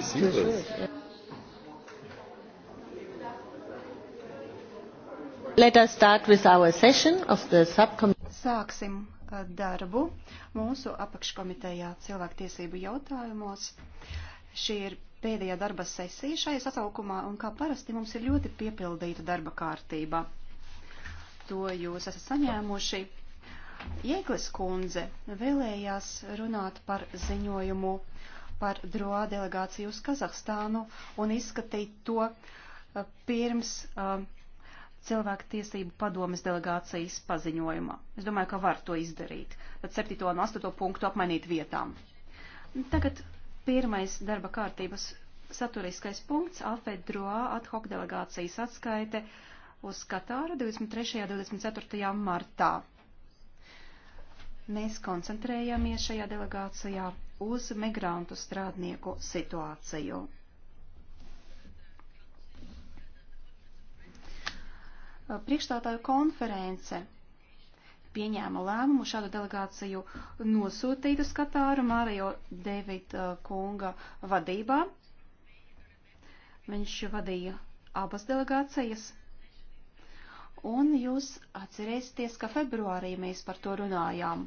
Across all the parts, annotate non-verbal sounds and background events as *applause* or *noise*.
be serious. Let us start with our session of the subcommittee. Sāksim uh, darbu mūsu apakškomitejā cilvēktiesību jautājumos. Šī ir pēdējā darba sesija šai sasaukumā, un kā parasti mums ir ļoti piepildīta darba kārtība. To jūs esat saņēmuši. Jēklis kundze vēlējās runāt par ziņojumu uh, par droā delegāciju uz Kazahstānu un izskatīt to eh, pirms uh, cilvēku tiesību padomes delegācijas paziņojuma. Es domāju, ka var to izdarīt. Tad 7. un 8. punktu apmainīt vietām. Tagad pirmais darba kārtības saturiskais punkts - AFED droā ad hoc delegācijas atskaite uz Katāru 23. un 24. martā. Mēs koncentrējamies šajā delegācijā uz migrantu strādnieku situāciju. Priekšstādāju konference pieņēma lēmumu šādu delegāciju nosūtīt uz Katāru Mārajo Devita uh, kunga vadībā. Viņš vadīja abas delegācijas. Un jūs atcerēsieties, ka februārī mēs par to runājām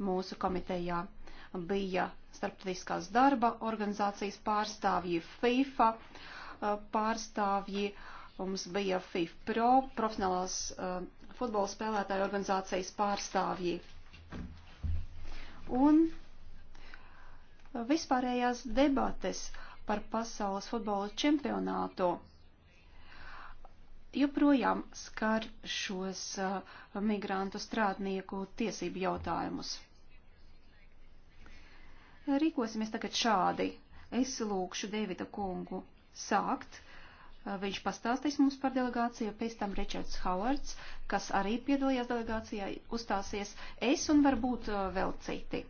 mūsu komitejā bija starptautiskās darba organizācijas pārstāvji, FIFA uh, pārstāvji, mums bija FIFA Pro, profesionālās uh, futbola spēlētāju organizācijas pārstāvji. Un uh, vispārējās debates par pasaules futbola čempionātu joprojām skar šos migrantu strādnieku tiesību jautājumus. Rīkosimies tagad šādi. Es lūkšu Devida kungu sākt. Viņš pastāstīs mums par delegāciju, pēc tam Ričards Howards, kas arī piedalījās delegācijā, uzstāsies es un varbūt vēl citi.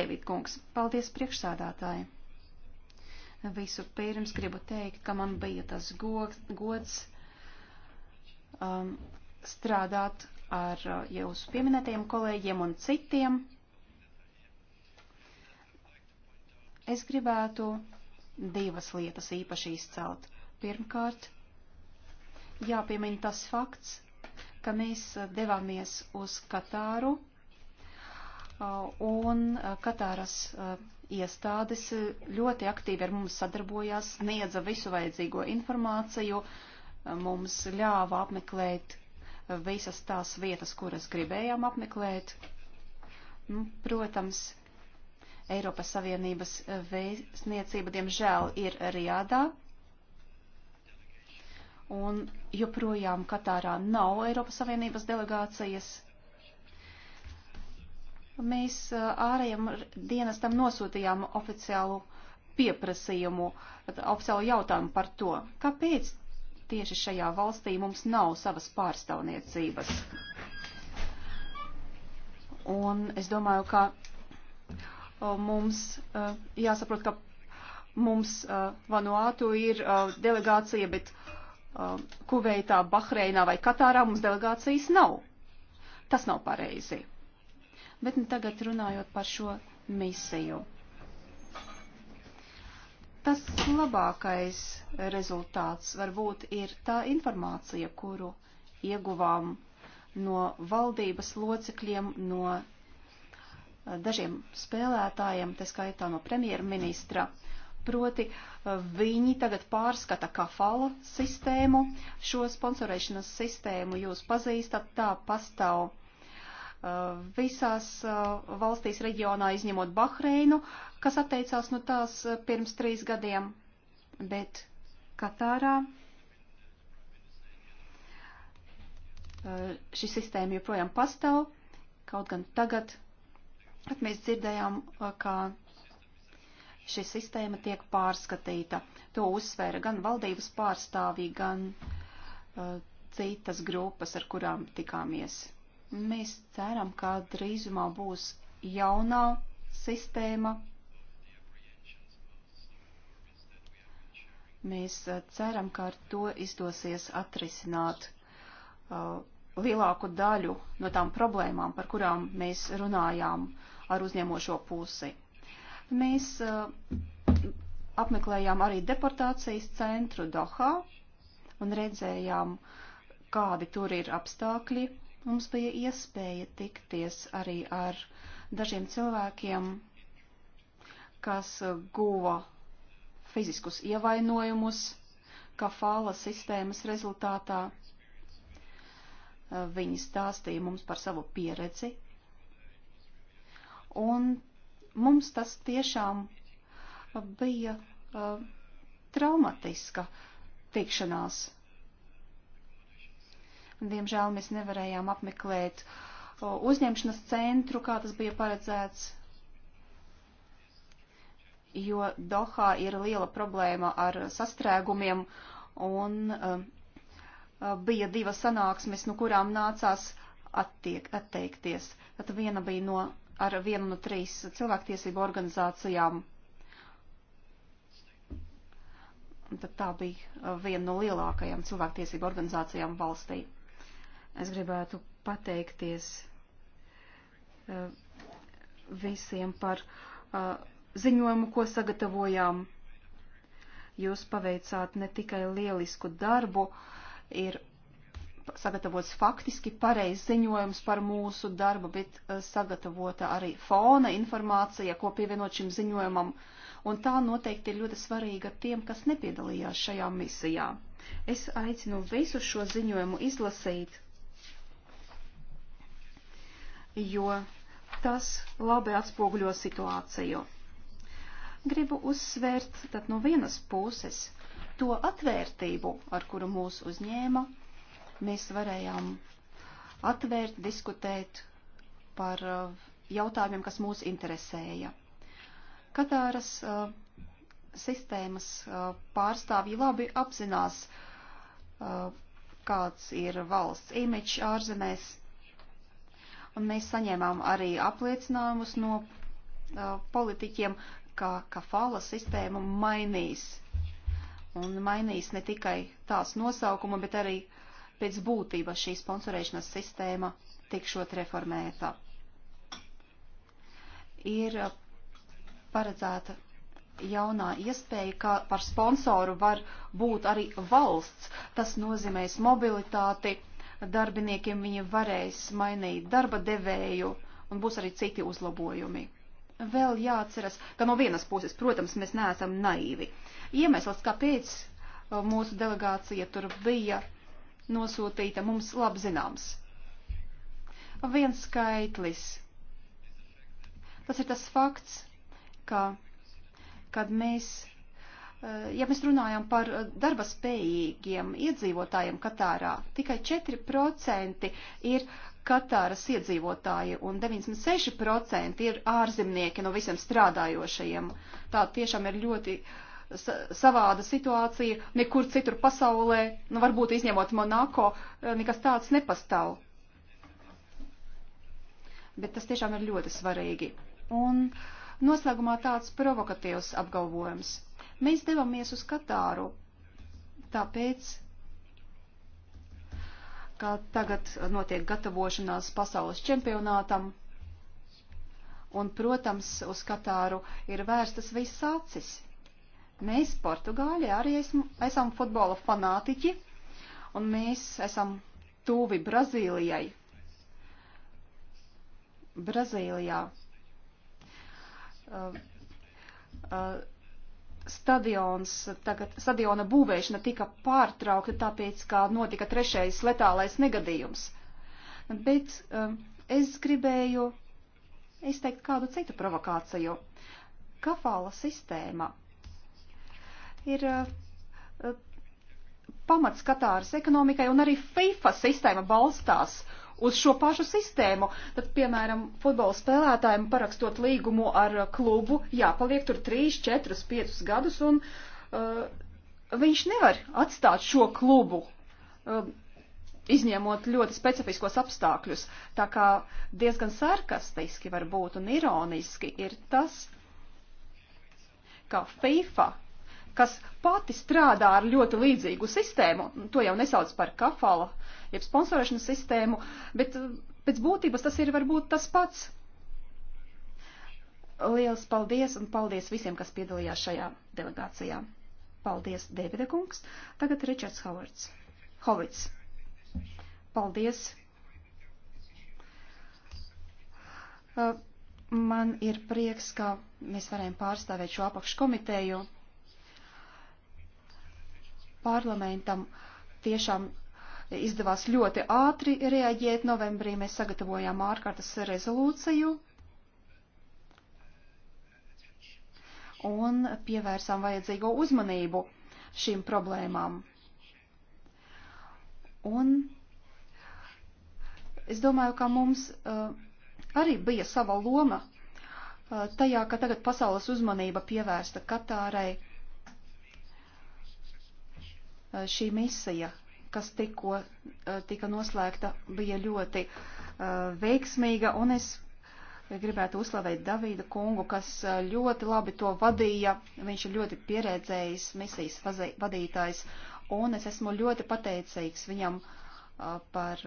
Devid kungs, paldies priekšsādātāji. Visu pirms gribu teikt, ka man bija tas gods, gods um, strādāt ar jūsu pieminētajiem kolēģiem un citiem. Es gribētu divas lietas īpaši izcelt. Pirmkārt, jāpiemina tas fakts, ka mēs devāmies uz Katāru uh, un uh, Katāras uh, iestādes ļoti aktīvi ar mums sadarbojās, sniedza visu vajadzīgo informāciju, mums ļāva apmeklēt visas tās vietas, kuras gribējām apmeklēt. Nu, protams, Eiropas Savienības eh, vēstniecība, diemžēl, ir Riadā. Un joprojām Katārā nav Eiropas Savienības delegācijas. Mēs eh, ārējiem dienestam nosūtījām oficiālu pieprasījumu, oficiālu jautājumu par to, kāpēc tieši šajā valstī mums nav savas pārstāvniecības. Un es domāju, ka mums e, jāsaprot, ka mums e, Vanuātu ir e, delegācija, bet Kuveitā, Bahreinā vai Katārā mums delegācijas nav. Tas nav pareizi. Bet nu tagad runājot par šo misiju. Tas labākais rezultāts varbūt ir tā informācija, kuru ieguvām no valdības locekļiem, no Eh, dažiem spēlētājiem, tas skaitā no premjerministra, proti eh, viņi tagad pārskata kafala sistēmu, šo sponsorēšanas sistēmu jūs pazīstat, tā pastāv eh, visās valstīs reģionā izņemot Bahreinu, kas atteicās no tās pirms trīs gadiem, bet Katārā šī sistēma joprojām pastāv, kaut gan tagad Bet mēs dzirdējām, uh, ka šī sistēma tiek pārskatīta. To uzsvēra gan valdības pārstāvī, gan uh, citas grupas, ar kurām tikāmies. Mēs ceram, ka drīzumā būs jaunā sistēma. Mēs uh, ceram, ka ar to izdosies atrisināt uh, lielāku daļu no tām problēmām, par kurām mēs runājām ar uzņemošo pusi. Mēs uh, apmeklējām arī deportācijas centru Dohā un redzējām, kādi tur ir apstākļi. Mums bija iespēja tikties arī ar dažiem cilvēkiem, kas eh, guva fiziskus ievainojumus kafāla sistēmas rezultātā Viņi stāstīja mums par savu pieredzi. Un mums tas tiešām uh, bija uh, traumatiska tikšanās. Diemžēl mēs nevarējām apmeklēt uh, uzņemšanas centru, kā tas bija paredzēts, jo Dohā ir liela problēma ar sastrēgumiem un uh, Uh, bija divas sanāksmes, no kurām nācās attiek, atteikties. Tad viena bija no, ar vienu no trīs cilvēktiesību organizācijām. Tad tā bija uh, viena no lielākajām cilvēktiesību organizācijām valstī. Es gribētu pateikties uh, visiem par ziņojumu, ko sagatavojām. Jūs paveicāt ne tikai lielisku darbu, uh, ir sagatavots faktiski pareizs ziņojums par mūsu darbu, bet uh, sagatavota arī fona informācija, ko pievienot šim ziņojumam, un tā noteikti ir ļoti svarīga tiem, kas nepiedalījās šajā misijā. Es aicinu visu šo ziņojumu izlasīt, jo tas labi atspoguļo situāciju. Gribu uzsvērt, tad no vienas puses to atvērtību, ar kuru mūs uzņēma, mēs varējām atvērt, diskutēt par uh, jautājumiem, kas mūs interesēja. Katāras uh, sistēmas uh, pārstāvji labi apzinās, uh, kāds ir valsts imidžs ārzemēs, un mēs saņēmām arī apliecinājumus no uh, politiķiem, ka kafala sistēma mainīs un mainīs ne tikai tās nosaukumu, bet arī pēc būtības šī sponsorēšanas sistēma tikšot reformēta. Ir paredzēta jaunā iespēja, ka par sponsoru var būt arī valsts. Tas nozīmēs mobilitāti, darbiniekiem viņi varēs mainīt darba devēju un būs arī citi uzlabojumi vēl jāatceras, ka no vienas puses, protams, mēs neesam naivi. Iemesls, kāpēc uh, mūsu delegācija tur bija nosūtīta, mums labi zināms. Viens skaitlis. Tas ir tas fakts, ka, kad mēs, uh, ja mēs runājam par uh, darba spējīgiem iedzīvotājiem Katārā, tikai 4% ir uh, Katāras iedzīvotāji un 96% ir ārzemnieki no visiem strādājošajiem. Tā tiešām ir ļoti savāda situācija. Nekur citur pasaulē, nu varbūt izņemot Monako, eh, nekas tāds nepastāv. Bet tas tiešām ir ļoti svarīgi. Un noslēgumā tāds provokatīvs apgalvojums. Mēs devāmies uz Katāru, tāpēc ka tagad notiek gatavošanās pasaules čempionātam. Un, protams, uz Katāru ir vērstas viss acis. Mēs, Portugāļi, arī esam, esam futbola fanātiķi, un mēs esam tuvi Brazīlijai. Brazīlijā. Uh, uh, stadions, tagad stadiona būvēšana tika pārtraukta, tāpēc, kā notika trešais letālais negadījums. Bet um, es gribēju izteikt kādu citu provokāciju. Kafāla sistēma ir uh, uh pamats Katāras ekonomikai un arī FIFA sistēma balstās uz šo pašu sistēmu. Tad, piemēram, futbola spēlētājiem parakstot līgumu ar klubu, jāpaliek tur 3, 4, 5 gadus, un uh, viņš nevar atstāt šo klubu. Uh, izņemot ļoti specifiskos apstākļus. Tā kā diezgan sarkastiski var būt un ironiski ir tas, ka FIFA kas pati strādā ar ļoti līdzīgu sistēmu, to jau nesauc par kafala, jeb sponsorēšanas sistēmu, bet uh, pēc būtības tas ir varbūt tas pats. Liels paldies un paldies visiem, kas piedalījās šajā delegācijā. Paldies, Dēvide kungs. Tagad Ričards Hovards. Hovits. Paldies. Uh, man ir prieks, ka mēs varējām pārstāvēt šo apakškomiteju parlamentam tiešām izdevās ļoti ātri reaģēt. Novembrī mēs sagatavojām ārkārtas rezolūciju un pievērsām vajadzīgo uzmanību šīm problēmām. Un es domāju, ka mums uh, arī bija sava loma uh, tajā, ka tagad pasaules uzmanība pievērsta Katārai Eh, šī misija, kas tikko eh, tika noslēgta, bija ļoti eh, veiksmīga, un es gribētu uzslavēt Davīda kungu, kas ļoti labi to vadīja. Viņš ir ļoti pieredzējis misijas vadītājs, un es esmu ļoti pateicīgs viņam par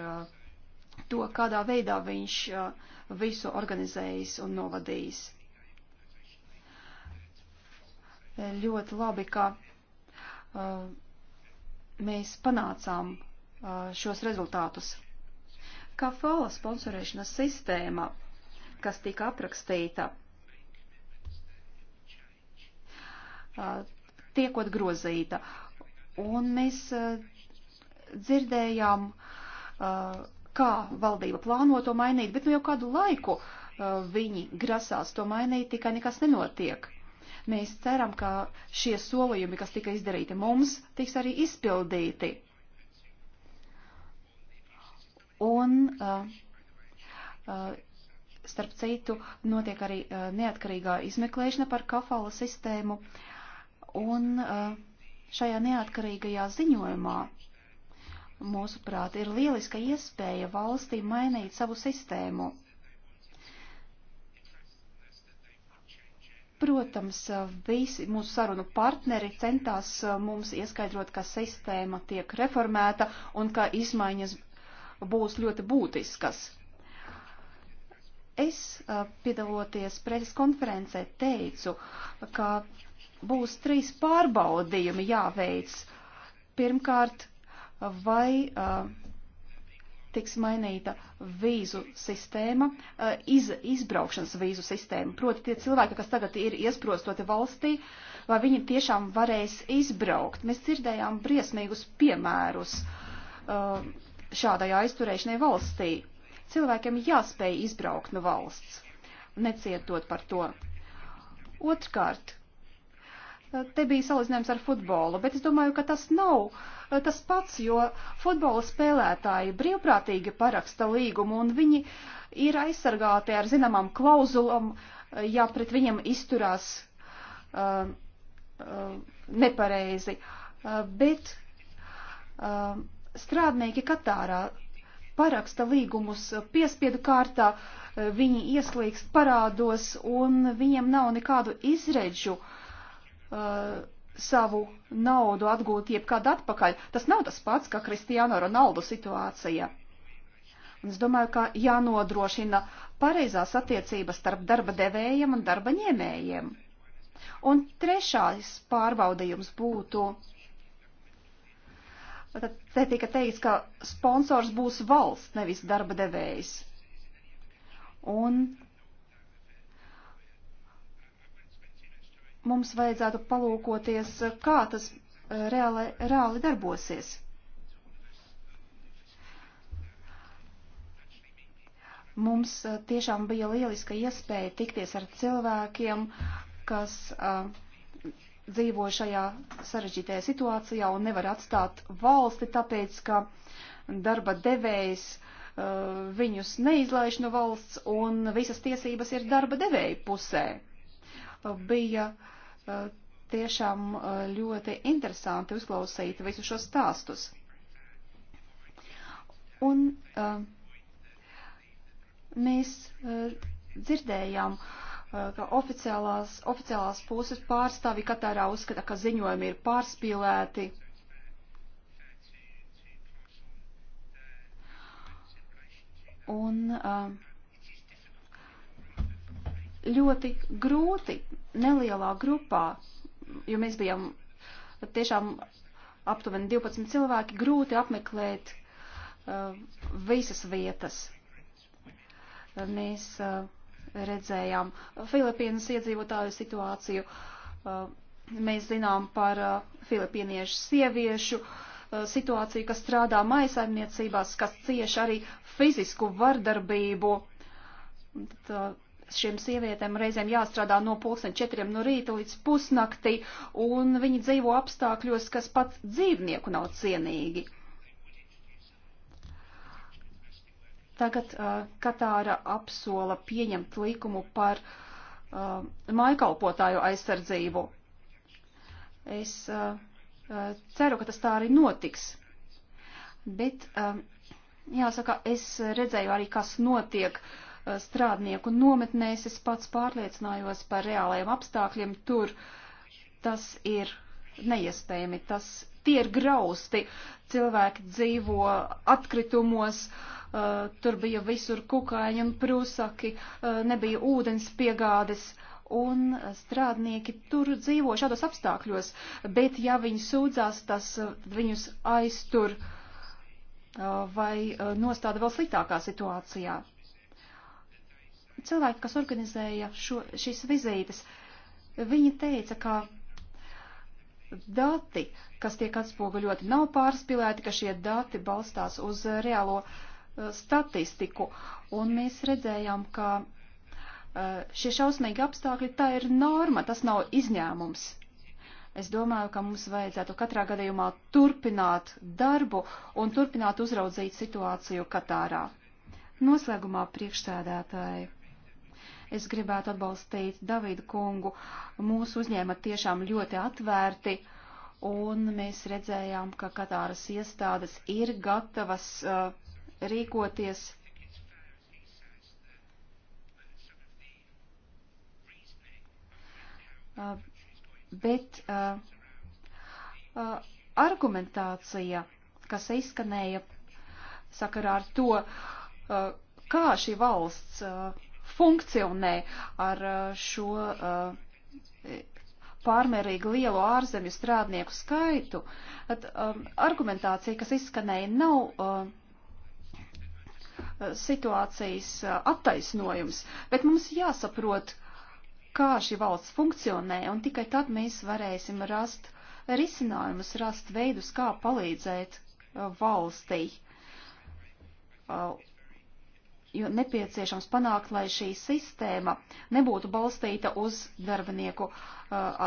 to, kādā veidā viņš visu organizējis un novadījis. Ļoti labi, ka mēs panācām uh, šos rezultātus. Kā FALA sponsorēšanas sistēma, kas tika aprakstīta, uh, tiekot grozīta, un mēs uh, dzirdējām, kā valdība plāno to mainīt, bet nu jau kādu laiku viņi grasās to mainīt, tikai nekas nenotiek. Mēs ceram, ka šie solījumi, kas tika izdarīti mums, tiks arī izpildīti. Un uh, uh, starp citu notiek arī uh, neatkarīgā izmeklēšana par kafala sistēmu. Un uh, šajā neatkarīgajā ziņojumā, mūsuprāt, ir lieliska iespēja valstī mainīt savu sistēmu. Protams, visi mūsu sarunu partneri centās uh, mums ieskaidrot, ka sistēma tiek reformēta un ka izmaiņas būs ļoti būtiskas. Es, uh, piedaloties preses konferencē, teicu, ka būs trīs pārbaudījumi jāveic. Pirmkārt, vai uh, tiks mainīta vīzu sistēma, eh, iz, izbraukšanas vīzu sistēma. Proti tie cilvēki, kas tagad ir iesprostoti valstī, vai viņi tiešām varēs izbraukt. Mēs dzirdējām briesmīgus piemērus eh, šādai aizturēšanai valstī. Cilvēkiem jāspēj izbraukt no valsts, necietot par to. Otrkārt, Te bija salīdzinājums ar futbolu, bet es domāju, ka tas nav eh, tas pats, jo futbola spēlētāji brīvprātīgi paraksta līgumu un viņi ir aizsargāti ar zināmām klauzulam, eh, ja pret viņiem izturās uh, uh, nepareizi. Uh, bet uh, strādnieki Katārā paraksta līgumus piespiedu kārtā, viņi ieslīgst parādos un viņiem nav nekādu izredžu uh, uh, savu naudu atgūt jebkad atpakaļ. Tas nav tas pats, kā Kristiāno Ronaldu situācija. Un es domāju, ka jānodrošina pareizās attiecības starp darba devējiem un darba ņēmējiem. Un trešais pārbaudījums būtu, tad te tika teikts, ka sponsors būs valsts, nevis darba devējs. Un mums vajadzētu palūkoties, kā tas eh, reāli, reāli darbosies. Mums eh, tiešām bija lieliska iespēja tikties ar cilvēkiem, kas uh, dzīvo šajā sarežģītajā situācijā un nevar atstāt valsti, tāpēc, ka darba devējs uh, viņus neizlaiž no valsts un visas tiesības ir darba devēja pusē. Uh, bija uh, tiešām ļoti interesanti uzklausīt visu šos stāstus. Un mēs dzirdējām, ka oficiālās, oficiālās puses pārstāvi Katārā uzskata, ka ziņojumi ir pārspīlēti. Un ļoti grūti nelielā grupā, jo mēs bijām tiešām aptuveni 12 cilvēki, grūti apmeklēt uh, visas vietas. Mēs uh, redzējām Filipīnas iedzīvotāju situāciju, uh, mēs zinām par uh, filipīniešu sieviešu uh, situāciju, kas strādā maisaimniecībās, kas cieši arī fizisku vardarbību. Tad, uh, šiem sievietēm reizēm jāstrādā no pulksten četriem no rīta līdz pusnaktī, un viņi dzīvo apstākļos, kas pat dzīvnieku nav cienīgi. Tagad uh, Katāra apsola pieņemt likumu par uh, maikalpotāju aizsardzību. Es uh, uh, ceru, ka tas tā arī notiks. Bet, uh, jāsaka, es redzēju arī, kas notiek uh, Eh, strādnieku nometnēs. Es pats pārliecinājos par reālajiem apstākļiem tur. Tas ir neiespējami. Tas tie ir grausti. Cilvēki dzīvo atkritumos, uh, tur bija visur kukaiņi un prūsaki, uh, eh, nebija ūdens piegādes. Un strādnieki tur dzīvo šādos apstākļos, bet ja viņi sūdzās, tas viņus aiztur uh, vai nostāda vēl sliktākā situācijā cilvēki, kas organizēja šo, šīs vizītes, viņi teica, ka dati, kas tiek atspoguļoti, nav pārspīlēti, ka šie dati balstās uz reālo uh, statistiku. Un mēs redzējām, ka uh, šie šausmīgi apstākļi tā ir norma, tas nav izņēmums. Es domāju, ka mums vajadzētu katrā gadījumā turpināt darbu un turpināt uzraudzīt situāciju Katārā. Noslēgumā priekšsēdētāji. Es gribētu atbalstīt Davidu kungu. Mūsu uzņēma tiešām ļoti atvērti, un mēs redzējām, ka Katāras iestādes ir gatavas uh, rīkoties. Uh, bet uh, uh, argumentācija, kas izskanēja sakarā ar to, uh, kā šī valsts uh, funkcionē ar eh, šo eh, pārmērīgi lielu ārzemju strādnieku skaitu. At, um, argumentācija, kas izskanēja, nav uh, situācijas uh, attaisnojums, bet mums jāsaprot, kā šī valsts funkcionē, un tikai tad mēs varēsim rast risinājumus, rast veidus, kā palīdzēt uh, valstī. Uh, jo nepieciešams panākt, lai šī sistēma nebūtu balstīta uz darbinieku uh,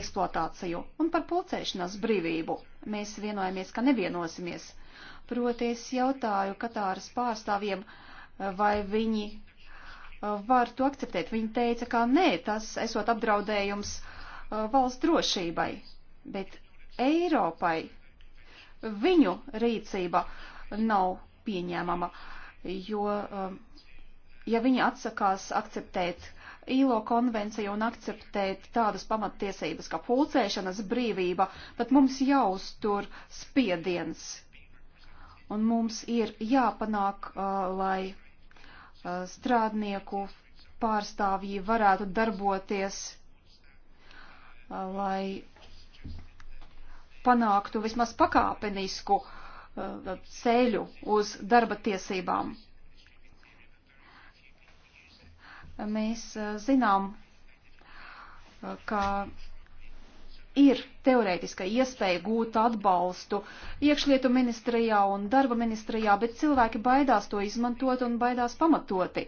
eksploatāciju un par pulcēšanās brīvību. Mēs vienojamies, ka nevienosimies. Proti es jautāju Katāras pārstāvjiem, uh, vai viņi uh, var to akceptēt. Viņi teica, ka nē, tas esot apdraudējums uh, valsts drošībai, bet Eiropai viņu rīcība nav pieņēmama. Uh, jo, um, ja viņi atsakās akceptēt ILO konvenciju un akceptēt tādas pamattiesības kā pulcēšanas brīvība, tad mums jāuztur spiediens. Un mums ir jāpanāk, uh, lai uh, strādnieku pārstāvji varētu darboties, uh, lai panāktu vismaz pakāpenisku uh, Uh, ceļu uz darba tiesībām. Mēs uh, zinām, uh, ka ir teorētiska iespēja gūt atbalstu iekšlietu ministrijā un darba ministrijā, bet cilvēki baidās to izmantot un baidās pamatoti.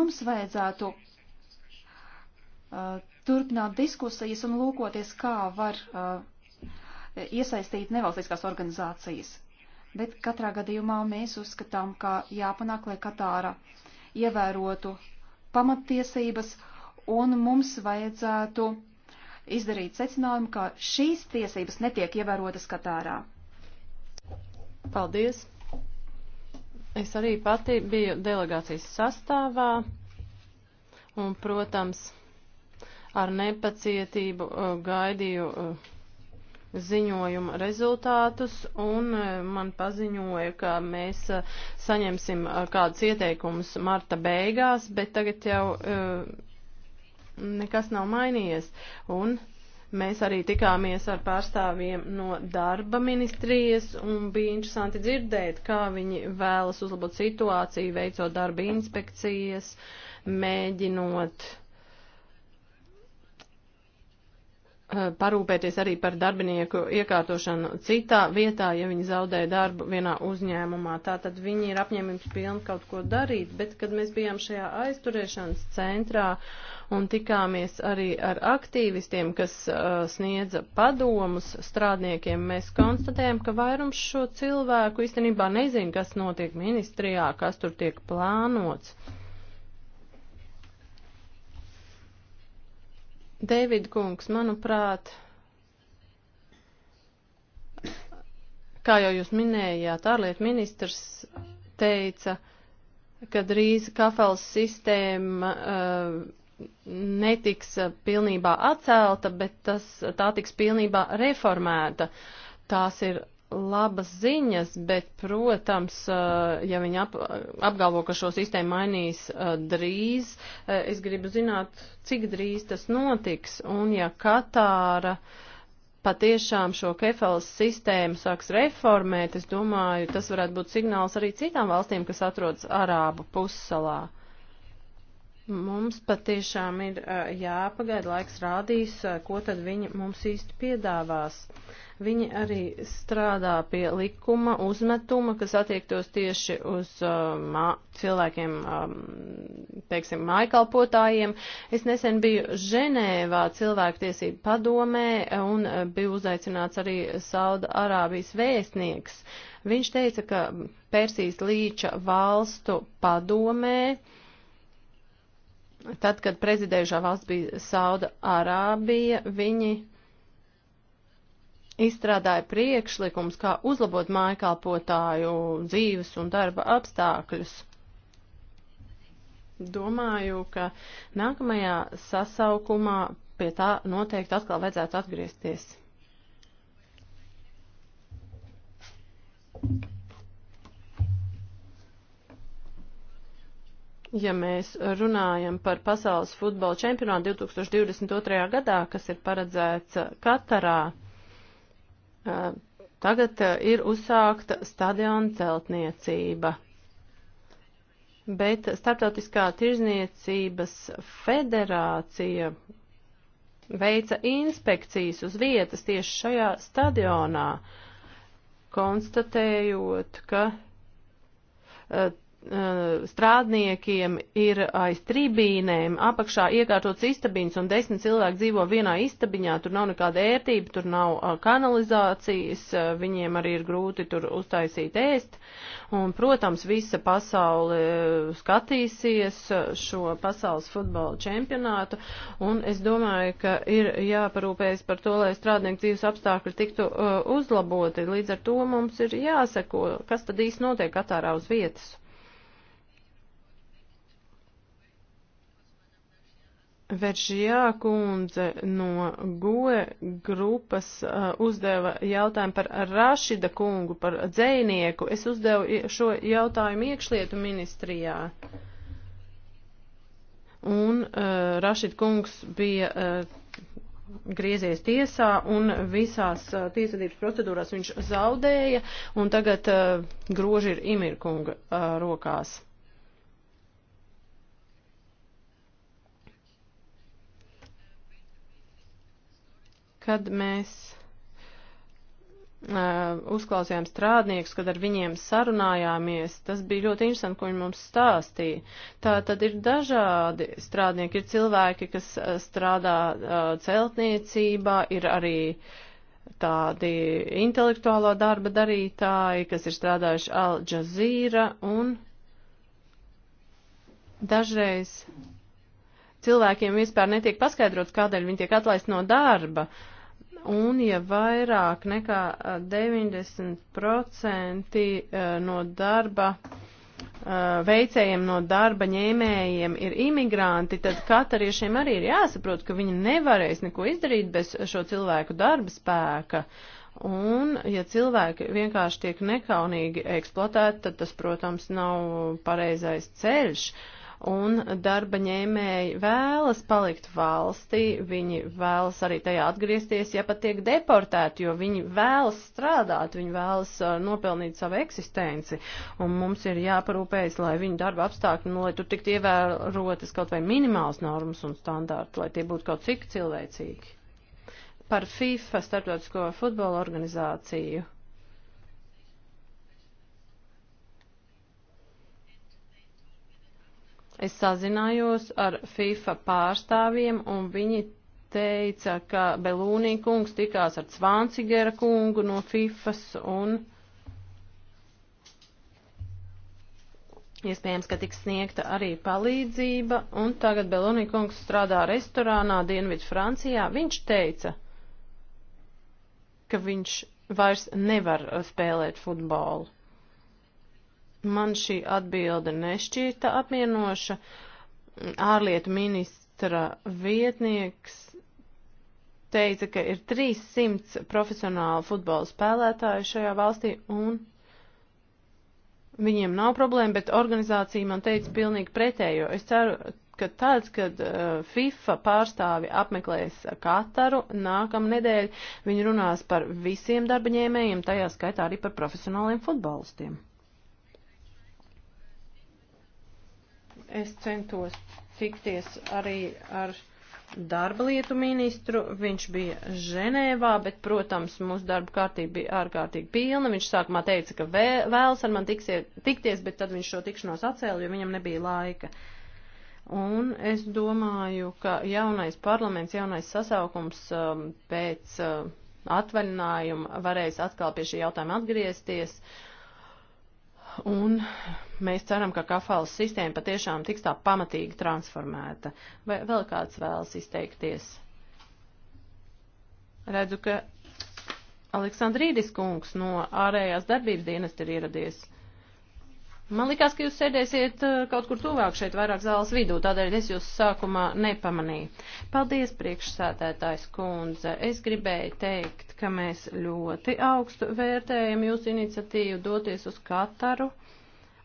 Mums vajadzētu uh, turpināt diskusijas un lūkoties, kā var uh, iesaistīt nevalstiskās organizācijas. Bet katrā gadījumā mēs uzskatām, ka jāpanāk, lai Katāra ievērotu pamattiesības, un mums vajadzētu izdarīt secinājumu, ka šīs tiesības netiek ievērotas Katārā. Paldies! Es arī pati biju delegācijas sastāvā, un, protams, ar nepacietību uh, gaidīju. Uh, ziņojuma rezultātus un e, man paziņoja, ka mēs e, saņemsim e, kādus ieteikumus marta beigās, bet tagad jau nekas nav mainījies. Un mēs arī tikāmies ar pārstāvjiem no darba ministrijas un bija interesanti dzirdēt, kā viņi vēlas uzlabot situāciju, veicot darba inspekcijas, mēģinot uh, Eh, parūpēties arī par darbinieku iekārtošanu citā vietā, ja viņi zaudēja darbu vienā uzņēmumā. Tātad viņi ir apņēmības pilni kaut ko darīt, bet kad mēs bijām šajā aizturēšanas centrā un tikāmies arī ar aktīvistiem, kas uh, sniedza padomus strādniekiem, mēs konstatējam, ka vairums šo cilvēku īstenībā nezin, kas notiek ministrijā, kas tur tiek plānots. Deivid kungs, manuprāt, kā jau jūs minējāt, ārlietu ministrs teica, ka drīz kafels sistēma uh, netiks pilnībā atcelta, bet tas, tā tiks pilnībā reformēta. Tās ir labas ziņas, bet, protams, eh, ja viņi ap, apgalvo, ka šo sistēmu mainīs eh, drīz, eh, es gribu zināt, cik drīz tas notiks, un ja Katāra patiešām šo kefalas sistēmu sāks reformēt, es domāju, tas varētu būt signāls arī citām valstīm, kas atrodas Arābu pussalā. Mums patiešām ir jāpagaida laiks rādīs, ko tad viņi mums īsti piedāvās. Uh, Viņi arī strādā pie likuma uzmetuma, kas attiektos tieši uz uh, mā, cilvēkiem, um, teiksim, mājkalpotājiem. Es nesen biju Ženēvā cilvēktiesību padomē un uh, biju uzaicināts arī Sauda Arābijas vēstnieks. Viņš teica, ka Persijas līča valstu padomē tad, kad prezidējušā valsts bija Sauda Arābija, viņi izstrādāja priekšlikums, kā uzlabot mājkalpotāju dzīves un darba apstākļus. Domāju, ka nākamajā sasaukumā pie tā noteikti atkal vajadzētu atgriezties. Ja mēs runājam par pasaules futbola čempionātu 2022. gadā, kas ir paredzēts Katarā, Tagad eh, ir uzsākta stadiona celtniecība. Bet Startautiskā tirzniecības federācija veica inspekcijas uz vietas tieši šajā stadionā, konstatējot, ka eh, Eh, strādniekiem ir aiz tribīnēm apakšā iekārtots istabīns un desmit cilvēki dzīvo vienā istabiņā, tur nav nekāda ērtība, tur nav eh, kanalizācijas, eh, viņiem arī ir grūti tur uztaisīt ēst. Un, protams, visa pasaule skatīsies šo pasaules futbola čempionātu un es domāju, ka ir jāparūpējas par to, lai strādnieku dzīves apstākļi tiktu uzlaboti. Līdz ar to mums ir jāseko, kas tad īsti notiek Katārā uz vietas. Veržjā kundze no GOE grupas uh, uzdeva jautājumu par Rašida kungu, par dzēnieku. Es uzdevu šo jautājumu iekšlietu ministrijā. Un uh, Rašid kungs bija uh, griezies tiesā un visās uh, tiesvedības procedūrās viņš zaudēja un tagad uh, groži ir Imirkunga uh, rokās. Kad mēs uh, uzklausījām strādniekus, kad ar viņiem sarunājāmies, tas bija ļoti interesanti, ko viņi mums stāstīja. Tā tad ir dažādi strādnieki, ir cilvēki, kas strādā uh, celtniecībā, ir arī tādi intelektuālā darba darītāji, kas ir strādājuši Al Jazeera un dažreiz cilvēkiem vispār netiek paskaidrots, kādēļ viņi tiek atlaist no darba. Uh, Un ja vairāk nekā 90% eh, eh, no darba eh, veicējiem no darba ņēmējiem ir imigranti, tad katariešiem arī ir jāsaprot, ka viņi nevarēs neko izdarīt bez šo cilvēku darba spēka. Un, ja cilvēki vienkārši tiek nekaunīgi eksploatēti, tad tas, protams, nav pareizais ceļš. Uh, un darba ņēmēji vēlas palikt valstī, viņi vēlas arī tajā atgriezties, ja pat tiek deportēti, jo viņi vēlas strādāt, viņi vēlas uh, nopelnīt savu eksistenci, un mums ir jāparūpējas, lai viņu darba apstākļi, nu, lai tur tikt ievērotas kaut vai minimāls normas un standārti, lai tie būtu kaut cik cilvēcīgi. Par FIFA starptautisko futbola organizāciju Es sazinājos ar FIFA pārstāvjiem, un viņi teica, ka Belūnī kungs tikās ar Cvāncigera kungu no FIFAs, un iespējams, ka tiks sniegta arī palīdzība, un tagad Belūnī kungs strādā restorānā Dienvidu Francijā. Viņš teica, ka viņš vairs nevar spēlēt futbolu. Man šī atbilde nešķīta apmienoša. Ārlietu ministra vietnieks teica, ka ir 300 profesionāli futbola spēlētāji šajā valstī un viņiem nav problēma, bet organizācija man teica pilnīgi pretējo. Es ceru, ka tāds, kad uh, FIFA pārstāvi apmeklēs Kataru nākamnedēļ, viņi runās par visiem darbaņēmējiem, tajā skaitā arī par profesionāliem futbolistiem. Es centos tikties arī ar darba lietu ministru. Viņš bija Ženēvā, bet, protams, mūsu darba kārtība bija ārkārtīgi pilna. Viņš sākumā teica, ka vēlas ar mani tiksie, tikties, bet tad viņš šo tikšanos atcēla, jo viņam nebija laika. Un es domāju, ka jaunais parlaments, jaunais sasaukums um, pēc uh, atvaļinājuma varēs atkal pie šī jautājuma atgriezties. Un Mēs ceram, ka kafalas sistēma patiešām tiks tā pamatīgi transformēta. Vai vēl kāds vēlas izteikties? Redzu, ka Aleksandrīdis kungs no ārējās darbības dienas ir ieradies. Man likās, ka jūs sēdēsiet uh, kaut kur tuvāk šeit, vairāk zāles vidū, tādēļ es jūs sākumā nepamanīju. Paldies, priekšsētētājs kundze. Es gribēju teikt, ka mēs ļoti augstu vērtējam jūsu iniciatīvu doties uz Kataru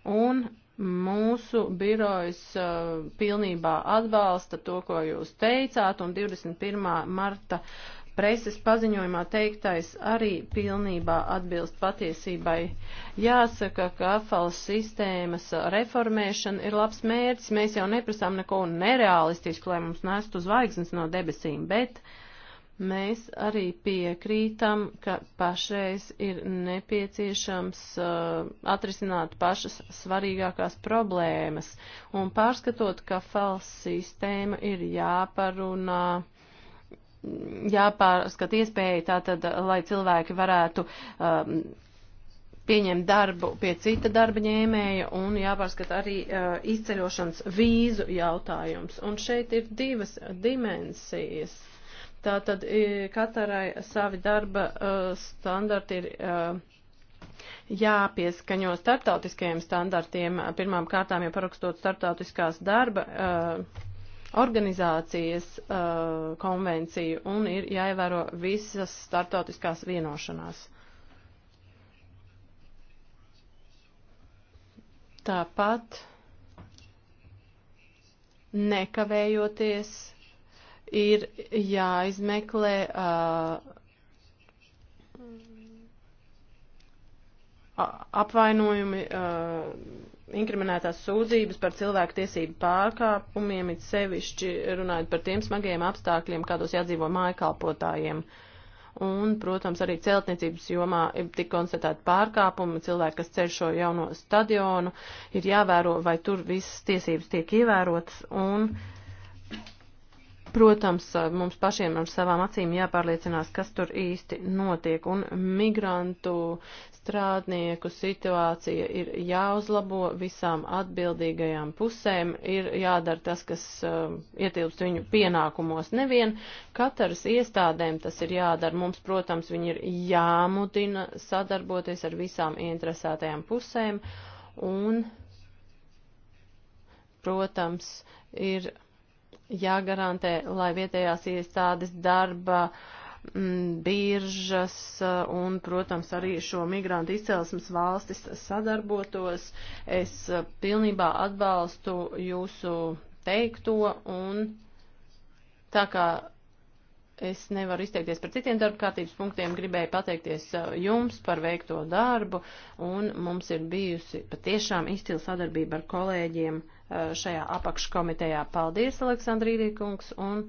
un Mūsu birojas uh, pilnībā atbalsta to, ko jūs teicāt, un 21. marta preses paziņojumā teiktais arī pilnībā atbilst patiesībai. Jāsaka, ka afalas sistēmas reformēšana ir labs mērķis. Mēs jau neprasām neko nerealistisku, lai mums nestu zvaigznes no debesīm, bet uh, Mēs arī piekrītam, ka pašreiz ir nepieciešams uh, atrisināt pašas svarīgākās problēmas, un pārskatot, ka fals sistēma ir jāparunā, jāpārskat iespēja tātad, lai cilvēki varētu um, pieņemt darbu pie cita darba ņēmēja un jāpārskata arī uh, izceļošanas vīzu jautājums. Un šeit ir divas dimensijas. Tātad katrai savi darba uh, standarti ir. Uh, jāpieskaņo startautiskajiem standartiem, pirmām kārtām, ja parakstot startautiskās darba uh, organizācijas uh, konvenciju un ir jāievēro visas startautiskās vienošanās. Tāpat nekavējoties ir jāizmeklē uh, apvainojumi. Uh, inkriminētās sūdzības par cilvēku tiesību pārkāpumiem, it sevišķi runājot par tiem smagajiem apstākļiem, kādos jādzīvo mājkalpotājiem. Un, protams, arī celtniecības jomā ir tik konstatēti pārkāpumi, cilvēki, kas ceļ šo jauno stadionu, ir jāvēro, vai tur visas tiesības tiek ievērotas, un Protams, mums pašiem ar savām acīm jāpārliecinās, kas tur īsti notiek, un migrantu strādnieku situācija ir jāuzlabo visām atbildīgajām pusēm, ir jādara tas, kas uh, ietilpst viņu pienākumos. Nevien katras iestādēm tas ir jādara. Mums, protams, viņi ir jāmudina sadarboties ar visām interesētajām pusēm, un, protams, ir jāgarantē, lai vietējās iestādes darba mm, biržas eh, un, protams, arī šo migrantu izcelsmes valstis sadarbotos. Es eh, pilnībā atbalstu jūsu teikto un tā kā Es nevaru izteikties par citiem darba kārtības punktiem, gribēju pateikties uh, jums par veikto darbu, un mums ir bijusi patiešām izcila sadarbība ar kolēģiem uh, šajā apakškomitejā. Paldies, Aleksandrīdī kungs, un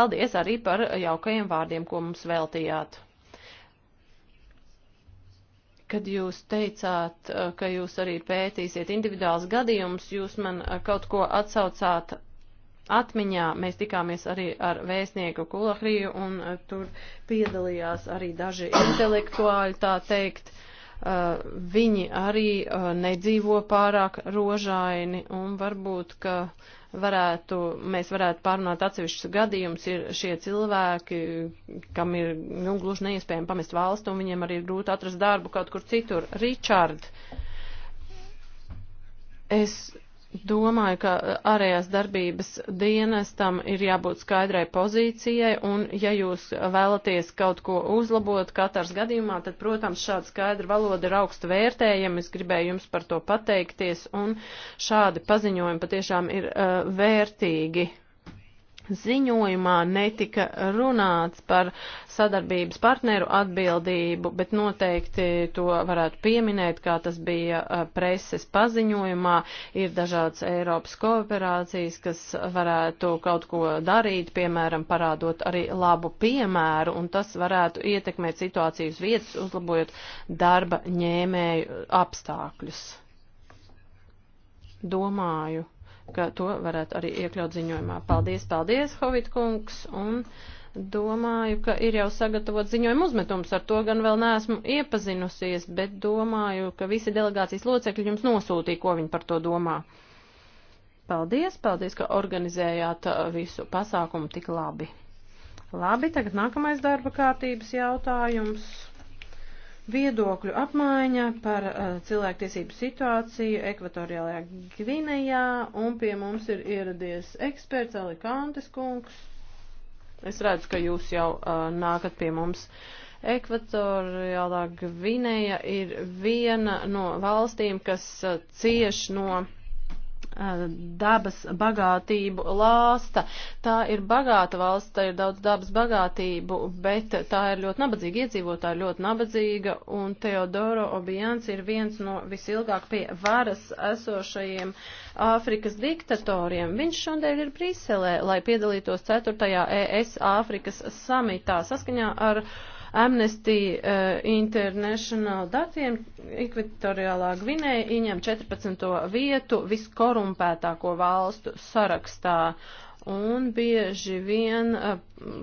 paldies arī par jaukajiem vārdiem, ko mums veltījāt. Kad jūs teicāt, uh, ka jūs arī pētīsiet individuāls gadījums, jūs man kaut ko atsaucāt atmiņā mēs tikāmies arī ar vēstnieku Kulahriju un eh, tur piedalījās arī daži intelektuāļi, tā teikt. Eh, viņi arī eh, nedzīvo pārāk rožaini un varbūt, ka varētu, mēs varētu pārunāt atsevišķus gadījumus, ir šie cilvēki, kam ir nu, gluži neiespējami pamest valstu, un viņiem arī ir grūti atrast darbu kaut kur citur. Ričard, es domāju, ka ārējās darbības dienestam ir jābūt skaidrai pozīcijai, un ja jūs vēlaties kaut ko uzlabot katrs gadījumā, tad, protams, šāda skaidra valoda ir augstu vērtējama. Es gribēju jums par to pateikties, un šādi paziņojumi patiešām ir uh, vērtīgi ziņojumā netika runāts par sadarbības partneru atbildību, bet noteikti to varētu pieminēt, kā tas bija uh, preses paziņojumā. Ir dažādas Eiropas kooperācijas, kas varētu kaut ko darīt, piemēram, parādot arī labu piemēru, un tas varētu ietekmēt situācijas vietas, uzlabojot darba ņēmēju apstākļus. Domāju ka to varētu arī iekļaut ziņojumā. Paldies, paldies, Hovit kungs, un domāju, ka ir jau sagatavot ziņojumu uzmetums, ar to gan vēl neesmu iepazinusies, bet domāju, ka visi delegācijas locekļi jums nosūtīja, ko viņi par to domā. Paldies, paldies, ka organizējāt uh, visu pasākumu tik labi. Labi, tagad nākamais darba kārtības jautājums viedokļu apmaiņa par uh, cilvēktiesību situāciju ekvatoriālajā Gvinējā, un pie mums ir ieradies eksperts Alikantes kungs. Es redzu, ka jūs jau uh, nākat pie mums. Ekvatoriālā Gvinēja ir viena no valstīm, kas uh, cieš no dabas bagātību lāsta. Tā ir bagāta valsts, tā ir daudz dabas bagātību, bet tā ir ļoti nabadzīga iedzīvotāja, ļoti nabadzīga, un Teodoro Obians ir viens no visilgāk pie varas esošajiem Āfrikas diktatoriem. Viņš šodien ir Briselē, lai piedalītos 4. ES Āfrikas samitā saskaņā ar uh, Amnesty eh, International datiem Ekvatoriālā Gvinēja ieņem 14. vietu viskorumpētāko valstu sarakstā un bieži vien uh,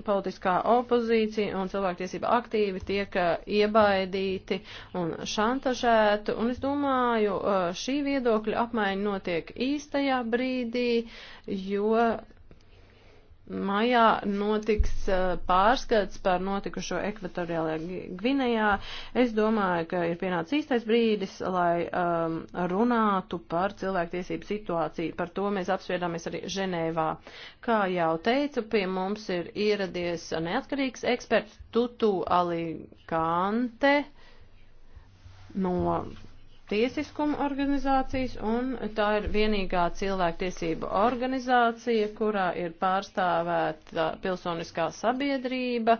politiskā opozīcija un cilvēktiesība aktīvi tiek uh, iebaidīti un šantažēti. Un es domāju, uh, šī viedokļa apmaiņa notiek īstajā brīdī, jo Maijā notiks eh, pārskats par notikušo ekvatoriālajā Gvinējā. Es domāju, ka ir pienācis īstais brīdis, lai um, runātu par cilvēktiesību situāciju. Par to mēs apsviedāmies arī Ženēvā. Kā jau teicu, pie mums ir ieradies neatkarīgs eksperts Tutu Alikante no tiesiskumu organizācijas, un tā ir vienīgā cilvēktiesību organizācija, kurā ir pārstāvēta pilsoniskā sabiedrība.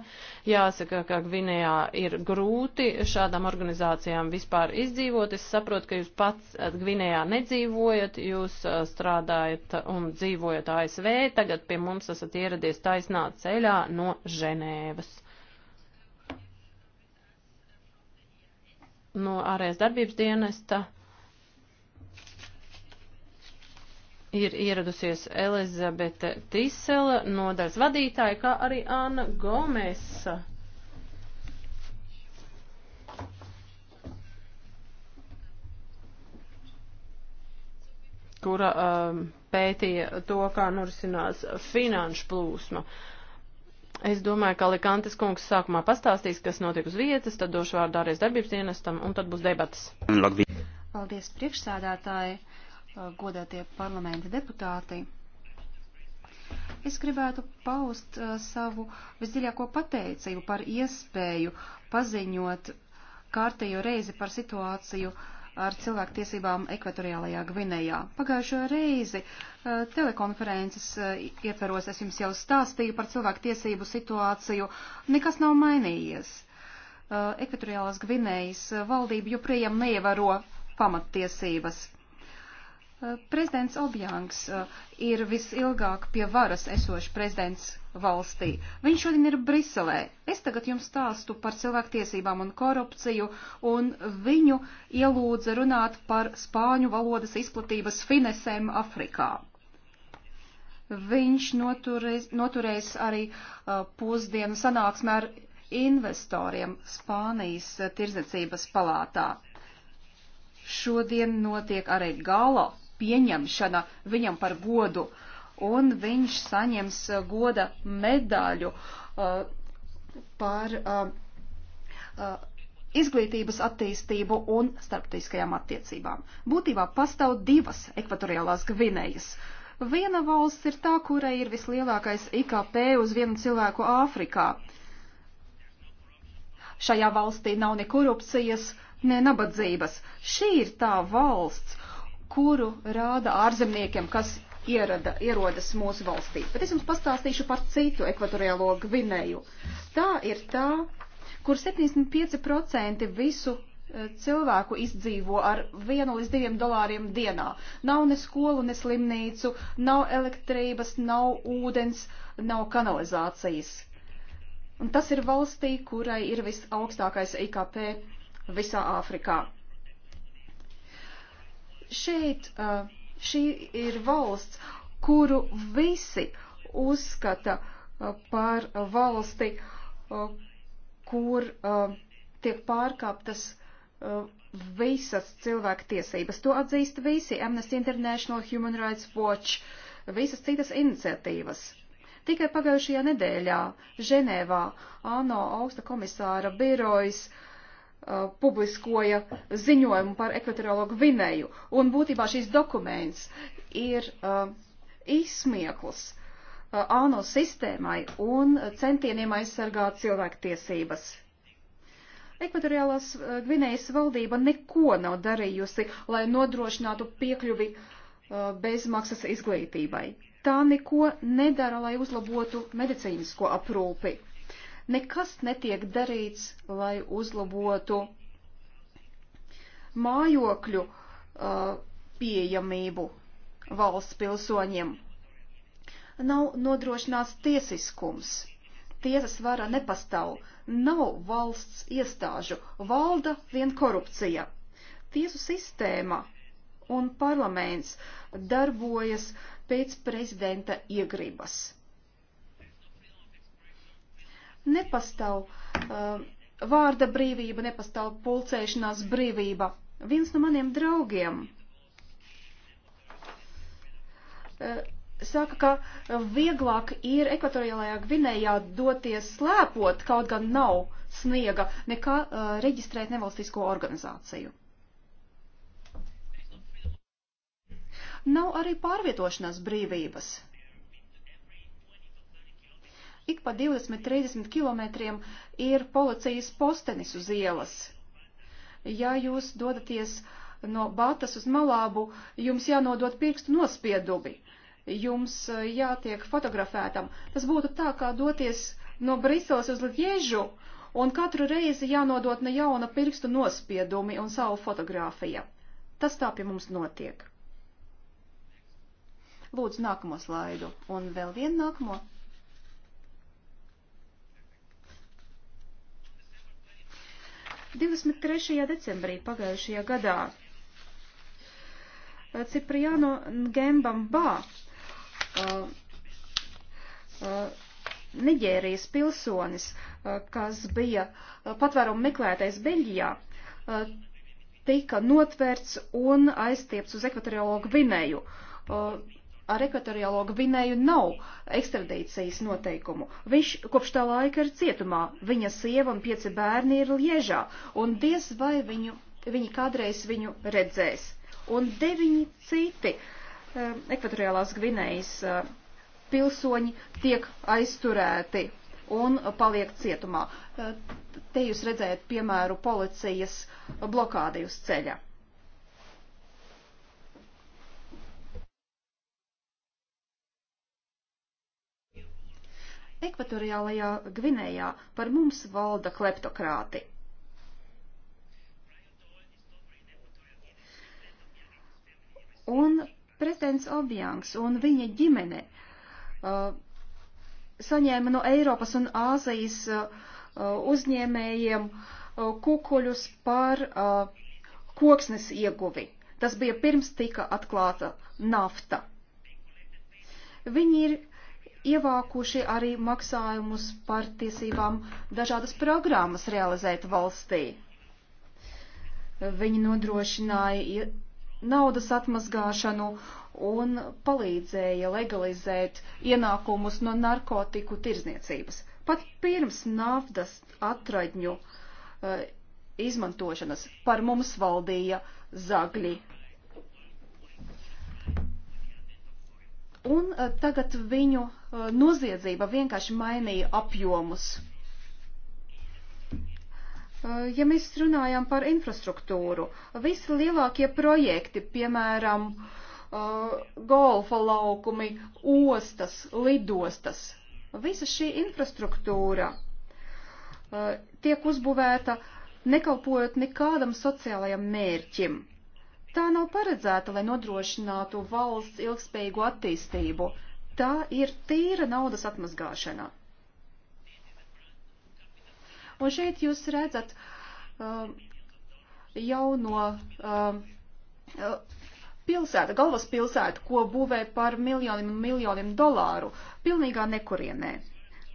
Jāsaka, ka Gvinējā ir grūti šādām organizācijām vispār izdzīvot. Es saprotu, ka jūs pats eh, Gvinējā nedzīvojat, jūs eh, strādājat un dzīvojat ASV, tagad pie mums esat ieradies taisnā ceļā no Ženēvas. no ārējas darbības dienesta ir ieradusies Elizabete Tisela, nodaļas vadītāja, kā arī Anna Gomesa. kura um, pētīja to, kā norisinās finanšu plūsma. Uh, Es domāju, ka Likantes kungs sākumā pastāstīs, kas notiek uz vietas, tad došu vārdu arī darbības dienestam, un tad būs debatas. Paldies, priekšsēdētāji, godātie parlamenta deputāti. Es gribētu paust uh, savu visdziļāko pateicību par iespēju paziņot kārtējo reizi par situāciju uh, ar cilvēku tiesībām ekvatoriālajā Gvinējā. Pagājušo reizi eh, telekonferences eh, ietveros es jums jau stāstīju par cilvēku tiesību situāciju. Nekas nav mainījies. Eh, Ekvatoriālās Gvinējas valdība joprojām neievaro pamattiesības. Prezidents Objāns ir visilgāk pie varas esošs prezidents valstī. Viņš šodien ir Briselē. Es tagad jums stāstu par cilvēktiesībām un korupciju, un viņu ielūdza runāt par spāņu valodas izplatības finesēm Afrikā. Viņš noturēs, noturēs arī uh, pusdienu sanāksmē ar investoriem Spānijas uh, tirdzniecības palātā. Šodien notiek arī gala pieņemšana viņam par godu uh, un viņš saņems uh, goda medaļu uh, par uh, uh, izglītības attīstību un starptautiskajām attiecībām. Būtībā pastāv divas ekvatoriālās Gvinējas. Viena valsts ir tā, kurai ir vislielākais IKP uz vienu cilvēku Āfrikā. Šajā valstī nav ne korupcijas, ne nabadzības. Šī ir tā valsts, kuru rāda ārzemniekiem, kas ierada, ierodas mūsu valstī. Bet es jums pastāstīšu par citu ekvatoriālo Gvinēju. Tā ir tā, kur 75% visu eh, cilvēku izdzīvo ar vienu līdz diviem dolāriem dienā. Nav ne skolu, ne slimnīcu, nav elektrības, nav ūdens, nav kanalizācijas. Un tas ir valstī, kurai ir visaugstākais IKP visā Āfrikā. Šeit uh, Šī ir valsts, kuru visi uzskata uh, par uh, valsti, uh, kur tiek pārkāptas visas cilvēku tiesības. To atzīst visi Amnesty International, Human Rights Watch, visas citas iniciatīvas. Tikai pagājušajā nedēļā Ženēvā ANO augsta komisāra birojas uh, Uh, publiskoja ziņojumu par ekvatoriālo Gvinēju, un būtībā šis dokuments ir uh, izsmieklis uh, ANO sistēmai un centieniem aizsargāt cilvēktiesības. Ekvatoriālās uh, Gvinējas valdība neko nav darījusi, lai nodrošinātu piekļuvi uh, bezmaksas izglītībai. Tā neko nedara, lai uzlabotu medicīnisko aprūpi. Uh, nekas netiek darīts, lai uzlabotu mājokļu uh, pieejamību valsts pilsoņiem. Nav nodrošināts tiesiskums. Tiesas vara nepastāv. Nav valsts iestāžu. Valda vien korupcija. Tiesu sistēma un parlaments darbojas pēc prezidenta iegribas nepastāv uh, vārda brīvība, nepastāv pulcēšanās brīvība. Viens no maniem draugiem uh, saka, ka vieglāk ir ekvatoriālajā Gvinējā doties slēpot, kaut gan nav sniega, nekā uh, reģistrēt nevalstisko organizāciju. Nav arī pārvietošanās brīvības ik pa 20-30 kilometriem ir policijas postenis uz ielas. Ja jūs dodaties no Batas uz Malābu, jums jānodot pirkstu nospiedumi, jums e, jātiek fotografētam. Tas būtu tā, kā doties no Briseles uz Liežu, un katru reizi jānodot ne jauna pirkstu nospiedumi un savu fotografija. Tas tā pie mums notiek. Lūdzu, nākamo slaidu un vēl vienu nākamo. 23. decembrī pagājušajā gadā eh, Cipriano Ngembam Bā, uh, eh, uh, eh, Niģērijas pilsonis, uh, kas bija patvērumu meklētais Beļģijā, tika notvērts un aiztiepts uz ekvatoriālo Gvinēju ar ekvatoriālo Gvinēju nav ekstradīcijas noteikumu. Viņš kopš tā laika ir cietumā, viņa sieva un pieci bērni ir liežā, un diez vai viņu, viņi kādreiz viņu redzēs. Un deviņi citi um, ekvatoriālās Gvinējas uh, pilsoņi tiek aizturēti un paliek cietumā. Uh, te jūs redzējat piemēru policijas blokādi uz ceļa. Ekvatoriālajā Gvinējā par mums valda kleptokrāti. Un pretens Objāns un viņa ģimene uh, saņēma no Eiropas un Āzijas uh, uh, uzņēmējiem uh, kukuļus par uh, koksnes ieguvi. Tas bija pirms tika atklāta nafta. Viņi ir ievākuši arī maksājumus par tiesībām dažādas programmas realizēt valstī. Viņi nodrošināja naudas atmazgāšanu un palīdzēja legalizēt ienākumus no narkotiku tirzniecības. Pat pirms naftas atradņu uh, izmantošanas par mums valdīja zagļi un uh, tagad viņu uh, noziedzība vienkārši mainīja apjomus. Uh, ja mēs runājam par infrastruktūru, visi lielākie projekti, piemēram, golfa laukumi, ostas, lidostas, visa šī infrastruktūra tiek uzbūvēta nekalpojot nekādam sociālajam mērķim. Tā nav paredzēta, lai nodrošinātu valsts ilgspējīgu attīstību. Tā ir tīra naudas atmazgāšana. Un šeit jūs redzat uh, jauno uh, pilsētu, galvaspilsētu, ko būvē par miljoniem un miljoniem dolāru, pilnīgā nekurienē.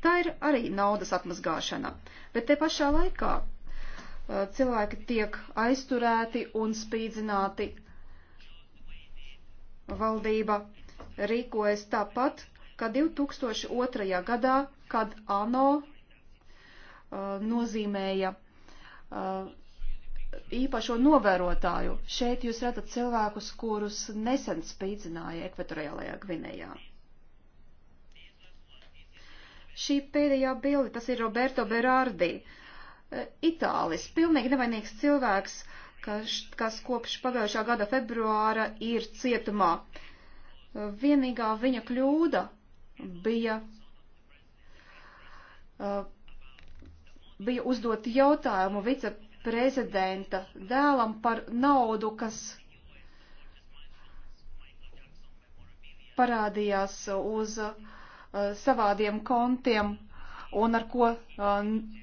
Tā ir arī naudas atmazgāšana. Bet te pašā laikā Eh, cilvēki tiek aizturēti un spīdzināti. Valdība rīkojas tāpat, kā 2002. gadā, kad ANO uh, nozīmēja uh, īpašo novērotāju. Šeit jūs redzat cilvēkus, kurus nesen spīdzināja ekvatoriālajā Gvinējā. Šī pēdējā bilde, tas ir Roberto Berardi. Uh, Eh, itālis, pilnīgi nevainīgs cilvēks, kas, kas kopš pagājušā gada februāra ir cietumā. Eh, vienīgā viņa kļūda bija, eh, bija uzdot jautājumu viceprezidenta dēlam par naudu, kas parādījās uz savādiem kontiem un ar ko uh,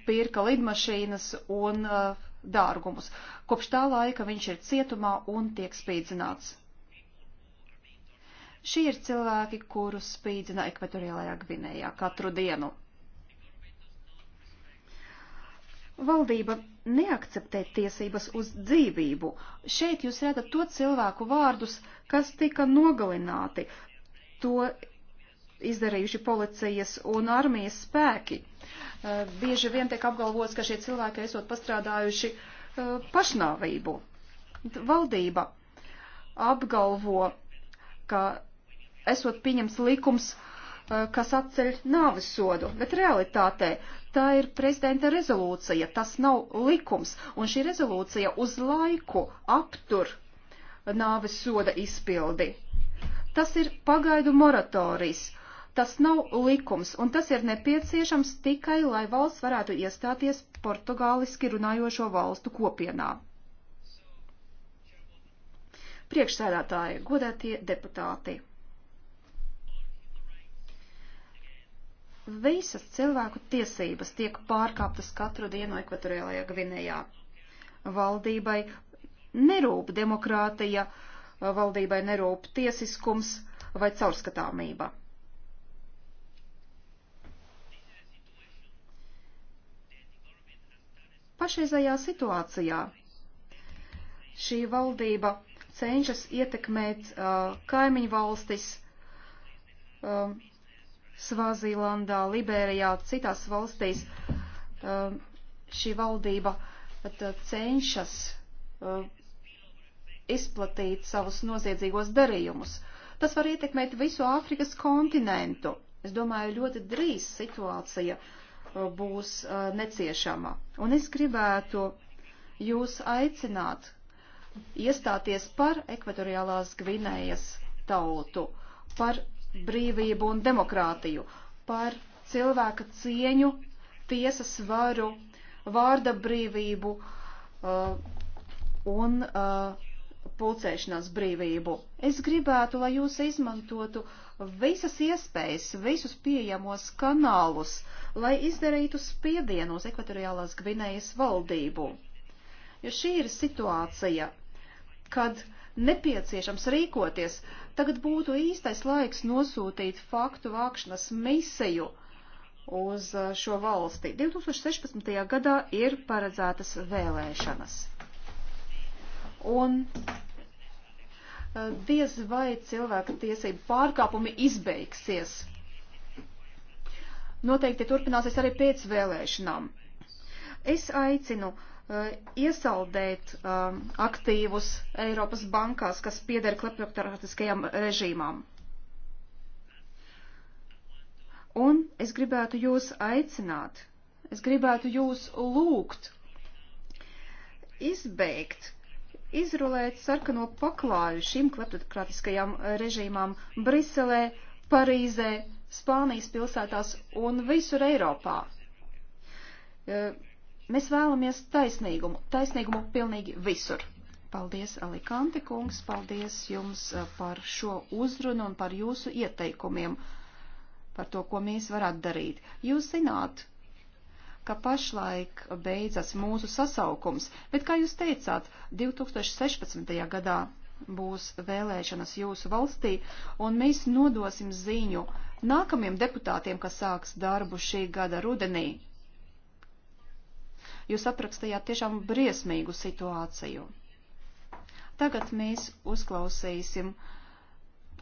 pirka lidmašīnas un uh, dārgumus. Kopš tā laika viņš ir cietumā un tiek spīdzināts. Šie ir cilvēki, kurus spīdzina ekvatoriālajā Gvinējā katru dienu. Valdība neakceptē tiesības uz dzīvību. Šeit jūs redzat to cilvēku vārdus, kas tika nogalināti. To izdarījuši policijas un armijas spēki. Eh, bieži vien tiek apgalvots, ka šie cilvēki esot pastrādājuši eh, pašnāvību. Valdība apgalvo, ka esot pieņems likums, eh, kas atceļ nāves sodu, bet realitātē tā ir prezidenta rezolūcija, tas nav likums, un šī rezolūcija uz laiku aptur nāves soda izpildi. Tas ir pagaidu moratorijas, Tas nav likums, un tas ir nepieciešams tikai, lai valsts varētu iestāties portugāliski runājošo valstu kopienā. Priekšsēdētāji, godētie deputāti! Visas cilvēku tiesības tiek pārkāptas katru dienu Ekvatoriālajā Gvinējā. Valdībai nerūp demokrātija, valdībai nerūp tiesiskums vai caurskatāmība. pašreizajā situācijā. Šī valdība cenšas ietekmēt uh, kaimiņu valstis um, Svāzīlandā, Liberijā, citās valstīs. Um, šī valdība pat uh, cenšas uh, izplatīt savus noziedzīgos darījumus. Tas var ietekmēt visu Āfrikas kontinentu. Es domāju, ļoti drīz situācija uh, Uh, būs uh, neciešama. Un es gribētu jūs aicināt iestāties par ekvatoriālās Gvinējas tautu, par brīvību un demokrātiju, par cilvēka cieņu, tiesas varu, vārda brīvību uh, un uh, pulcēšanās brīvību. Es gribētu, lai jūs izmantotu visas iespējas, visus pieejamos kanālus, lai izdarītu spiedienu uz ekvatoriālās Gvinējas valdību. Jo šī ir situācija, kad nepieciešams rīkoties, tagad būtu īstais laiks nosūtīt faktu vākšanas misiju uz uh, šo valsti. 2016. gadā ir paredzētas vēlēšanas un eh, diez vai cilvēka tiesību pārkāpumi izbeigsies. Noteikti turpināsies arī pēc vēlēšanām. Es aicinu uh, iesaldēt uh, aktīvus Eiropas bankās, kas pieder kleptokratiskajam režīmām. Un es gribētu jūs aicināt, es gribētu jūs lūgt izbeigt izrulēt sarkano paklāju šim kleptokrātiskajām režīmām Briselē, Parīzē, Spānijas pilsētās un visur Eiropā. E, mēs vēlamies taisnīgumu, taisnīgumu pilnīgi visur. Paldies, Alikante kungs, paldies jums e, par šo uzrunu un par jūsu ieteikumiem, par to, ko mēs varētu darīt. Jūs zināt, ka pašlaik beidzas mūsu sasaukums, bet, kā jūs teicāt, 2016. gadā būs vēlēšanas jūsu valstī, un mēs nodosim ziņu nākamajiem deputātiem, kas sāks darbu šī gada rudenī. Jūs aprakstījāt tiešām briesmīgu situāciju. Tagad mēs uzklausīsim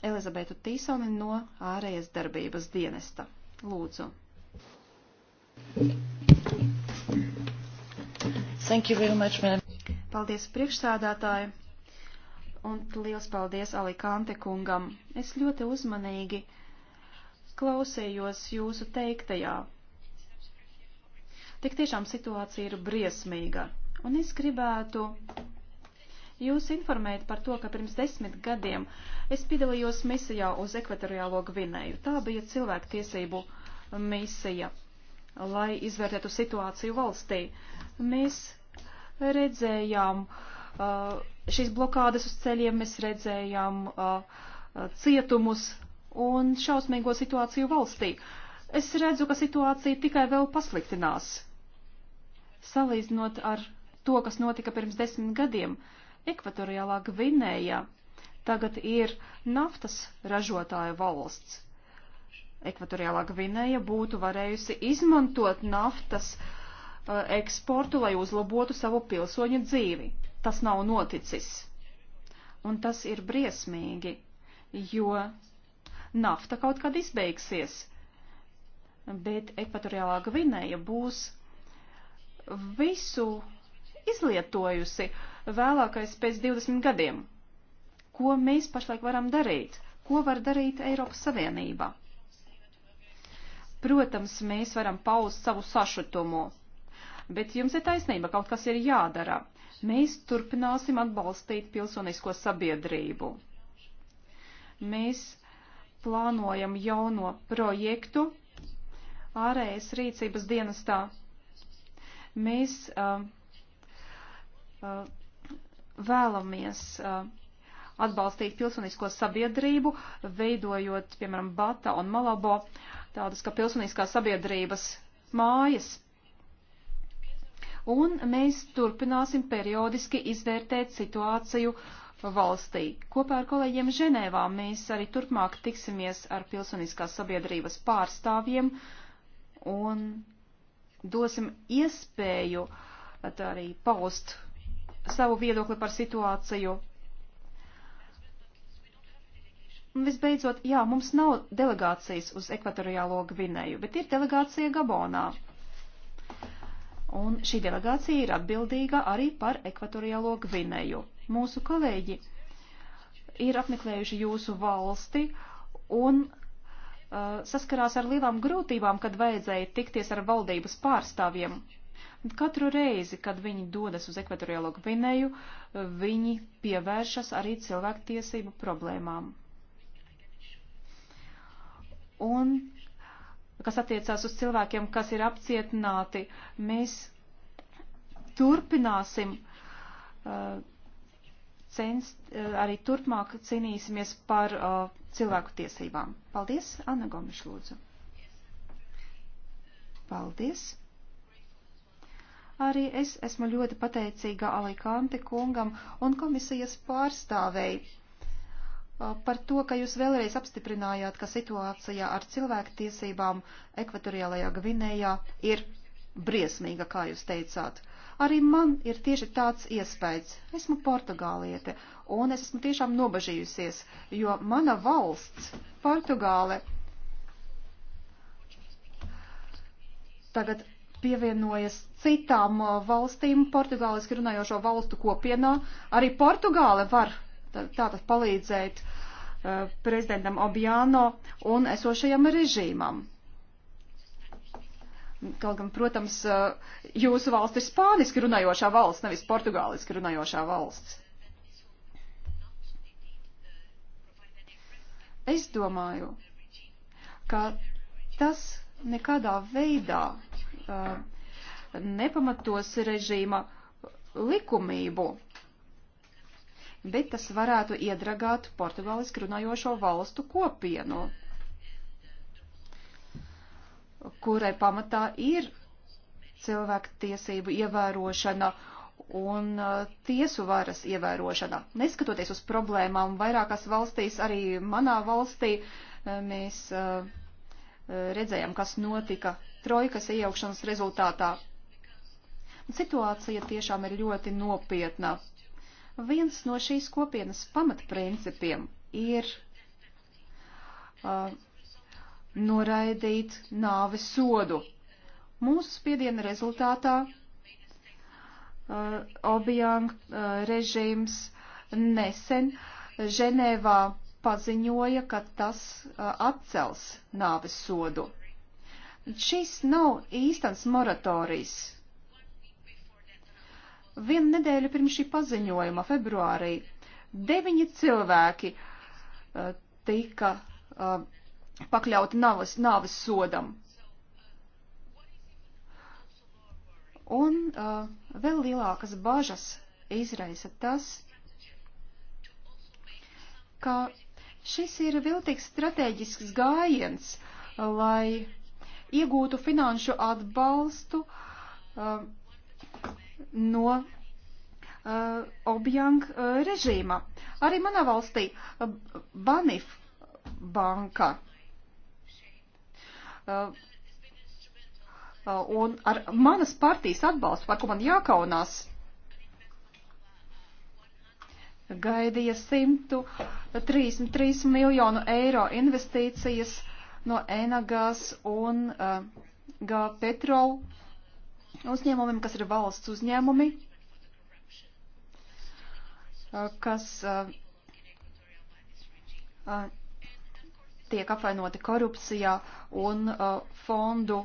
Elizabetu Tīsoni no ārējas darbības dienesta. Lūdzu. Thank you very much, man. Paldies priekšsādātāji un liels paldies Alikante kungam. Es ļoti uzmanīgi klausējos jūsu teiktajā. Tik tiešām situācija ir briesmīga, un es gribētu jūs informēt par to, ka pirms desmit gadiem es piedalījos misijā uz ekvatoriālo Gvinēju. Tā bija cilvēktiesību misija lai izvērtētu situāciju valstī. Mēs redzējām uh, šīs blokādes uz ceļiem, mēs redzējām uh, cietumus un šausmīgo situāciju valstī. Es redzu, ka situācija tikai vēl pasliktinās. Salīdzinot ar to, kas notika pirms desmit gadiem, ekvatoriālā Gvinēja tagad ir naftas ražotāja valsts. Ekvatoriālā Gvinēja būtu varējusi izmantot naftas uh, eksportu, lai uzlabotu savu pilsoņu dzīvi. Tas nav noticis. Un tas ir briesmīgi, jo nafta kaut kad izbeigsies, bet Ekvatoriālā Gvinēja būs visu izlietojusi vēlākais pēc 20 gadiem. Ko mēs pašlaik varam darīt? Ko var darīt Eiropas Savienība? Protams, mēs varam paust savu sašutumu, bet jums ir taisnība, kaut kas ir jādara. Mēs turpināsim atbalstīt pilsonisko sabiedrību. Mēs plānojam jauno projektu ārējas rīcības dienestā. Mēs uh, uh, vēlamies uh, atbalstīt pilsonisko sabiedrību, veidojot, piemēram, Bata un Malabo uh, tādas kā pilsoniskās sabiedrības mājas. Un mēs turpināsim periodiski izvērtēt situāciju valstī. Kopā ar kolēģiem Ženēvā mēs arī turpmāk tiksimies ar pilsoniskās sabiedrības pārstāvjiem un dosim iespēju arī paust savu viedokli par situāciju Un visbeidzot, jā, mums nav delegācijas uz ekvatoriālo Gvineju, bet ir delegācija Gabonā. Un šī delegācija ir atbildīga arī par ekvatoriālo Gvineju. Mūsu kolēģi ir apmeklējuši jūsu valsti un uh, saskarās ar lielām grūtībām, kad vajadzēja tikties ar valdības pārstāvjiem. Katru reizi, kad viņi dodas uz ekvatoriālo Gvineju, uh, viņi pievēršas arī cilvēktiesību problēmām un kas attiecās uz cilvēkiem, kas ir apcietināti, mēs turpināsim uh, censt, uh, arī turpmāk cīnīsimies par uh, cilvēku tiesībām. Paldies, Anna Gomiš, lūdzu. Paldies. Arī es esmu ļoti pateicīga Alikante kungam un komisijas pārstāvēji par to, ka jūs vēlreiz apstiprinājāt, ka situācija ar cilvēku tiesībām ekvatoriālajā Gvinējā ir briesmīga, kā jūs teicāt. Arī man ir tieši tāds iespējas. Esmu portugāliete, un es esmu tiešām nobažījusies, jo mana valsts, Portugāle, tagad pievienojas citām valstīm, portugāliski runājošo valstu kopienā. Arī Portugāle var tātad palīdzēt uh, prezidentam Objāno un esošajam režīmam. Kaut gan, protams, uh, jūsu valsts ir spāniski runājošā valsts, nevis portugāliski runājošā valsts. Es domāju, ka tas nekādā veidā uh, nepamatos režīma likumību bet tas varētu iedragāt portugāliski runājošo valstu kopienu, kurai pamatā ir cilvēku tiesību ievērošana un uh, tiesu varas ievērošana. Neskatoties uz problēmām, vairākās valstīs, arī manā valstī, uh, mēs uh, redzējām, kas notika trojkas iejaukšanas rezultātā. Situācija tiešām ir ļoti nopietna. Viens no šīs kopienas pamatprincipiem ir uh, noraidīt nāves sodu. Mūsu spiediena rezultātā uh, Obiang uh, režīms nesen Ženēvā paziņoja, ka tas uh, atcels nāves sodu. Šis nav īstens moratorijas Vienu nedēļu pirms šī paziņojuma, februārī, deviņi cilvēki uh, tika uh, pakļauti navas, navas sodam. Un uh, vēl lielākas bažas izraisa tas, ka šis ir viltīgs strateģisks gājiens, uh, lai iegūtu finanšu atbalstu uh, no uh, Objang uh, režīma. Arī manā valstī uh, Banif banka. Uh, uh, un ar manas partijas atbalstu, par ko man jākaunās, gaidīja 133 miljonu eiro investīcijas no Enagas un uh, G. Petrol. Uh, uzņēmumiem, kas ir valsts uzņēmumi, kas tiek apvainoti korupcijā un fondu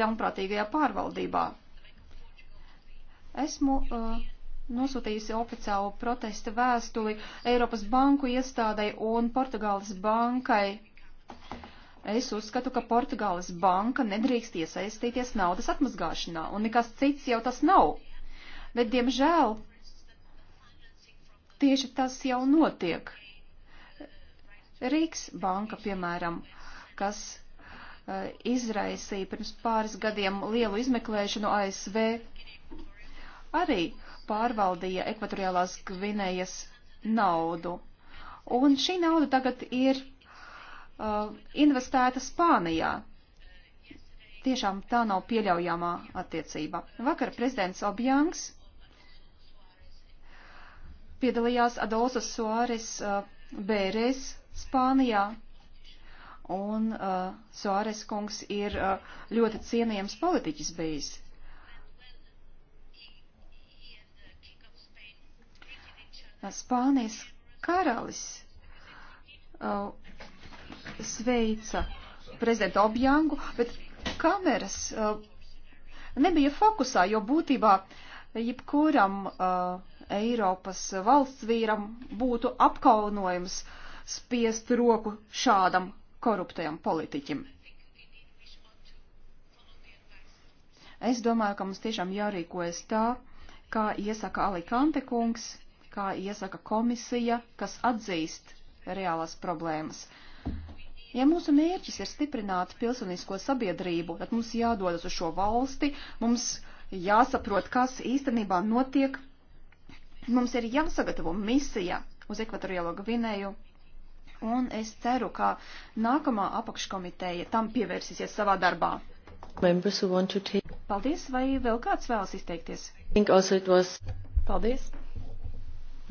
ļaunprātīgajā pārvaldībā. Esmu uh, nosūtījusi oficiālu protesta vēstuli Eiropas banku iestādei un Portugāles bankai. Uh, Es uzskatu, ka Portugāles banka nedrīkst iesaistīties naudas atmazgāšanā, un nekas cits jau tas nav. Bet, diemžēl, tieši tas jau notiek. Rīgas banka, piemēram, kas uh, izraisīja pirms pāris gadiem lielu izmeklēšanu ASV, arī pārvaldīja ekvatoriālās Gvinējas naudu. Un šī nauda tagad ir uh, investēta Spānijā. Tiešām tā nav pieļaujamā attiecība. Vakar prezidents Objāns piedalījās Adolfo Suāres uh, bērēs Spānijā, un uh, Suāres kungs ir uh, ļoti cienījams politiķis bijis. Spānijas karalis uh, sveica prezidentu Objangu, bet kameras uh, nebija fokusā, jo būtībā jebkuram uh, Eiropas valsts vīram būtu apkaunojums spiest roku šādam koruptajam politiķim. Es domāju, ka mums tiešām jārīkojas tā, kā iesaka Alikante kungs, kā iesaka komisija, kas atzīst reālās problēmas. Uh, Ja mūsu mērķis ir stiprināt pilsonisko sabiedrību, tad mums jādodas uz šo valsti, mums jāsaprot, kas īstenībā notiek, mums ir jāsagatavo misija uz ekvatoriālo Gvinēju, un es ceru, ka nākamā apakškomiteja tam pievērsīsies savā darbā. Paldies, vai vēl kāds vēlas izteikties? Paldies.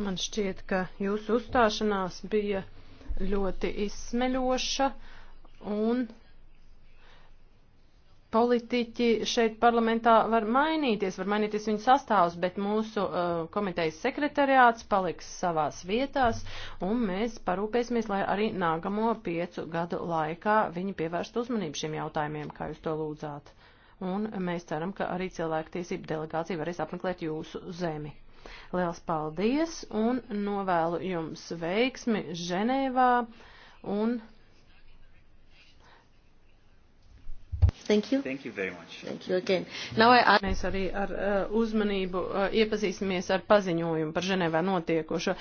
Man šķiet, ka jūsu uzstāšanās bija ļoti izsmeļoša un politiķi šeit parlamentā var mainīties, var mainīties viņu sastāvs, bet mūsu uh, komitejas sekretariāts paliks savās vietās, un mēs parūpēsimies, lai arī nākamo piecu gadu laikā viņi pievērst uzmanību šiem jautājumiem, kā jūs to lūdzāt. Un mēs ceram, ka arī cilvēktiesība delegācija varēs apmeklēt jūsu zemi. Liels paldies un novēlu jums veiksmi Ženēvā un. Thank you. Thank you very much. Thank you again. Now I... Mēs arī ar uh, uzmanību uh, iepazīsimies ar paziņojumu par Ženevā notiekošo.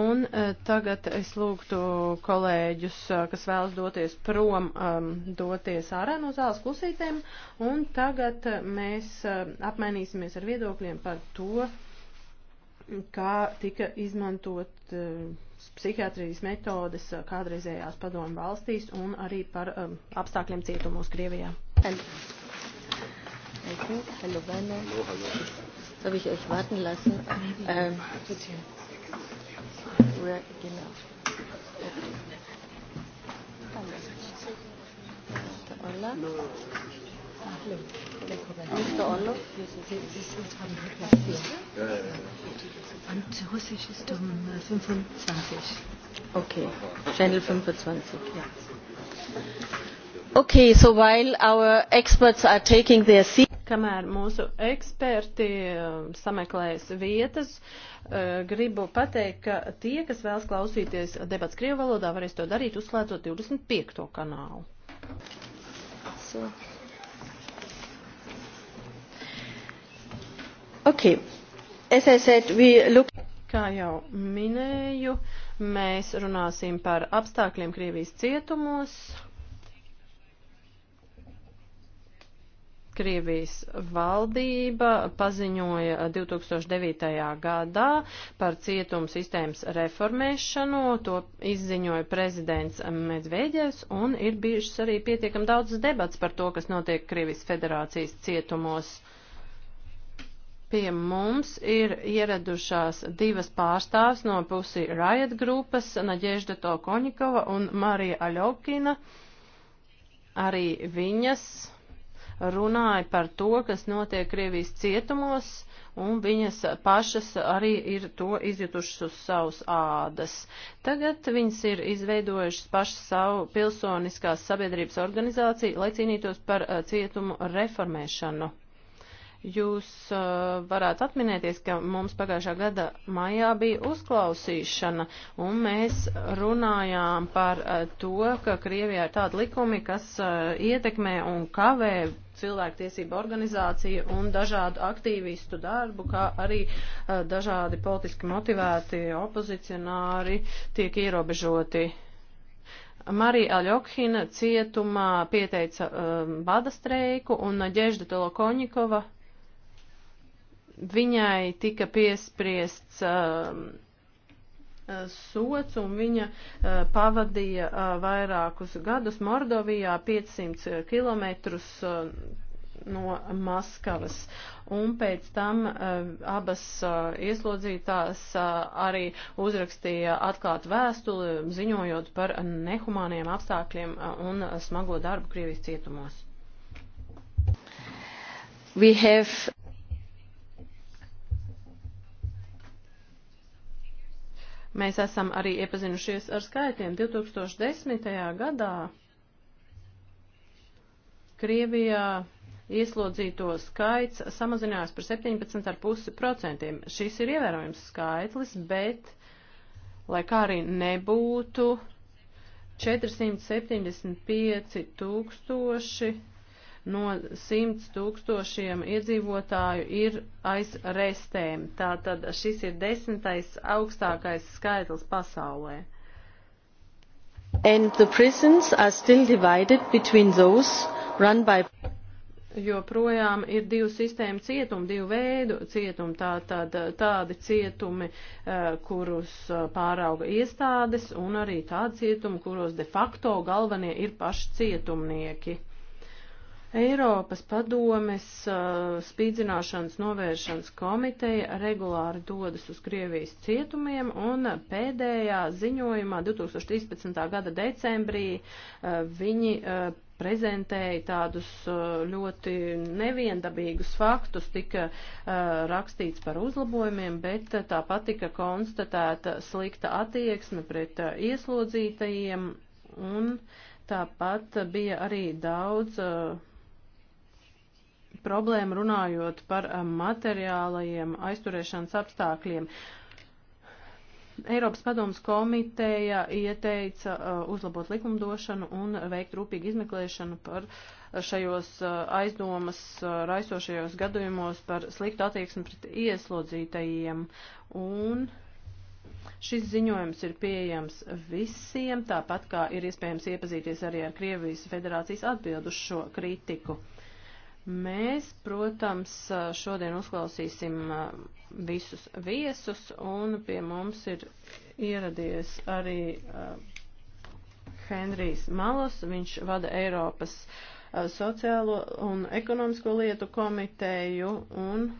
Un uh, tagad es lūgtu kolēģus, uh, kas vēlas doties prom, um, doties ārā no zāles klusītēm. Un tagad uh, mēs uh, apmainīsimies ar viedokļiem par to, kā tika izmantot eh, psihiatrijas metodes eh, kādreizējās padomu valstīs un arī par um, apstākļiem cietumos Krievijā. Hallo, hallo, hallo. Habe ich euch warten lassen? Ähm, ja, genau. Okay. Hallo. Der Ola. Mr. Orlov, und Russisch ist um 25. Okay, Channel 25, ja. Okay, so while our experts are taking their seat. Kamēr mūsu eksperti um, sameklēs vietas, uh, gribu pateikt, ka tie, kas vēlas klausīties debats Krievu valodā, varēs to darīt, uzslēdzot 25. kanālu. So. Okay. As I said, we look... Kā jau minēju, mēs runāsim par apstākļiem Krievijas cietumos, Krievijas valdība paziņoja 2009. gadā par cietumu sistēmas reformēšanu, to izziņoja prezidents Medveģevs, un ir bijušas arī pietiekam daudz debats par to, kas notiek Krievijas federācijas cietumos. Uh, Pie mums ir ieradušās divas pārstāvs no pusi Riot grupas, Naģežda Tokoņikova un Marija Aļokina. Arī viņas runāja par to, kas notiek Krievijas cietumos, un viņas pašas arī ir to izjutušas uz savas ādas. Tagad viņas ir izveidojušas pašas savu pilsoniskās sabiedrības organizāciju, lai cīnītos par eh, cietumu reformēšanu. Jūs uh, varētu atminēties, ka mums pagājušā gada maijā bija uzklausīšana, un mēs runājām par uh, to, ka Krievijā ir tādi likumi, kas uh, ietekmē un kavē cilvēktiesību organizāciju un dažādu aktīvistu darbu, kā arī uh, dažādi politiski motivēti opozicionāri tiek ierobežoti. Marija Aļokhina cietumā pieteica um, bada streiku un Ģežda Tolokoņikova viņai tika piespriests um, uh, sots, un viņa uh, pavadīja uh, vairākus gadus Mordovijā 500 kilometrus uh, no Maskavas. Un pēc tam uh, abas uh, ieslodzītās uh, arī uzrakstīja atklātu vēstuli, ziņojot par nehumāniem apstākļiem uh, un smago darbu Krievijas cietumos. We have Mēs esam arī iepazinušies ar skaitiem. 2010. gadā Krievijā ieslodzīto skaits samazinājās par 17,5%. Šis ir ievērojams skaitlis, bet, lai kā arī nebūtu, 475 tūkstoši no 100 tūkstošiem iedzīvotāju ir aiz restēm. Tātad šis ir desmitais augstākais skaitlis pasaulē. And the prisons are still divided between those run by joprojām ir divu sistēmu cietumi, divu veidu cietumi, tā, tād, eh, tādi cietumi, eh, kurus eh, pārauga iestādes, un arī tādi cietumi, kuros de facto galvenie ir paši cietumnieki. Eiropas padomes uh, spīdzināšanas novēršanas komiteja regulāri dodas uz Krievijas cietumiem un pēdējā ziņojumā 2013. gada decembrī uh, viņi uh, prezentēja tādus ļoti neviendabīgus faktus, tika rakstīts par uzlabojumiem, bet tāpat tika konstatēta slikta attieksme pret ieslodzītajiem un tāpat bija arī daudz problēma runājot par eh, materiālajiem aizturēšanas apstākļiem. Eiropas padomas komiteja ieteica eh, uzlabot likumdošanu un veikt rūpīgu izmeklēšanu par eh, šajos aizdomas raisošajos gadījumos par sliktu attieksmi pret ieslodzītajiem. Un Šis ziņojums ir pieejams visiem, tāpat kā ir iespējams iepazīties arī ar Krievijas federācijas atbildu šo kritiku. Mēs, protams, šodien uzklausīsim uh, visus viesus, un pie mums ir ieradies arī uh, Henrijs Malos. Viņš vada Eiropas uh, sociālo un ekonomisko lietu komiteju, un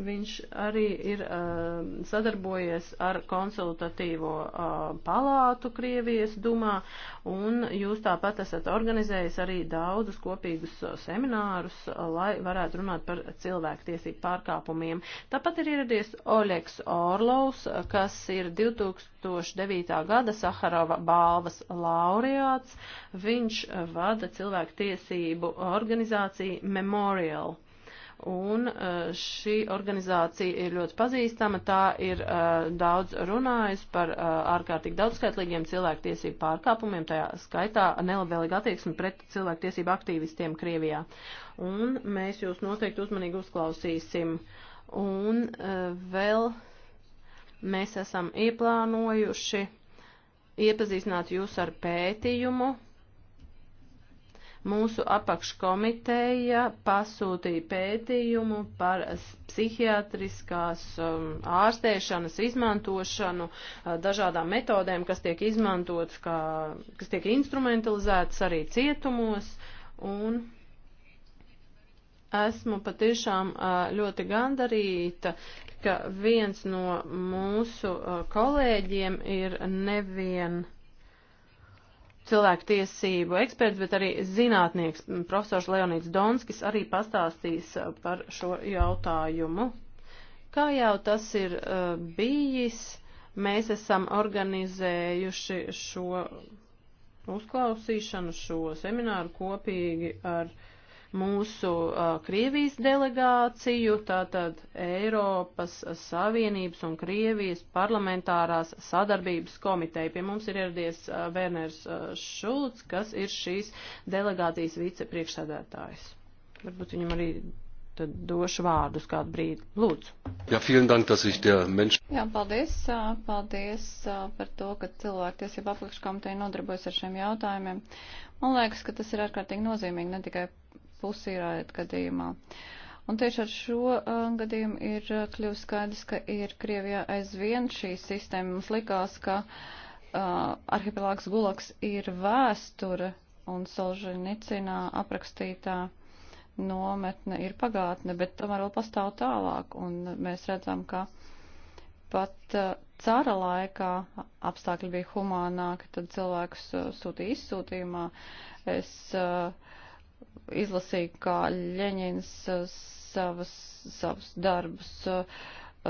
Viņš arī ir uh, sadarbojies ar konsultatīvo uh, palātu Krievijas dumā, un jūs tāpat esat organizējis arī daudzus kopīgus eh, seminārus, uh, lai varētu runāt par cilvēktiesību pārkāpumiem. Tāpat ir ieradies Oļeks Orlovs, kas ir 2009. gada Saharova balvas laureāts. Viņš vada cilvēktiesību organizāciju Memorial. Un uh, šī organizācija ir ļoti pazīstama, tā ir uh, daudz runājusi par uh, ārkārtīgi daudzskaitlīgiem cilvēktiesību pārkāpumiem, tajā skaitā nelabvēlīga attieksme pret cilvēktiesību aktīvistiem Krievijā. Un mēs jūs noteikti uzmanīgi uzklausīsim. Un uh, vēl mēs esam ieplānojuši iepazīstināt jūs ar pētījumu Mūsu apakškomiteja pasūtīja pētījumu par psihiatriskās um, ārstēšanas izmantošanu, uh, dažādām metodēm, kas tiek izmantotas, kā, kas tiek instrumentalizētas arī cietumos. Un esmu patiešām uh, ļoti gandarīta, ka viens no mūsu uh, kolēģiem ir nevien cilvēku tiesību eksperts, bet arī zinātnieks profesors Leonīts Donskis arī pastāstīs uh, par šo jautājumu. Kā jau tas ir uh, bijis, mēs esam organizējuši šo uzklausīšanu, šo semināru kopīgi ar uh, mūsu uh, Krievijas delegāciju, tātad Eiropas Savienības un Krievijas parlamentārās sadarbības komiteja. Pie mums ir ieradies uh, Werners uh, Šulcs, kas ir šīs delegācijas vicepriekšsēdētājs. Varbūt viņam arī tad došu vārdu uz kādu brīdi. Lūdzu. Jā, vielen dank, dass ich der Mensch. Jā, paldies, paldies par to, ka cilvēktiesība apakškomiteja nodarbojas ar šiem jautājumiem. Man liekas, ka tas ir ārkārtīgi nozīmīgi ne tikai pusīrājot gadījumā. Un tieši ar šo uh, gadījumu ir uh, kļuvis skaidrs, ka ir Krievijā aizvien šī sistēma. Mums likās, ka uh, arhipelāgs Gulaks ir vēsture un Solženicinā aprakstītā nometne ir pagātne, bet tomēr vēl pastāv tālāk. Un mēs redzam, ka pat uh, cara laikā apstākļi bija humānāki, tad cilvēkus uh, sūtīja izsūtījumā. Es, uh, izlasīju, kā Ļeņins uh, savas, savus darbus uh,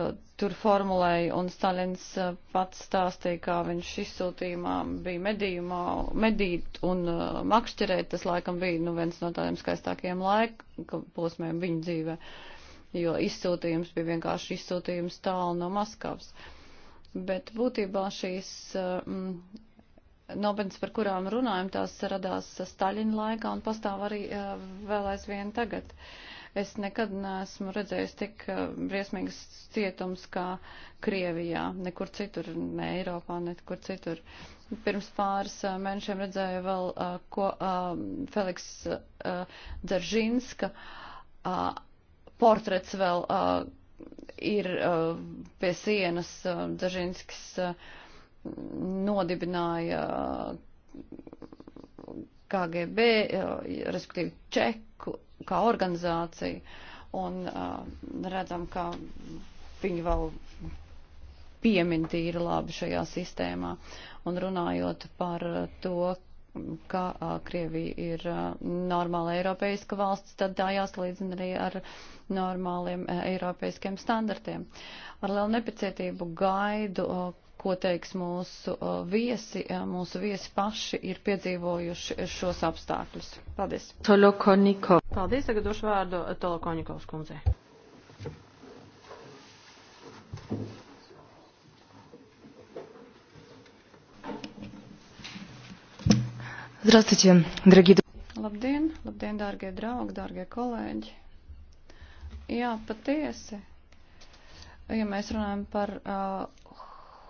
uh, tur formulēja, un Stalins pats stāstīja, kā viņš izsūtījumā bija medījumā, medīt un uh, makšķerēt, tas laikam bija, nu, viens no tādiem skaistākiem laika posmiem viņa dzīvē, jo izsūtījums bija vienkārši izsūtījums tālu no Maskavas. Bet būtībā šīs mm, nobenes, par kurām runājam, tās radās Staļina laikā un pastāv arī e, vēl aizvien tagad. Es nekad neesmu redzējis tik e, briesmīgas cietums kā Krievijā, nekur citur, ne Eiropā, nekur citur. Pirms pāris e, mēnešiem redzēju vēl, ko Feliks Dzeržinska portrets vēl ir pie sienas Dzeržinskis nodibināja uh, KGB, uh, respektīvi Čeku kā organizāciju, un uh, redzam, ka viņi vēl piemin tīri labi šajā sistēmā. Un runājot par to, ka Krievija ir normāla eiropeiska valsts, tad tā jāslīdzina arī ar normāliem eiropeiskiem standartiem. Ar lielu nepacietību gaidu, ko teiks mūsu viesi. E, mūsu viesi paši ir piedzīvojuši šos apstākļus. Paldies. Tolokoniko. Paldies, tagad došu vārdu Tolokonikovs kundzei. Здравствуйте, дорогие Labdien, labdien, dārgie draugi, dārgie kolēģi. Jā, patiesi, ja mēs runājam par uh,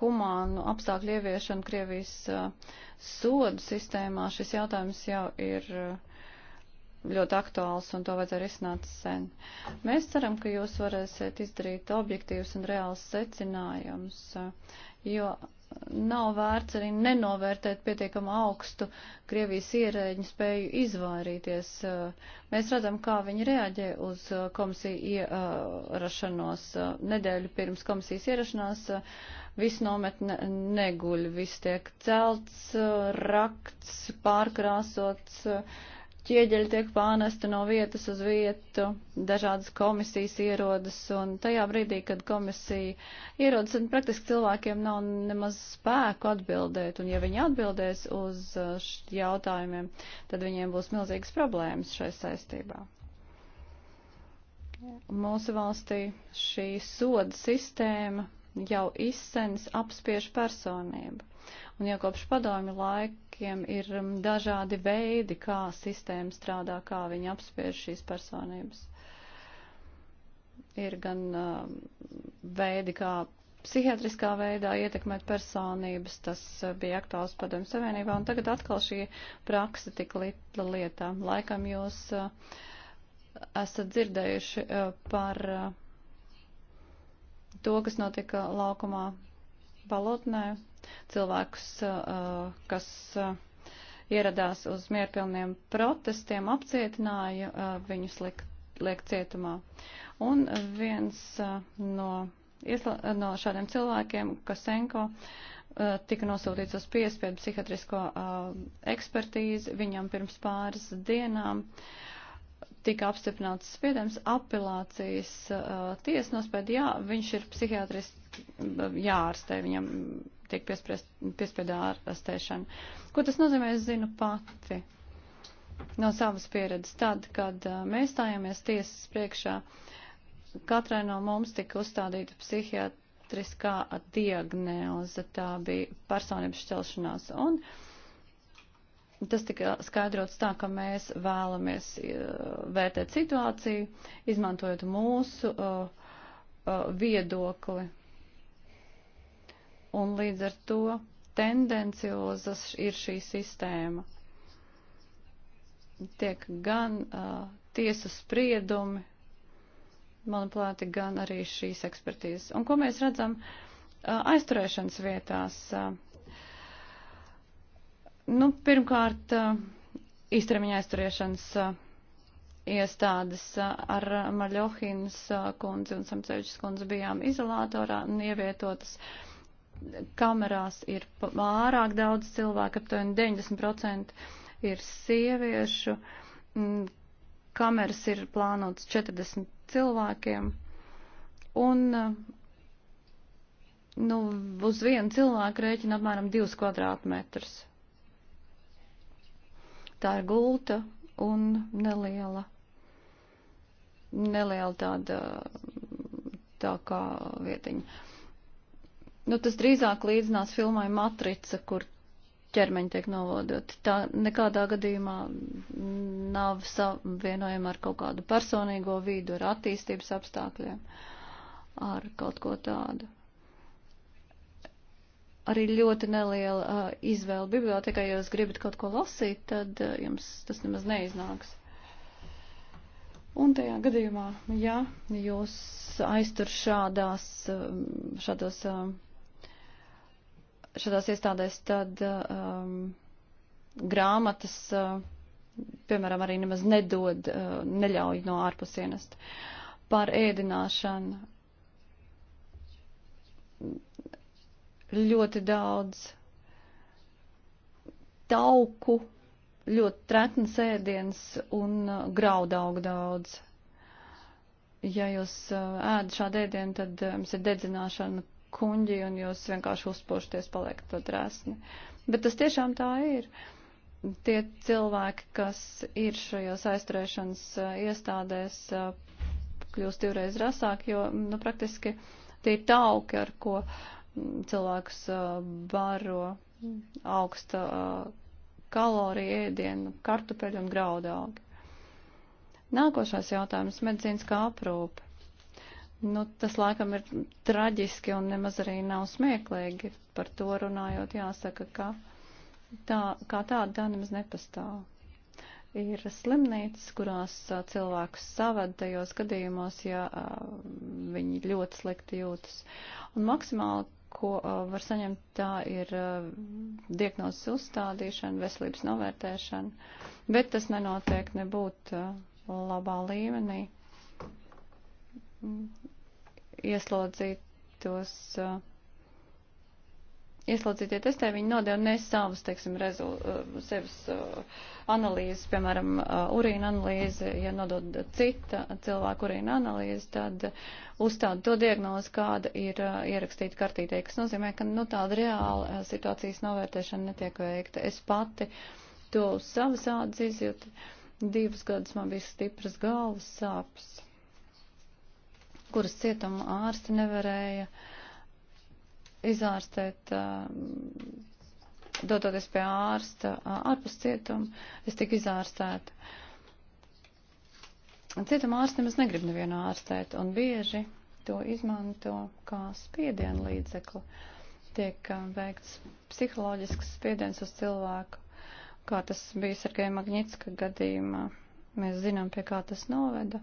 humānu apstākļu ieviešanu Krievijas uh, sodu sistēmā, šis jautājums jau ir uh, ļoti aktuāls un to vajadzēja risināt sen. Mēs ceram, ka jūs varēsiet izdarīt objektīvus un reāls secinājumus, uh, jo nav vērts arī nenovērtēt pietiekama augstu Krievijas ierēģu spēju izvairīties. Mēs redzam, kā viņi reaģē uz uh, komisiju ierašanos. Uh, nedēļu pirms komisijas ierašanās uh, viss nometne neguļ, viss tiek celts, rakts, pārkrāsots ķieģeļi tiek pānesti no vietas uz vietu, dažādas komisijas ierodas, un tajā brīdī, kad komisija ierodas, tad praktiski cilvēkiem nav nemaz spēku atbildēt, un ja viņi atbildēs uz uh, jautājumiem, tad viņiem būs milzīgas problēmas šai saistībā. Mūsu valstī šī soda sistēma jau izsens apspiež personību Un jau kopš padomju laikiem ir um, dažādi veidi, kā sistēma strādā, kā viņi apspiež šīs personības. Ir gan uh, veidi, kā psihiatriskā veidā ietekmēt personības, tas uh, bija aktuāls padomju savienībā, un tagad atkal šī praksa tik litla lietā. Laikam jūs uh, esat dzirdējuši uh, par uh, to, kas notika laukumā Balotnē, cilvēkus, uh, kas uh, ieradās uz mierpilniem protestiem, apcietināja, uh, viņus liek, liek cietumā. Un viens no, iesla, no šādiem cilvēkiem, Kasenko, tika nosūtīts uz piespiedu psihiatrisko ekspertīzi viņam pirms pāris dienām. Tika apstiprināts spiedums apelācijas uh, tiesnospēd, jā, viņš ir psihiatris, jārastē viņam tiek piespiedā ārstēšana. Ko tas nozīmē, es zinu pati no savas pieredzes. Tad, kad mēs stājāmies tiesas priekšā, katrai no mums tika uzstādīta psihiatriskā diagnoze, tā bija personības šķelšanās. Un, tas tika skaidrots tā, ka mēs vēlamies vērtēt situāciju, izmantojot mūsu uh, uh, viedokli un līdz ar to tendenciozas ir šī sistēma. Tiek gan uh, tiesu spriedumi, manuprāt, gan arī šīs ekspertīzes. Un ko mēs redzam uh, aizturēšanas vietās? Uh, nu, pirmkārt, uh, īstermiņa aizturēšanas. Uh, iestādes uh, ar Maļohinas uh, kundzi un Samcevičs kundzi bijām izolātorā un ievietotas. Uh, kamerās ir pārāk daudz cilvēku, aptuveni 90% ir sieviešu, mm, kameras ir plānotas 40 cilvēkiem, un eh, nu, uz vienu cilvēku rēķina apmēram 2 kvadrātmetrus. Tā ir gulta un neliela, neliela tāda tā kā vietiņa. Nu, tas drīzāk līdzinās filmai Matrica, kur ķermeņi tiek novodoti. Tā nekādā gadījumā nav savienojama ar kaut kādu personīgo vīdu, ar attīstības apstākļiem, ar kaut ko tādu. Arī ļoti neliela uh, izvēle bibliotekā, ja jūs gribat kaut ko lasīt, tad uh, jums tas nemaz neiznāks. Un tajā gadījumā, ja jūs aiztur šādās, um, šādos uh, šādās iestādēs, tad um, grāmatas, uh, piemēram, arī nemaz nedod, uh, neļauj no ārpusienas. Par ēdināšanu ļoti daudz tauku, ļoti tretnas ēdienas un uh, graudaugu daudz. Ja jūs uh, ēd šādu ēdienu, tad uh, jums ir dedzināšana kuņģi un jūs vienkārši uzpūšties, paliekat to drēsni. Bet tas tiešām tā ir. Tie cilvēki, kas ir šajos aizturēšanas iestādēs, kļūst divreiz rasāki, jo nu, praktiski tie ir tauki, ar ko cilvēkus baro augsta kalorija ēdienu, kartupeļu un graudaugi. Nākošais jautājums - medicīnas kā aprūpe. Nu, tas laikam ir traģiski un nemaz arī nav smieklīgi par to runājot. Jāsaka, ka tā, kā tāda tā nemaz nepastāv. Ir slimnīcas, kurās cilvēkus savada tajos gadījumos, ja viņi ļoti slikti jūtas. Un maksimāli, ko var saņemt, tā ir diagnozes uzstādīšana, veselības novērtēšana, bet tas nenotiek nebūt labā līmenī ieslodzītos, uh, ieslodzītie testē, viņi nodeva ne savus, teiksim, rezul, uh, sevis uh, analīzes, piemēram, uh, urīna analīze, ja nodod cita cilvēka urīna analīze, tad uzstāda to diagnozi, kāda ir uh, ierakstīta kartītē, kas nozīmē, ka, nu, tāda reāla uh, situācijas novērtēšana netiek veikta. Es pati to uz savas ādas izjūtu. Divus gadus man bija stipras galvas sāpes kuras cietuma ārsti nevarēja izārstēt, dodoties pie ārsta ārpus cietuma, es tiku izārstēta. Cietuma ārsti nemaz negrib nevienu ārstēt, un bieži to izmanto kā spiedienu līdzekli. Tiek veikts psiholoģisks spiediens uz cilvēku, kā tas bija Sergeja Magnitska gadījumā. Mēs zinām, pie kā tas noveda.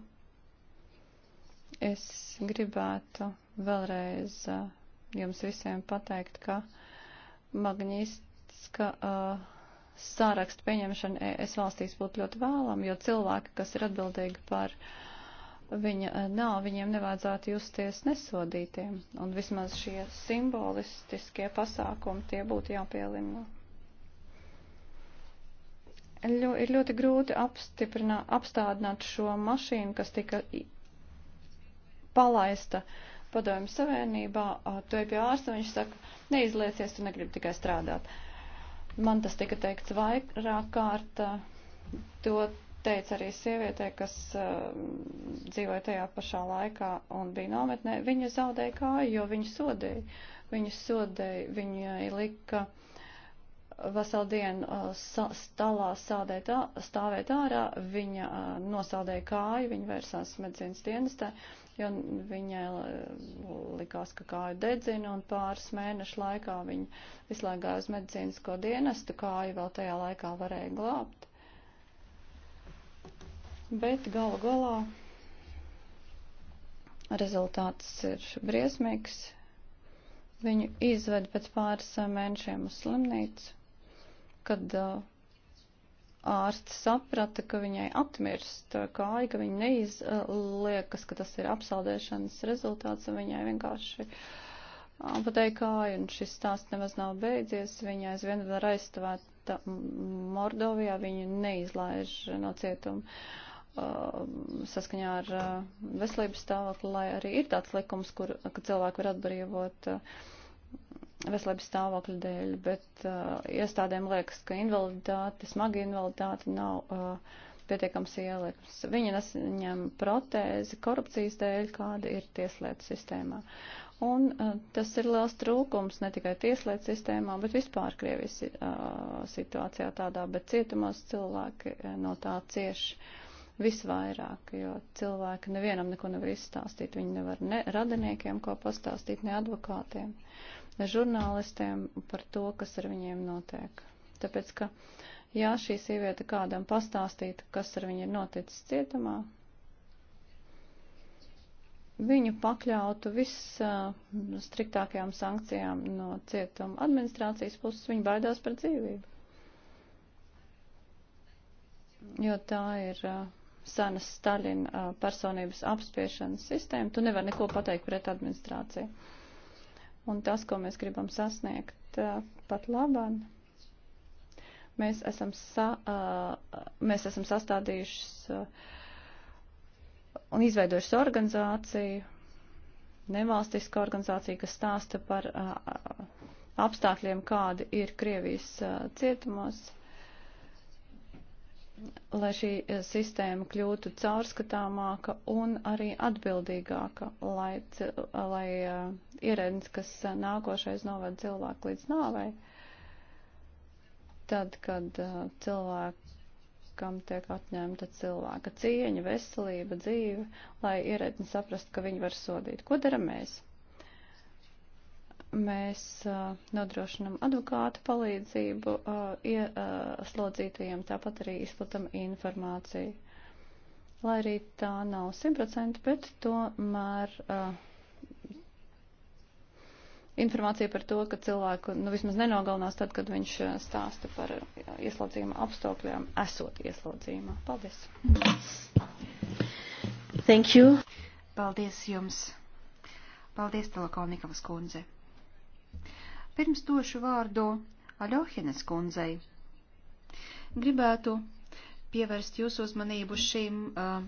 Es gribētu vēlreiz uh, jums visiem pateikt, ka magnītiska uh, sārakstu pieņemšana ES valstīs būtu ļoti vēlama, jo cilvēki, kas ir atbildīgi par viņa uh, nav, viņiem nevajadzētu justies nesodītiem. Un vismaz šie simbolistiskie pasākumi tie būtu jāpielina. Ļo, ir ļoti grūti apstādināt šo mašīnu, kas tika palaista padomju savienībā, tu ej pie ārsta, viņš saka, neizliecies, tu negribi tikai strādāt. Man tas tika teikts vairāk kārt, to teica arī sievietē, kas uh, dzīvoja tajā pašā laikā un bija nometnē, viņa zaudēja kāju, jo viņu sodēja. Viņu sodēja, viņa lika veselu dienu uh, sa stalā sādēt, stāvēt ārā, viņa uh, nosaldēja kāju, viņa vērsās medicīnas dienestē. Uh, jo viņai eh, likās, ka kāju dedzina un pāris mēnešu laikā viņa izlaigāja uz medicīnisko dienestu, kāju vēl tajā laikā varēja glābt. Bet galu galā rezultāts ir briesmīgs. Viņu izved pēc pāris eh, mēnešiem uz slimnīcu, kad uh, ārsts saprata, ka viņai atmirst kāja, ka viņa neizliekas, ka tas ir apsaldēšanas rezultāts, un viņai vienkārši apatēja kāju, un šis stāsts nemaz nav beidzies, viņa aizvien var aizstāvēt Mordovijā, viņu neizlaiž no cietuma um, saskaņā ar uh, veselības stāvokli, lai arī ir tāds likums, kur cilvēku var atbrīvot. Uh, veselības stāvokļa dēļ, bet uh, iestādēm liekas, ka invaliditāte, smaga invaliditāte nav uh, pietiekams ieliekums. Viņa nesaņem protēzi korupcijas dēļ, kāda ir tieslietu sistēmā. Un uh, tas ir liels trūkums ne tikai tieslietu sistēmā, bet vispār Krievijas uh, situācijā tādā, bet cietumos cilvēki uh, no tā cieši visvairāk, jo cilvēki nevienam neko nevar izstāstīt. Viņi nevar ne radiniekiem ko pastāstīt, ne advokātiem. Uh, žurnālistiem par to, kas ar viņiem notiek. Tāpēc, ka, ja šī sieviete kādam pastāstītu, kas ar viņu ir noticis cietumā, viņu pakļautu visstriktākajām sankcijām no cietuma administrācijas puses, viņi baidās par dzīvību. Jo tā ir sena Staļina personības apspiešanas sistēma, tu nevar neko pateikt pret administrāciju un tas, ko mēs gribam sasniegt pat labāk. Mēs esam, sa, mēs esam sastādījuši un izveidojuši organizāciju, nevalstisku organizāciju, kas stāsta par apstākļiem, kādi ir Krievijas cietumos lai šī eh, sistēma kļūtu caurskatāmāka un arī atbildīgāka, lai, lai eh, ierēdnis, kas eh, nākošais novada cilvēku līdz nāvei, tad, kad cilvēkam tiek atņemta cilvēka cieņa, veselība, dzīve, lai ierēdnis saprastu, ka viņi var sodīt. Ko dara mēs? mēs nodrošinam advokātu palīdzību ieslodzītajiem, tāpat arī izplatam informāciju. Lai arī tā nav 100%, bet tomēr informācija par to, ka cilvēku nu, vismaz nenogalinās tad, kad viņš stāsta par ieslodzījuma apstākļiem, esot ieslodzījumā. Paldies! Thank you! Paldies jums! Paldies, Telekonikovas kundze! Pirms došu vārdu Aļohines kundzei. Gribētu pievērst jūsu uzmanību šīm uh,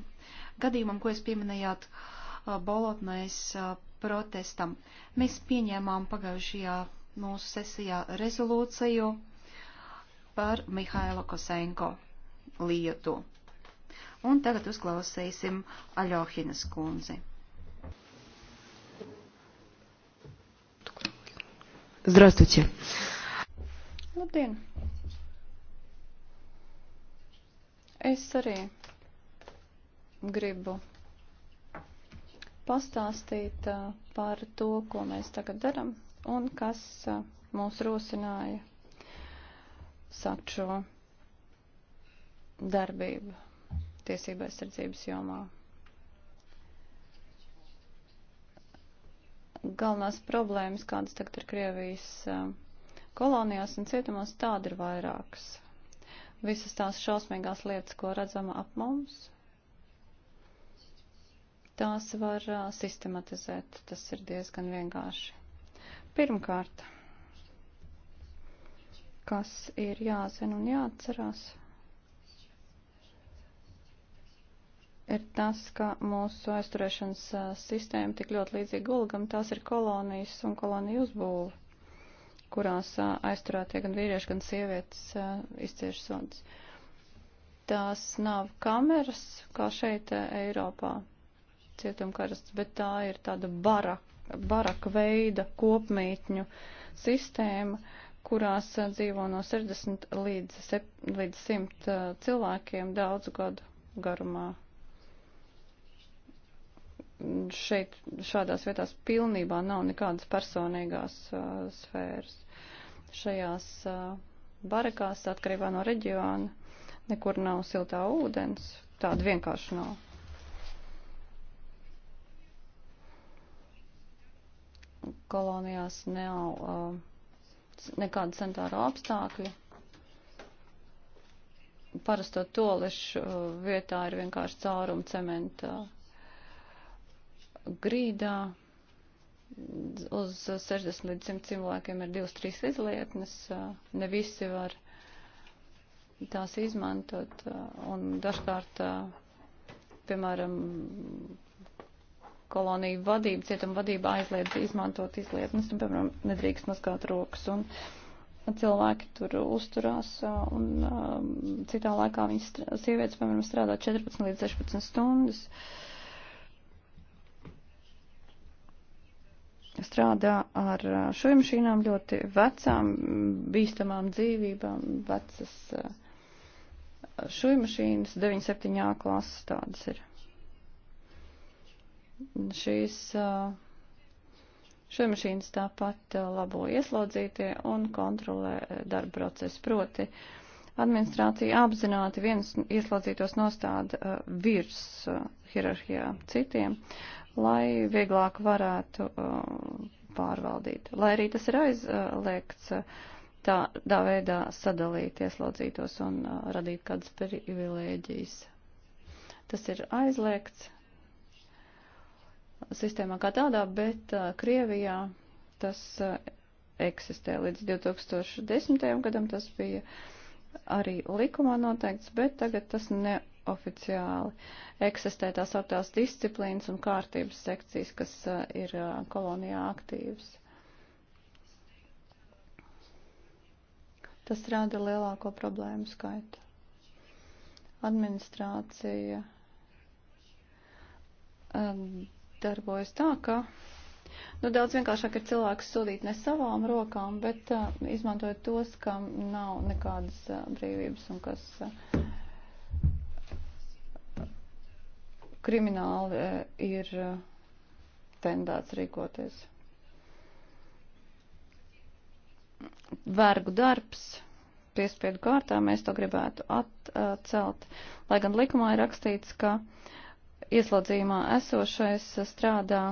gadījumam, ko jūs pieminējāt uh, Bolotnais uh, protestam. Mēs pieņēmām pagājušajā mūsu sesijā rezolūciju par Mihailo Kosenko lietu. Un tagad uzklausīsim Aļohinas kundzi. Здравствуйте. Labdien! Es arī gribu pastāstīt uh, par to, ko mēs tagad daram un kas uh, mūs rosināja sākt šo darbību tiesībai sardzības jomā. galvenās problēmas, kādas tagad ir Krievijas kolonijās un cietumos, tāda ir vairākas. Visas tās šausmīgās lietas, ko redzam ap mums, tās var sistematizēt. Tas ir diezgan vienkārši. Pirmkārt, kas ir jāzina un jāatcerās? ir tas, ka mūsu aizturēšanas sistēma tik ļoti līdzīga gulagam, tās ir kolonijas un koloniju uzbūve kurās aizturētie gan vīrieši, gan sievietes izcieš sodus. Tās nav kameras, kā šeit Eiropā cietumkarasts, bet tā ir tāda baraka, baraka veida kopmītņu sistēma, kurās dzīvo no 60 līdz, 7, līdz 100 cilvēkiem daudzu gadu garumā šeit šādās vietās pilnībā nav nekādas personīgās uh, sfēras. Šajās uh, barakās, atkarībā no reģiona, nekur nav siltā ūdens, tāda vienkārši nav. Kolonijās nav uh, nekāda sanitāra apstākļa. Parasto tolešu uh, vietā ir vienkārši cauruma cementa. Uh, grīdā uz 60 līdz 100 cilvēkiem ir divas, trīs izlietnes, ne visi var tās izmantot, un dažkārt, piemēram, koloniju vadība, cietuma vadība aizliedz izmantot izlietnes, un, piemēram, nedrīkst mazgāt rokas, un cilvēki tur uzturās, un citā laikā viņas sievietes, piemēram, strādā 14 līdz 16 stundas. Uh, strādā ar šiem mašīnām ļoti vecām, bīstamām dzīvībām, vecas šuju mašīnas, 97. klases tādas ir. Šīs šuju mašīnas tāpat labo ieslodzītie un kontrolē darba procesu proti. Administrācija apzināti viens ieslodzītos nostāda virs hierarhijā citiem lai vieglāk varētu uh, pārvaldīt. Lai arī tas ir aizliegts uh, tādā veidā sadalīt ieslodzītos un uh, radīt kādas privilēģijas. Tas ir aizliegts sistēmā kā tādā, bet Krievijā tas eksistē. Līdz 2010. gadam tas bija arī likumā noteikts, bet tagad tas ne oficiāli eksistē tās augtās disciplīnas un kārtības sekcijas, kas uh, ir uh, kolonijā aktīvas. Tas rada lielāko problēmu skaitu. Administrācija um, darbojas tā, ka nu, daudz vienkāršāk ir cilvēks sodīt ne savām rokām, bet uh, izmantojot tos, kam nav nekādas uh, brīvības un kas. Uh, krimināli eh, ir eh, tendēts rīkoties. Vergu darbs piespiedu kārtā mēs to gribētu atcelt, lai gan likumā ir rakstīts, ka ieslodzījumā esošais strādā,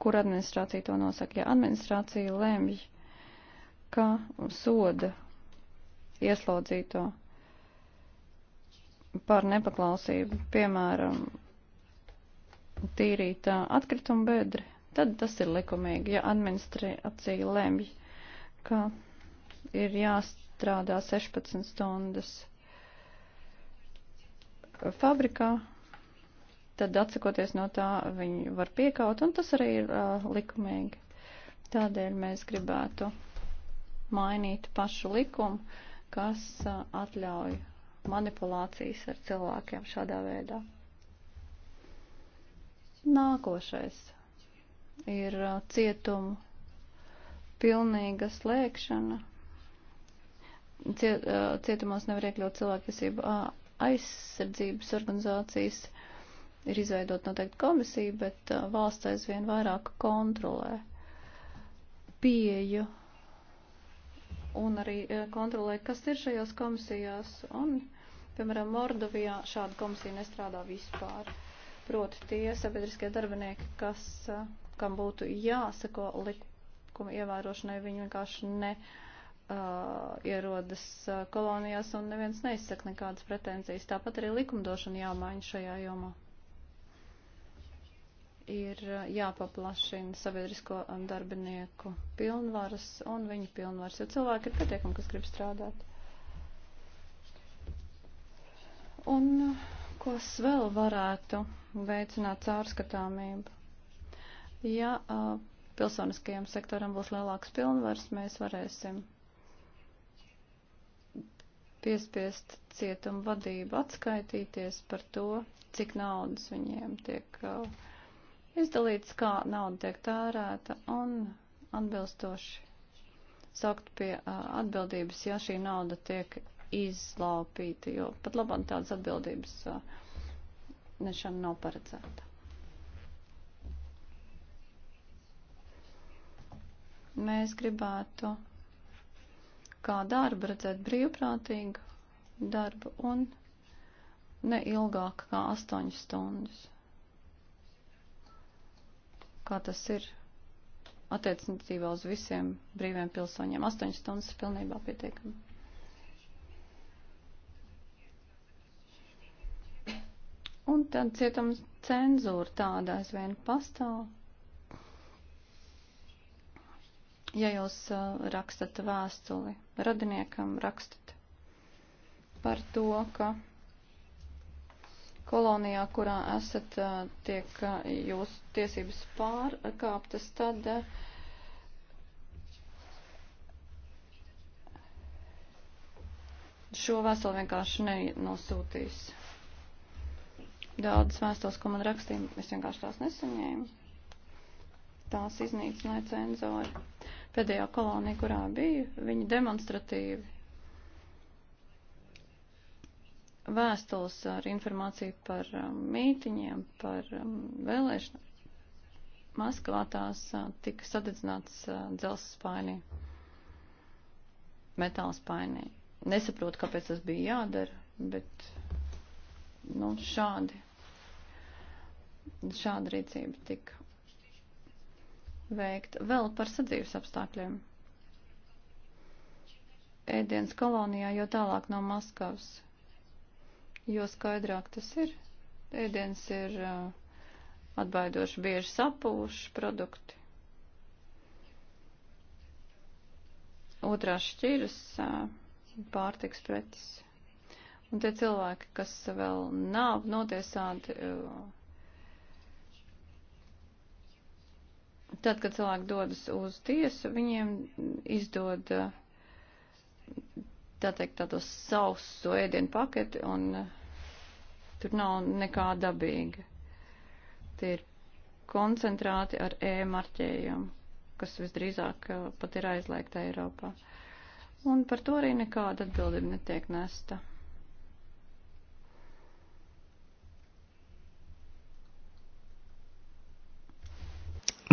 kur administrācija to nosaka. Ja administrācija lemj, ka soda ieslodzīto par nepaklausību, piemēram, tīrīt atkritumu bedri, tad tas ir likumīgi, ja administrācija lemj, ka ir jāstrādā 16 stundas fabrikā, tad atsakoties no tā viņi var piekaut, un tas arī ir uh, likumīgi. Tādēļ mēs gribētu mainīt pašu likumu, kas uh, atļauj manipulācijas ar cilvēkiem šādā veidā. Nākošais ir uh, cietumu pilnīga slēgšana. Ciet, uh, cietumos nevar iekļaut cilvēktiesību uh, aizsardzības organizācijas. Ir izveidot noteikti komisija, bet valsts aizvien vairāk kontrolē pieju un arī kontrolē, kas ir šajās komisijās. Un, piemēram, Mordovijā šāda komisija nestrādā vispār. Uh, proti tie sabiedriskie darbinieki, kas, kam būtu jāsako likuma ievērošanai, viņi vienkārši ne uh, ierodas kolonijās un neviens neizsaka nekādas pretenzijas. Tāpat arī likumdošana jāmaina šajā jomā. Ir jāpaplašina sabiedrisko darbinieku pilnvaras un viņu pilnvaras, jo cilvēki ir pietiekami, kas grib strādāt. Un ko es vēl varētu veicināt caurskatāmību. Ja uh, pilsoniskajam sektoram būs lielāks pilnvars, mēs varēsim piespiest cietumu vadību atskaitīties par to, cik naudas viņiem tiek uh, izdalīts, kā nauda tiek tērēta un atbilstoši sakt pie uh, atbildības, ja šī nauda tiek izlaupīta, jo pat labam tādas atbildības uh, izpratnešana nav paredzēta. Mēs gribētu kā darbu redzēt brīvprātīgu darbu un ne ilgāk kā 8 stundas. Kā tas ir attiecībā uz visiem brīviem pilsoņiem. 8 stundas ir pilnībā pietiekami. Un tad cietums cenzūra tāda aizvien pastāv. Ja jūs uh, rakstat vēstuli radiniekam, rakstat par to, ka kolonijā, kurā esat, uh, tiek uh, jūsu tiesības pārkāptas, tad šo vēstuli vienkārši nenosūtīs. Daudzas vēstules, ko man rakstīja, es vienkārši tās nesaņēmu. Tās iznīcināja cenzori. Pēdējā kolonija, kurā biju, viņi demonstratīvi vēstules ar informāciju par um, mītiņiem, par um, vēlēšanām. Maskavā tās uh, tika sadedzināts uh, dzelzs spainī, metāls spainī. Nesaprotu, kāpēc tas bija jādara, bet nu, šādi šāda rīcība tika veikta. Vēl par sadzīves apstākļiem. Ēdienas kolonijā, jo tālāk no Maskavas, jo skaidrāk tas ir. Ēdienas ir uh, atbaidoši bieži sapūši produkti. Otrās šķiras uh, pārtiks pretis. Un tie cilvēki, kas vēl nav notiesāti, uh, tad, kad cilvēki dodas uz tiesu, viņiem izdod, tā teikt, tādos sausu ēdienu paketi, un eh, tur nav nekā dabīga. Tie ir koncentrāti ar E marķējumu, kas visdrīzāk eh, pat ir aizliegta Eiropā. Un par to arī nekāda atbildība netiek nesta.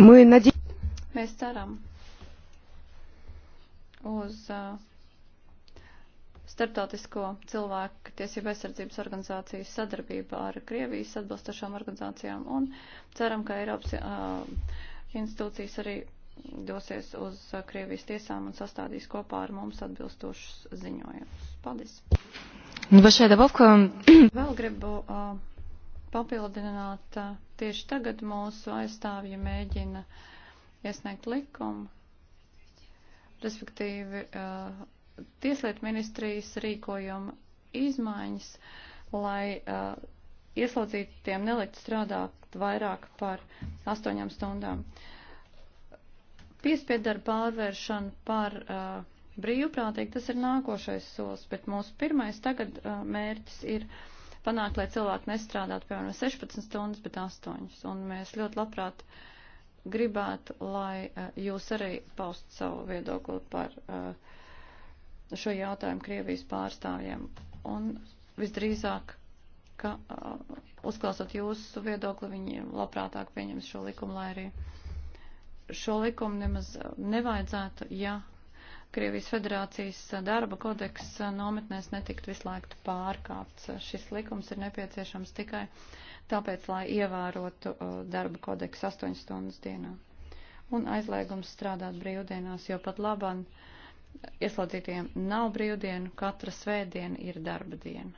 Мы надеемся. Mēs ceram uz uh, starptautisko cilvēku tiesību aizsardzības organizācijas sadarbību ar Krievijas atbalstošām organizācijām un ceram, ka Eiropas uh, institūcijas arī dosies uz uh, Krievijas tiesām un sastādīs kopā ar mums atbilstošus ziņojumus. Paldies! Nu, *clears throat* Vēl gribu uh, papildināt. Tieši tagad mūsu aizstāvja mēģina iesniegt likumu, respektīvi Tieslietu ministrijas rīkojuma izmaiņas, lai ieslodzītiem nelikt strādāt vairāk par astoņām stundām. Piespiedarba pārvēršana par uh, brīvprātīgi tas ir nākošais solis, bet mūsu pirmais tagad uh, mērķis ir uh, panākt, lai cilvēki nestrādātu, piemēram, 16 stundas, bet 8. Un mēs ļoti labprāt gribētu, lai eh, jūs arī paust savu viedokli par eh, šo jautājumu Krievijas pārstāvjiem. Un visdrīzāk, ka eh, uzklausot jūsu viedokli, viņi labprātāk pieņems šo likumu, lai arī šo likumu nemaz nevajadzētu, ja Krievijas federācijas darba kodeks nometnēs netikt vislaikt pārkāpts. Šis likums ir nepieciešams tikai tāpēc, lai ievērotu uh, darba kodeksu 8 stundas dienā. Un aizliegums strādāt brīvdienās, jo pat labam ieslodzītiem nav brīvdienu, katra svētdiena ir darba diena.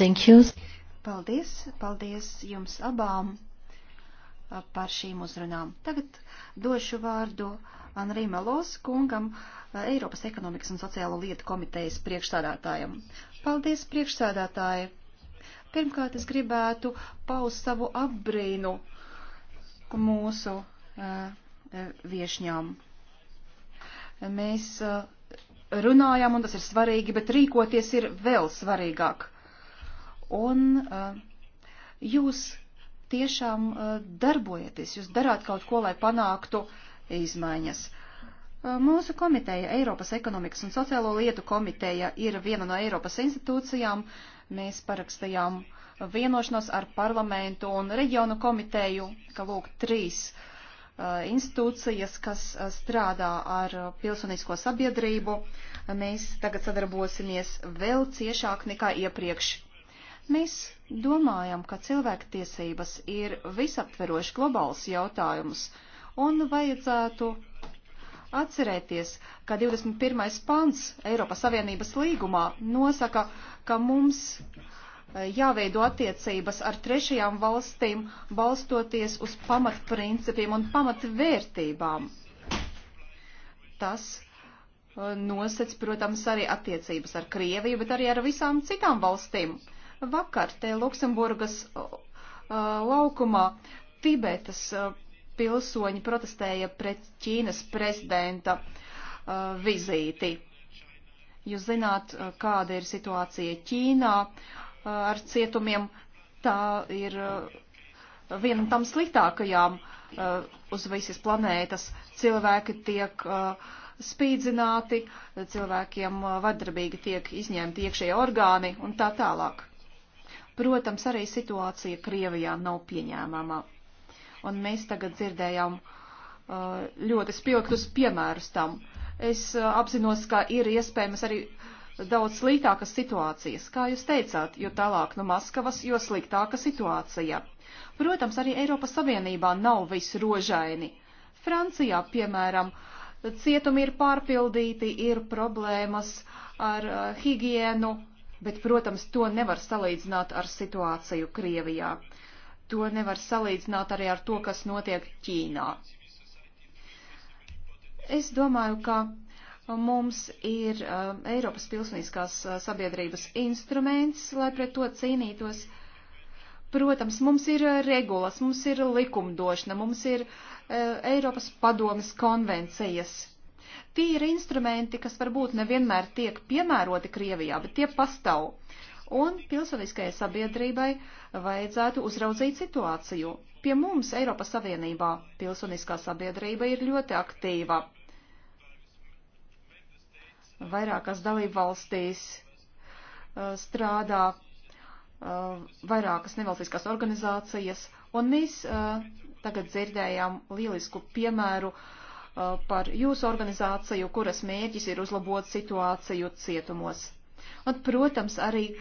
Thank you. Paldies, paldies jums abām uh, par šīm uzrunām. Tagad došu vārdu uh, Anrī Melos kungam, eh, Eiropas ekonomikas un sociālo lietu komitejas priekšsādātājam. Paldies, priekšsādātāji! Pirmkārt, es gribētu paust savu apbrīnu mūsu uh, viešņām. Mēs uh, runājam, un tas ir svarīgi, bet rīkoties ir vēl svarīgāk. Un uh, jūs tiešām darbojaties, jūs darāt kaut ko, lai panāktu uh, izmaiņas. Uh, mūsu komiteja, Eiropas ekonomikas un sociālo lietu komiteja, ir viena no Eiropas institūcijām. Mēs parakstījām vienošanos ar parlamentu un reģionu komiteju, ka lūk trīs uh, institūcijas, kas uh, strādā ar pilsonisko sabiedrību. Mēs tagad sadarbosimies vēl ciešāk nekā iepriekš. Mēs domājam, ka cilvēktiesības ir visaptveroši globāls jautājums un vajadzētu atcerēties, ka 21. pants Eiropas Savienības līgumā nosaka, ka mums eh, jāveido attiecības ar trešajām valstīm, balstoties uz pamatprincipiem un pamatvērtībām. Tas eh, nosec, protams, arī attiecības ar Krieviju, bet arī ar visām citām valstīm. Vakar te Luksemburgas eh, laukumā Tibetas pilsoņi protestēja pret Ķīnas prezidenta uh, vizīti. Jūs zināt, uh, kāda ir situācija Ķīnā uh, ar cietumiem. Tā ir uh, viena tam sliktākajām uh, uz visas planētas. Cilvēki tiek uh, spīdzināti, cilvēkiem vardarbīgi tiek izņemti iekšējie orgāni un tā tālāk. Protams, arī situācija Krievijā nav pieņēmama un mēs tagad dzirdējām uh, ļoti spilgtus piemērus tam. Es uh, apzinos, ka ir iespējams arī daudz sliktākas situācijas, kā jūs teicāt, jo tālāk no Maskavas, jo sliktāka situācija. Protams, arī Eiropas Savienībā nav viss rožaini. Francijā, piemēram, cietumi ir pārpildīti, ir problēmas ar uh, higienu, bet, protams, to nevar salīdzināt ar situāciju Krievijā. Uh, to nevar salīdzināt arī ar to, kas notiek Ķīnā. Es domāju, ka mums ir uh, Eiropas pilsoniskās uh, sabiedrības instruments, lai pret to cīnītos. Protams, mums ir uh, regulas, mums ir likumdošana, mums ir uh, Eiropas padomas konvencijas. Tie ir instrumenti, kas varbūt nevienmēr tiek piemēroti Krievijā, bet tie pastāv un pilsoniskajai sabiedrībai vajadzētu uzraudzīt situāciju. Pie mums Eiropas Savienībā pilsoniskā sabiedrība ir ļoti aktīva. Vairākas dalību valstīs uh, strādā uh, vairākas nevalstiskās organizācijas, un mēs uh, tagad dzirdējām lielisku piemēru par jūsu organizāciju, kuras mērķis ir uzlabot situāciju cietumos. Un, protams, arī uh,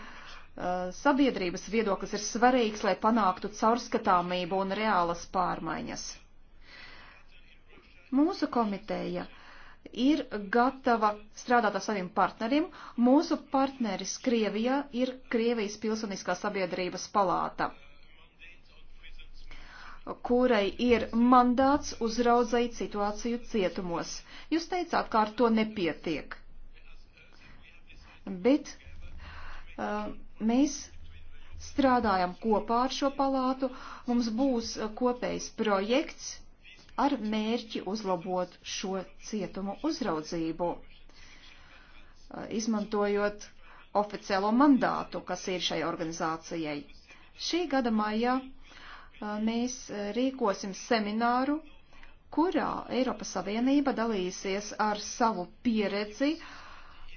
Eh, sabiedrības viedoklis ir svarīgs, lai panāktu caurskatāmību un reālas pārmaiņas. Mūsu komiteja ir gatava strādāt ar saviem partneriem. Mūsu partneris Krievijā ir Krievijas Pilsoniskā sabiedrības palāta, kurai ir mandāts uzraudzīt situāciju cietumos. Jūs teicāt, ka ar to nepietiek. Bet uh, Mēs strādājam kopā ar šo palātu, mums būs uh, kopējs projekts ar mērķi uzlabot šo cietumu uzraudzību, uh, izmantojot oficiālo mandātu, kas ir šai organizācijai. Šī gada maijā uh, mēs rīkosim semināru, kurā Eiropas Savienība dalīsies ar savu pieredzi uh,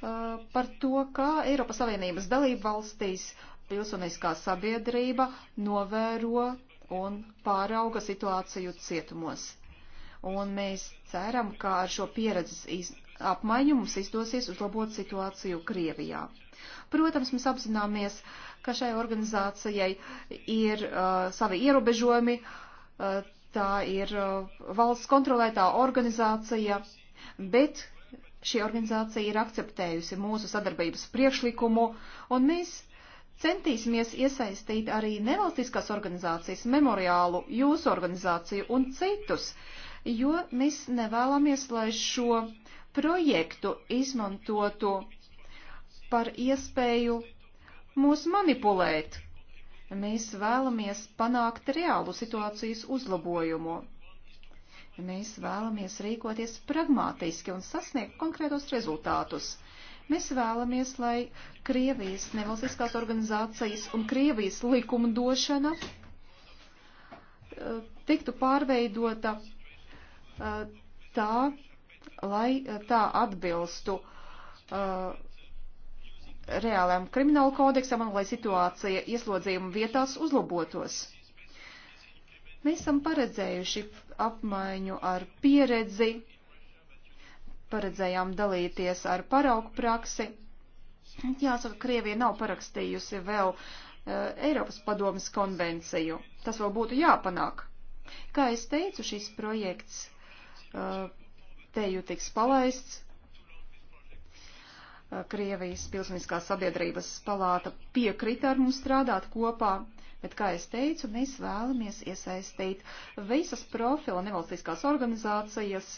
par to, kā Eiropas Savienības dalība valstīs pilsoniskā sabiedrība novēro un pārauga situāciju cietumos. Un mēs ceram, ka ar šo pieredzes apmaiņu mums izdosies uzlabot situāciju Krievijā. Protams, mēs apzināmies, ka šai organizācijai ir uh, savi ierobežojumi, uh, tā ir uh, valsts kontrolētā organizācija, bet Šī organizācija ir akceptējusi mūsu sadarbības priekšlikumu, un mēs centīsimies iesaistīt arī nevalstiskās organizācijas, memoriālu, jūsu organizāciju un citus, jo mēs nevēlamies, lai šo projektu izmantotu par iespēju mūs manipulēt. Mēs vēlamies panākt reālu situācijas uzlabojumu. Mēs vēlamies rīkoties pragmātiski un sasniegt konkrētos rezultātus. Mēs vēlamies, lai Krievijas nevalstiskās organizācijas un Krievijas likumdošana eh, tiktu pārveidota eh, tā, lai tā atbilstu eh, reālajam kriminālu kodeksam un lai situācija ieslodzījuma vietās uzlabotos. Mēs esam paredzējuši apmaiņu ar pieredzi, paredzējām dalīties ar paraugu praksi. Jāsaka, Krievija nav parakstījusi vēl uh, Eiropas padomas konvenciju. Tas vēl būtu jāpanāk. Kā es teicu, šis projekts uh, te jau tiks palaists. Eh, Krievijas pilsoniskās sabiedrības palāta piekrita ar mums strādāt kopā. Bet, kā es teicu, mēs vēlamies iesaistīt visas profila nevalstiskās organizācijas,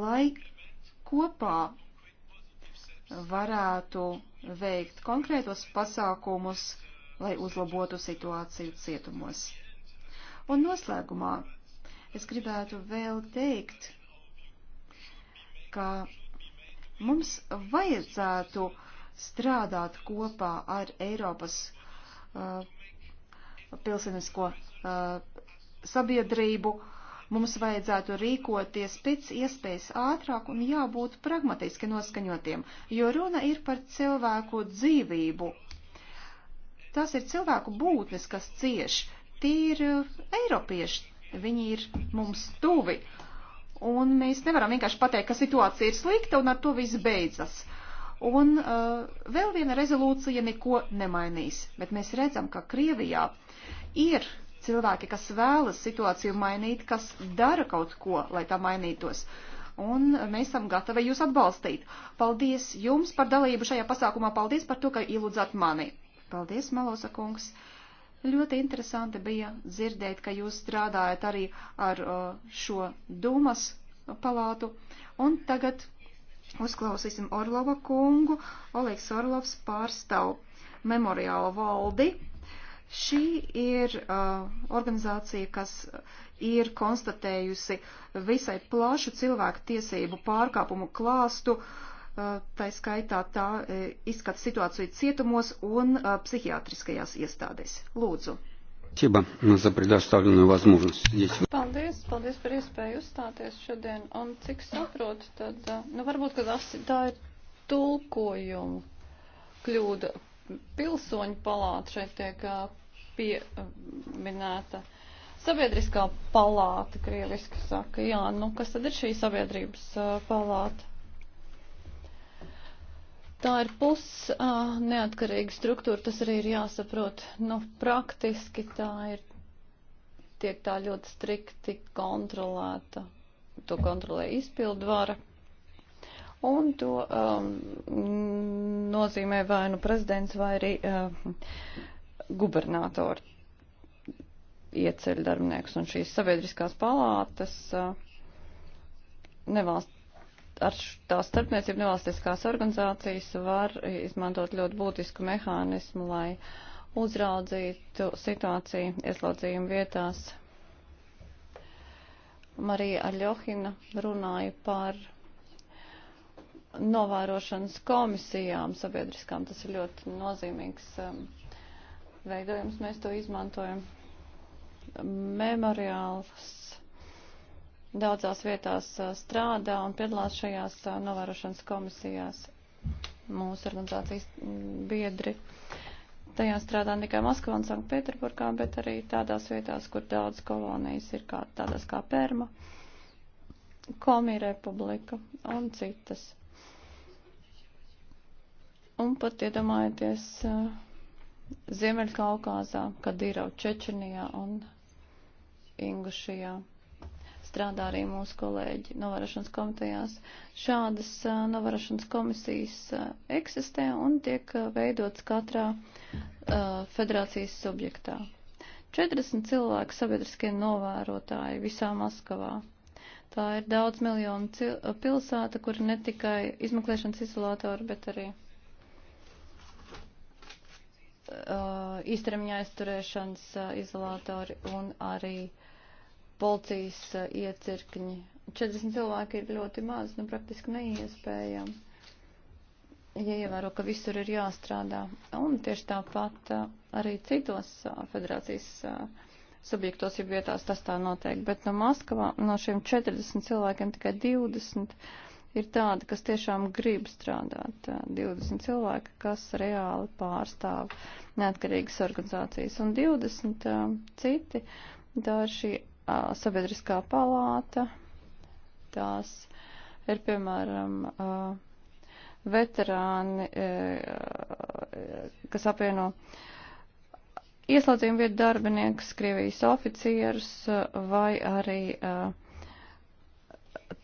lai kopā varētu veikt konkrētos pasākumus, lai uzlabotu situāciju cietumos. Un noslēgumā es gribētu vēl teikt, ka mums vajadzētu strādāt kopā ar Eiropas uh, pilsonisko uh, sabiedrību. Mums vajadzētu rīkoties pēc iespējas ātrāk un jābūt pragmatiski noskaņotiem, jo runa ir par cilvēku dzīvību. Tas ir cilvēku būtnes, kas cieš. Tie ir uh, eiropieši, viņi ir mums tuvi. Un mēs nevaram vienkārši pateikt, ka situācija ir slikta un ar to viss beidzas. Uh, Un uh, vēl viena rezolūcija neko nemainīs, bet mēs redzam, ka Krievijā ir cilvēki, kas vēlas situāciju mainīt, kas dara kaut ko, lai tā mainītos. Un mēs esam gatavi jūs atbalstīt. Paldies jums par dalību šajā pasākumā, paldies par to, ka ielūdzat mani. Paldies, Malosa kungs. Ļoti interesanti bija dzirdēt, ka jūs strādājat arī ar uh, šo Dumas palātu. Un tagad Uzklausīsim Orlova kungu. Oleks Orlovs pārstāv memoriāla valdi. Šī ir uh, organizācija, kas ir konstatējusi visai plašu cilvēku tiesību pārkāpumu klāstu, uh, tā skaitā tā uh, izskata situāciju cietumos un uh, psihiatriskajās iestādēs. Lūdzu. Ķiba za predāstāvjunu возможность. Paldies, paldies par iespēju uzstāties šodien. Un cik saprotu, tad, nu varbūt, ka tā ir tulkojuma kļūda. Pilsoņu palāta šeit tiek pieminēta. Sabiedriskā palāta, krieviski saka, jā, nu kas tad ir šī sabiedrības palāta? Tā ir pus uh, neatkarīga struktūra, tas arī ir jāsaprot. Nu, praktiski tā ir, tiek tā ļoti strikti kontrolēta. To kontrolē izpildvara. Un to um, nozīmē vai nu prezidents vai arī uh, gubernatori ieceļ darbinieks un šīs sabiedriskās palātas. Uh, nevalst, ar tās starpniecību nevalstiskās organizācijas var izmantot ļoti būtisku mehānismu, lai uzraudzītu situāciju ieslodzījumu vietās. Marija Aļohina runāja par novērošanas komisijām sabiedriskām. Tas ir ļoti nozīmīgs um, veidojums, mēs to izmantojam. Memoriāls daudzās vietās strādā un piedalās šajās novērošanas komisijās mūsu organizācijas biedri. Tajā strādā ne tikai Maskavā un Sanktpēterburgā, bet arī tādās vietās, kur daudz kolonijas ir kā, tādas kā Perma, Komi Republika un citas. Un pat iedomājieties Ziemeļkaukāzā, Kadīrau, Čečenijā un Ingušijā strādā arī mūsu kolēģi novērošanas komitejās. Šādas novērošanas komisijas eksistē un tiek veidotas katrā federācijas subjektā. 40 cilvēku sabiedriskie novērotāji visā Maskavā. Tā ir daudz miljonu pilsēta, kur ne tikai izmeklēšanas izolātori, bet arī uh, īstermiņa aizturēšanas uh, izolātori un arī uh, policijas eh, iecirkņi. 40 cilvēki ir ļoti maz, nu praktiski neiespējami. Jāievēro, ka visur ir jāstrādā. Un tieši tāpat eh, arī citos eh, federācijas subjektos ir vietās tas tā noteikti. Bet no Maskavā no šiem 40 cilvēkiem tikai 20 ir tādi, kas tiešām grib strādāt. 20 cilvēki, kas reāli pārstāv neatkarīgas organizācijas, un 20 citi, tā ir šī sabiedriskā palāta. Tās ir, piemēram, veterāni, kas apvieno ieslodzījumu vietu darbiniekus, Krievijas oficierus vai arī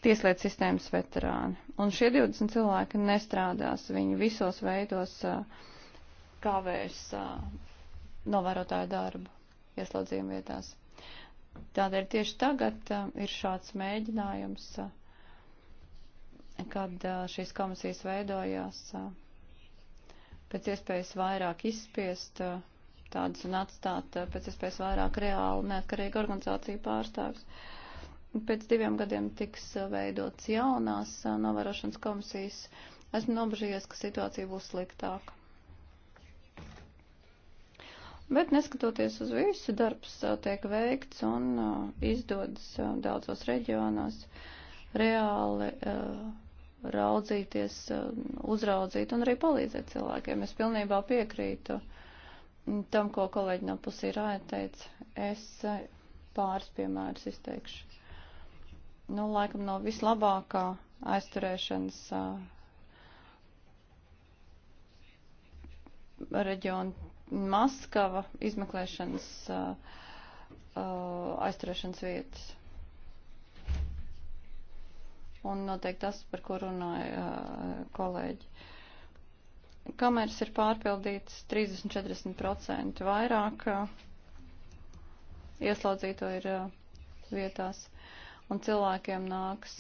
tieslietu sistēmas veterāni. Un šie 20 cilvēki nestrādās, viņi visos veidos kavēs novērotāju darbu ieslodzījumu vietās. Tādēļ tieši tagad uh, ir šāds mēģinājums, uh, kad uh, šīs komisijas veidojās pēc iespējas vairāk izspiest tādas un atstāt pēc iespējas vairāk reāli neatkarīgu organizāciju pārstāvis. Pēc diviem gadiem tiks veidots jaunās novērošanas komisijas. Esmu nobežījies, ka situācija būs sliktāka. Bet neskatoties uz visu, darbs tiek veikts un izdodas daudzos reģionos reāli raudzīties, uzraudzīt un arī palīdzēt cilvēkiem. Es pilnībā piekrītu tam, ko kolēģi no pusī rāja teica. Es pāris piemērus izteikšu. Nu, laikam no vislabākā aizturēšanas reģiona Maskava izmeklēšanas uh, uh, aizturēšanas vietas. Un noteikti tas, par ko runāja uh, kolēģi. Kameras ir pārpildītas 30-40% vairāk, uh, ieslodzīto ir uh, vietās, un cilvēkiem nāks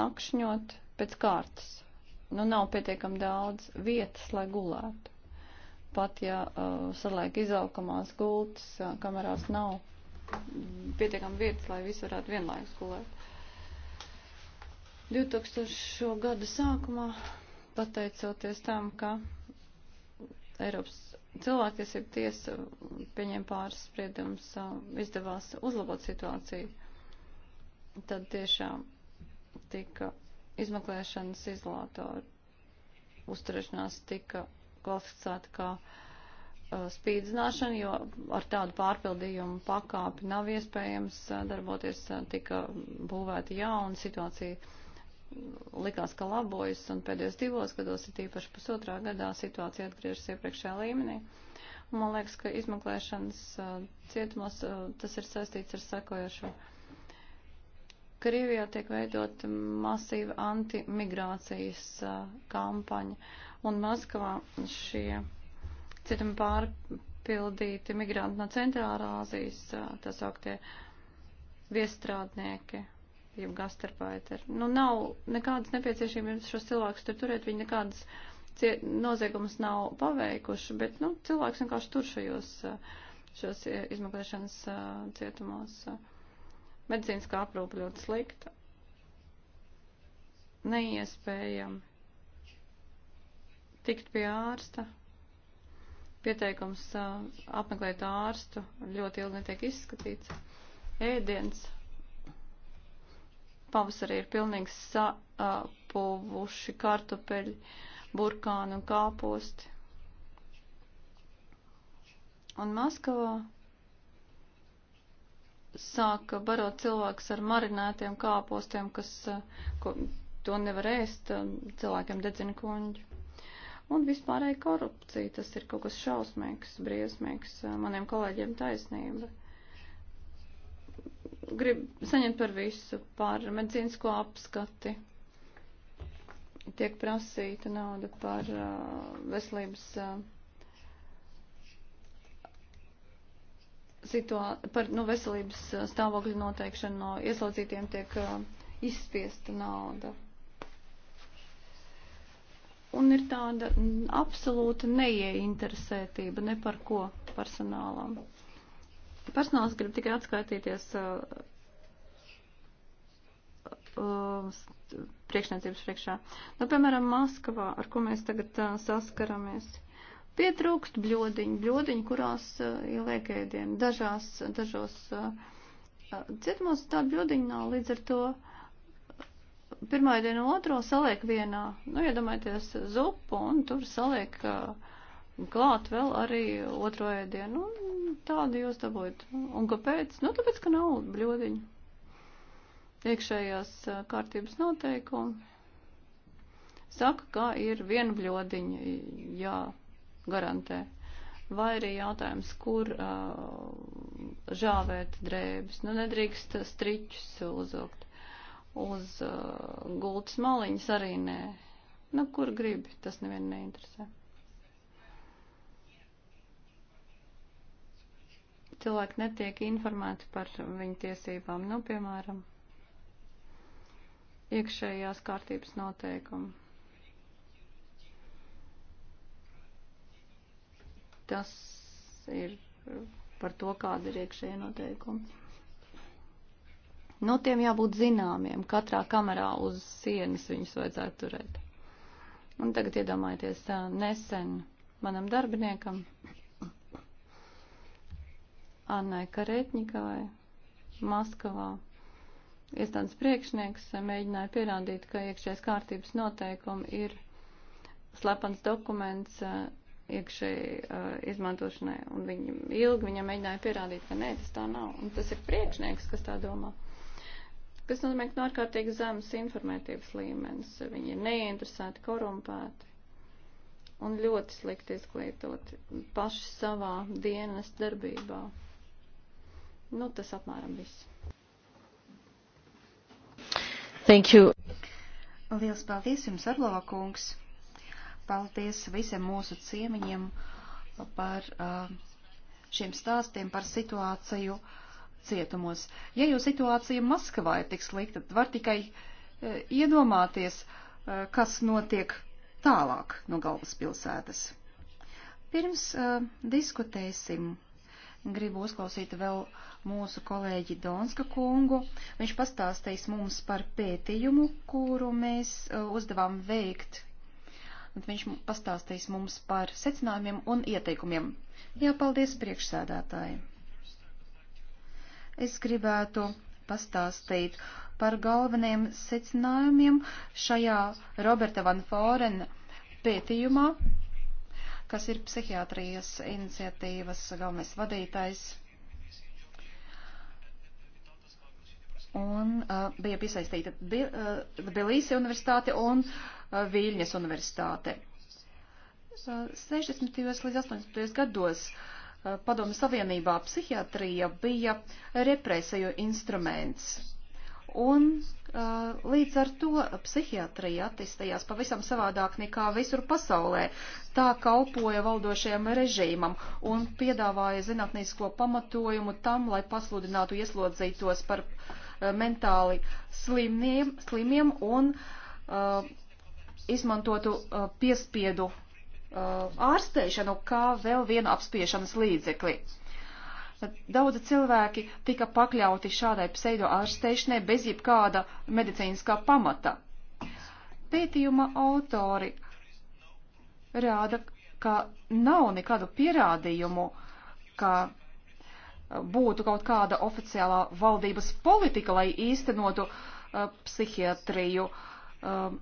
nakšņot pēc kārtas. Nu, nav pietiekam daudz vietas, lai gulētu pat ja uh, saliek izaukamās gultas, uh, kamerās nav pietiekami vietas, lai visi varētu vienlaikus gulēt. 2000. gada sākumā, pateicoties tam, ka Eiropas cilvēktiesība tiesa pieņem pāris spriedums, uh, izdevās uzlabot situāciju, tad tiešām tika izmeklēšanas izolātori uzturēšanās tika klasificēta kā uh, spīdzināšana, jo ar tādu pārpildījumu pakāpi nav iespējams uh, darboties, uh, tika būvēta jauna situācija. Likās, ka labojas, un pēdējos divos gados, ir tīpaši pusotrā gadā, situācija atgriežas iepriekšējā līmenī. Un man liekas, ka izmeklēšanas uh, cietumos uh, tas ir saistīts ar sekojošo. Krievijā tiek veidot masīva antimigrācijas uh, kampaņa un Maskavā šie cietumi pārpildīti migranti no Centrālā Āzijas, tā sauktie viestrādnieki, jeb gastarbaiteri. Nu, nav nekādas nepieciešamības šos cilvēkus tur turēt, viņi nekādas noziegumus nav paveikuši, bet, nu, cilvēks vienkārši tur šajos, šos izmeklēšanas cietumos. Medicīnas kā aprūpa ļoti slikta. Neiespējami tikt pie ārsta. Pieteikums apmeklēt ārstu ļoti ilgi netiek izskatīts. Ēdiens pavasarī ir pilnīgi sapuvuši kartupeļi, burkāni un kāposti. Un Maskavā sāka barot cilvēks ar marinētiem kāpostiem, kas ko, to nevar ēst, cilvēkiem dedzina kuņģi un vispārēja korupcija. Tas ir kaut kas šausmīgs, briesmīgs. Eh, maniem kolēģiem taisnība. Gribu saņemt par visu, par medicīnisko apskati. Tiek prasīta nauda par uh, veselības. Uh, situā, par nu, veselības stāvokļu noteikšanu no ieslodzītiem tiek uh, izspiesta nauda un ir tāda absolūta neieinteresētība ne par ko personālam. Personāls grib tikai atskaitīties uh, uh, priekšniecības priekšā. Nu, piemēram, Maskavā, ar ko mēs tagad uh, saskaramies. Pietrūkst bļodiņu, bļodiņu, kurās uh, ieliek ēdienu. Dažās, dažos uh, uh cietumos tādu bļodiņu nav, līdz ar to uh, pirmā dienu otro saliek vienā, nu, iedomājieties, zupu, un tur saliek uh, klāt vēl arī otro ēdienu, un tādu jūs dabūjat. Un kāpēc? Nu, tāpēc, ka nav bļodiņu. Iekšējās uh, kārtības noteikumi saka, ka ir viena bļodiņa jāgarantē. Vai arī jautājums, kur uh, žāvēt drēbes. Nu, nedrīkst striķus uzvilkt uz uh, gultas maliņas arī nē. Nu, kur gribi, tas nevienu neinteresē. Cilvēki netiek informēti par viņu tiesībām, nu, piemēram, iekšējās kārtības noteikumi. Tas ir par to, kāda ir iekšējā noteikuma. No nu, tiem jābūt zināmiem. Katrā kamerā uz sienas viņus vajadzētu turēt. Un tagad iedomājieties nesen manam darbiniekam, Annai Karetņikai, Maskavā. Iestādes priekšnieks mēģināja pierādīt, ka iekšējais kārtības noteikumi ir slepens dokuments iekšēji izmantošanai, un viņi ilgi viņam mēģināja pierādīt, ka nē, tas tā nav, un tas ir priekšnieks, kas tā domā kas nozīmē, ka no nu ārkārtīgi zemes informētības līmenis. Viņi ir neinteresēti, korumpēti un ļoti slikti izglītoti paši savā dienas darbībā. Nu, tas apmēram viss. Thank you. Liels paldies jums, Arlova kungs. Paldies visiem mūsu ciemiņiem par uh, šiem stāstiem par situāciju. Uh, cietumos. Ja jau situācija Maskavā ir tik slikta, tad var tikai e, iedomāties, e, kas notiek tālāk no galvaspilsētas. Pirms uh, diskutēsim, gribu uzklausīt vēl mūsu kolēģi Donska kungu. Viņš pastāstīs mums par pētījumu, kuru mēs uh, uzdevām veikt. Un viņš pastāstīs mums par secinājumiem un ieteikumiem. Jā, paldies priekšsēdētāji! es gribētu pastāstīt par galveniem secinājumiem šajā Roberta Van Foren pētījumā, kas ir psihiatrijas iniciatīvas galvenais vadītājs. Un uh, bija piesaistīta Bi uh, Bilīsi universitāte un uh, Viļņas universitāte. Uh, 60. līdz 80. gados uh, Padomu Savienībā psihiatrija bija represiju instruments. Un līdz ar to psihiatrija attīstījās pavisam savādāk nekā visur pasaulē. Tā kalpoja valdošajam režīmam un piedāvāja zinātnīsko pamatojumu tam, lai pasludinātu ieslodzītos par mentāli slimniem, slimiem un uh, izmantotu uh, piespiedu Uh, ārsteišanu kā vēl vienu apspiešanas līdzekli. Daudzi cilvēki tika pakļauti šādai pseido ārsteišanai bez jebkāda medicīniskā pamata. Pētījuma autori rāda, ka nav nekādu pierādījumu, ka būtu kaut kāda oficiālā valdības politika, lai īstenotu uh, psihiatriju. Uh,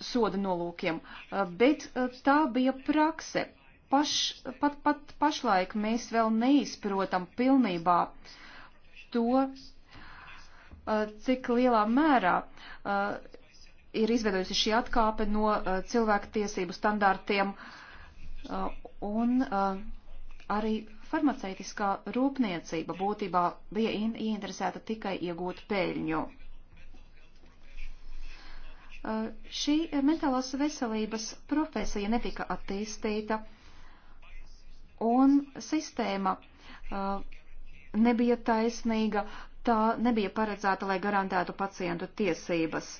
soda nolūkiem, eh, bet eh, tā bija prakse. Paš, pat, pat pašlaik mēs vēl neizprotam pilnībā to, eh, cik lielā mērā ir izveidojusi šī atkāpe no cilvēku tiesību standārtiem un arī farmaceitiskā rūpniecība būtībā bija ieinteresēta tikai iegūt peļņu. Eh, šī mentālās veselības profesija netika attīstīta, un sistēma eh, nebija taisnīga, tā nebija paredzēta, lai garantētu pacientu tiesības.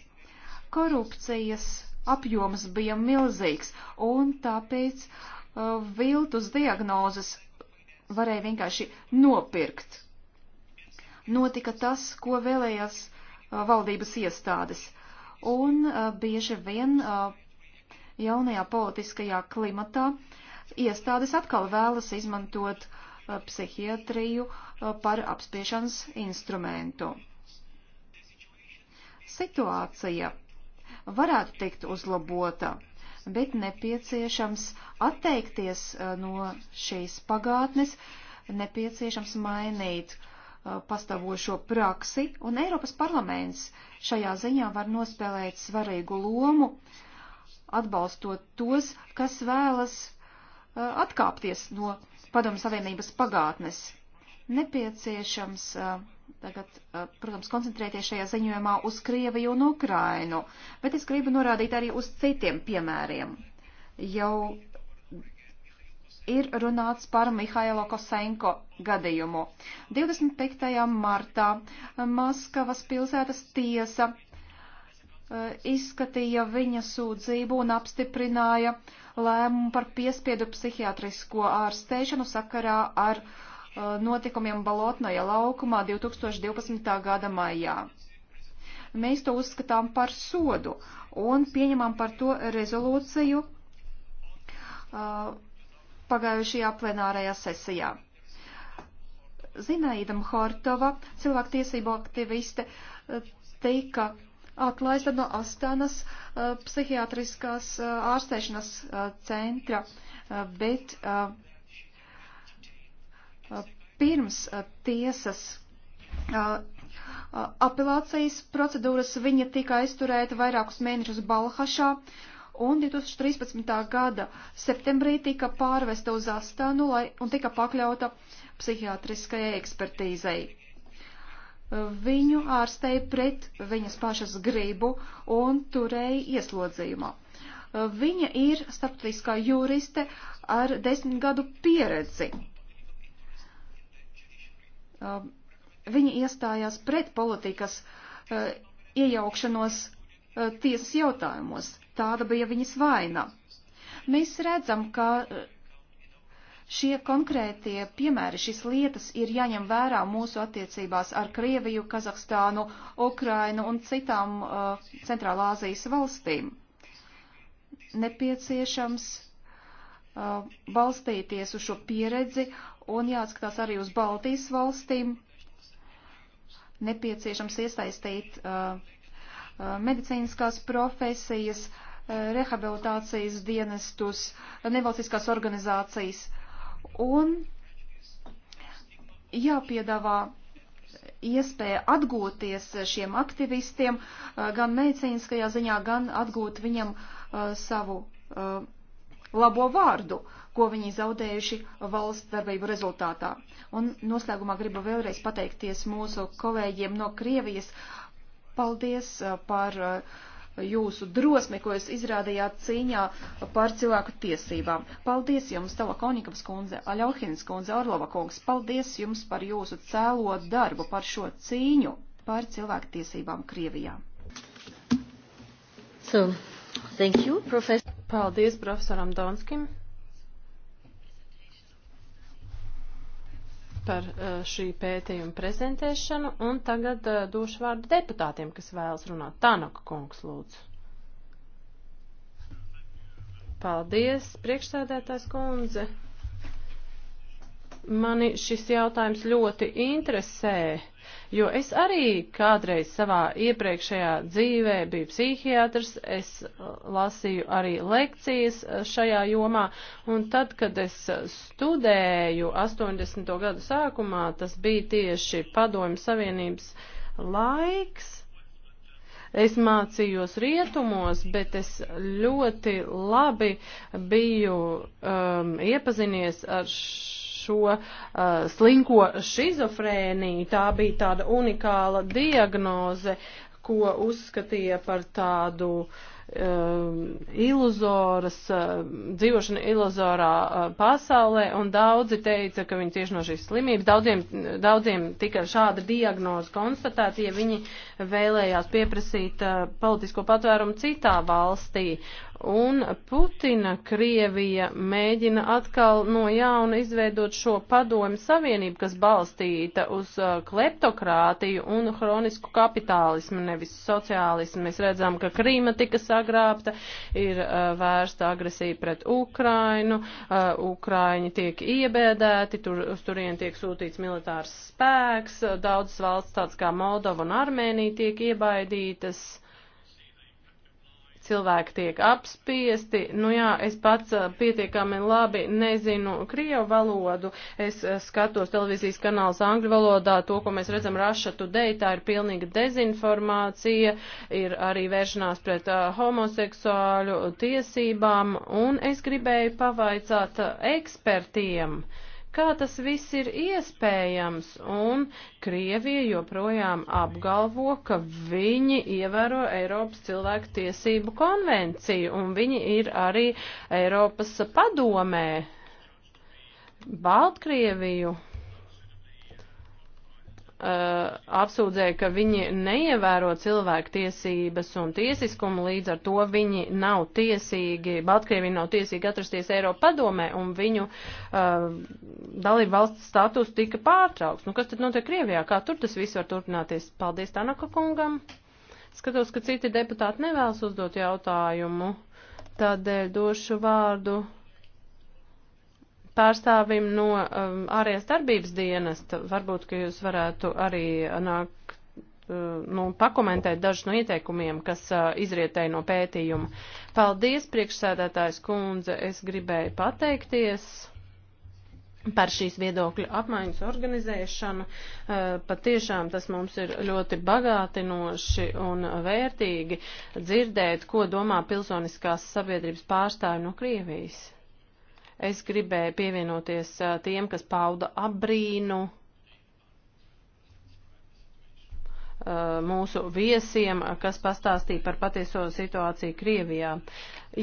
Korupcijas apjoms bija milzīgs, un tāpēc uh, viltus diagnozes varēja vienkārši nopirkt. Notika tas, ko vēlējās uh, valdības iestādes un uh, bieži vien uh, jaunajā politiskajā klimatā iestādes atkal vēlas izmantot uh, psihiatriju par apspiešanas instrumentu. Situācija varētu tikt uzlabota, bet nepieciešams atteikties no šīs pagātnes, nepieciešams mainīt uh, Uh, pastāvošo praksi, un Eiropas parlaments šajā ziņā var nospēlēt svarīgu lomu, atbalstot tos, kas vēlas uh, atkāpties no Padomu Savienības pagātnes. Nepieciešams uh, tagad, protams, koncentrēties šajā ziņojumā uz Krieviju un Ukrainu, bet es gribu norādīt arī uz citiem piemēriem. Jau ir runāts par Mihailo Kosenko gadījumu. 25. martā Maskavas pilsētas tiesa eh, izskatīja viņa sūdzību un apstiprināja lēmumu par piespiedu psihiatrisko ārstēšanu sakarā ar eh, notikumiem Balotnoja laukumā 2012. gada maijā mēs to uzskatām par sodu un pieņemam par to rezolūciju uh, pagājušajā plenārajā sesijā. Zinaidam Hortova, cilvēktiesību aktiviste, tika atlaista no Astanas uh, psihiatriskās uh, ārstēšanas uh, centra, uh, bet uh, uh pirms uh, tiesas uh, uh, apelācijas procedūras viņa tika aizturēta vairākus mēnešus Balhašā, uh, un 2013. gada septembrī tika pārvesta uz Astānu lai, un tika pakļauta psihiatriskajai ekspertīzei. Viņu ārstēja pret viņas pašas gribu un turēja ieslodzījumā. Viņa ir starptautiskā juriste ar desmit gadu pieredzi. Viņa iestājās pret politikas eh, iejaukšanos eh, tiesas jautājumos tāda bija viņas vaina. Mēs redzam, ka eh, šie konkrētie piemēri, šīs lietas ir jāņem vērā mūsu attiecībās ar Krieviju, Kazahstānu, Ukrainu un citām uh, Centrālā Azijas valstīm. Nepieciešams uh, balstīties uz šo pieredzi un jāatskatās arī uz Baltijas valstīm. Nepieciešams iesaistīt uh, medicīniskās profesijas, uh, Eh, rehabilitācijas dienestus, nevalstiskās organizācijas un jāpiedāvā iespēja atgūties šiem aktivistiem eh, gan medicīniskajā ziņā, gan atgūt viņam eh, savu labo vārdu, ko viņi zaudējuši valsts darbību rezultātā. Un noslēgumā gribu vēlreiz pateikties mūsu kolēģiem no Krievijas. Paldies par uh, jūsu drosmi, ko jūs izrādījāt cīņā par cilvēku tiesībām. Paldies jums, Tava Konikams kundze, Aļauhins kundze, Orlova kungs, paldies jums par jūsu cēlo darbu, par šo cīņu par cilvēku tiesībām Krievijā. So, thank you, professor. Paldies profesoram Donskim. par uh, šī pētījuma prezentēšanu, un tagad uh, došu vārdu deputātiem, kas vēlas runāt. Tānaka kungs, lūdzu. Paldies, priekšsēdētājs kundze mani šis jautājums ļoti interesē, jo es arī kādreiz savā iepriekšējā dzīvē biju psihiatrs, es uh, lasīju arī lekcijas uh, šajā jomā, un tad, kad es uh, studēju 80. gadu sākumā, tas bija tieši padomju savienības laiks, es mācījos rietumos, bet es ļoti labi biju um, iepazinies ar š, šo uh, slinko šizofrēniju. Tā bija tāda unikāla diagnoze, ko uzskatīja par tādu um, uh, iluzoras, dzīvošana iluzorā uh, pasaulē, un daudzi teica, ka viņi tieši no šīs slimības, daudziem, daudziem tika šāda diagnoze konstatēta, ja viņi vēlējās pieprasīt uh, politisko patvērumu citā valstī. Un Putina Krievija mēģina atkal no jauna izveidot šo padomu savienību, kas balstīta uz uh, kleptokrātiju un hronisku kapitālismu, nevis sociālismu. Mēs redzam, ka Krīma tika sagrābta, ir uh, vērsta agresija pret Ukrainu, uh, Ukraiņi tiek iebēdēti, tur, uz turien tiek sūtīts militārs spēks, daudzas valsts tāds kā Moldova un Armēnija tiek iebaidītas cilvēki tiek apspiesti. Nu jā, es pats pietiekami labi nezinu krievu valodu, es skatos televīzijas kanāls angļu valodā, to, ko mēs redzam Raša Today, tā ir pilnīga dezinformācija, ir arī vēršanās pret homoseksuāļu tiesībām, un es gribēju pavaicāt ekspertiem. Uh, Kā tas viss ir iespējams? Un Krievija joprojām apgalvo, ka viņi ievēro Eiropas cilvēku tiesību konvenciju, un viņi ir arī Eiropas padomē. Baltkrieviju uh, apsūdzēja, ka viņi neievēro cilvēku tiesības un tiesiskumu, līdz ar to viņi nav tiesīgi, Baltkrievi nav tiesīgi atrasties Eiropa padomē, un viņu uh, dalību valsts status tika pārtraukts. Nu, kas tad notiek Krievijā? Kā tur tas viss var turpināties? Paldies Tanaka kungam. Skatos, ka citi deputāti nevēlas uzdot jautājumu, tādēļ došu vārdu pārstāvim no um, ārējās darbības dienesta. Varbūt, ka jūs varētu arī nāk, uh, nu, pakomentēt dažus no ieteikumiem, kas uh, izrietēja no pētījuma. Paldies, priekšsēdētājs kundze, es gribēju pateikties par šīs viedokļu apmaiņas organizēšanu. Uh, patiešām tas mums ir ļoti bagātinoši un vērtīgi dzirdēt, ko domā pilsoniskās sabiedrības pārstāvi no Krievijas. Es gribēju pievienoties tiem, kas pauda apbrīnu Uh, mūsu viesiem, kas pastāstīja par patieso situāciju Krievijā.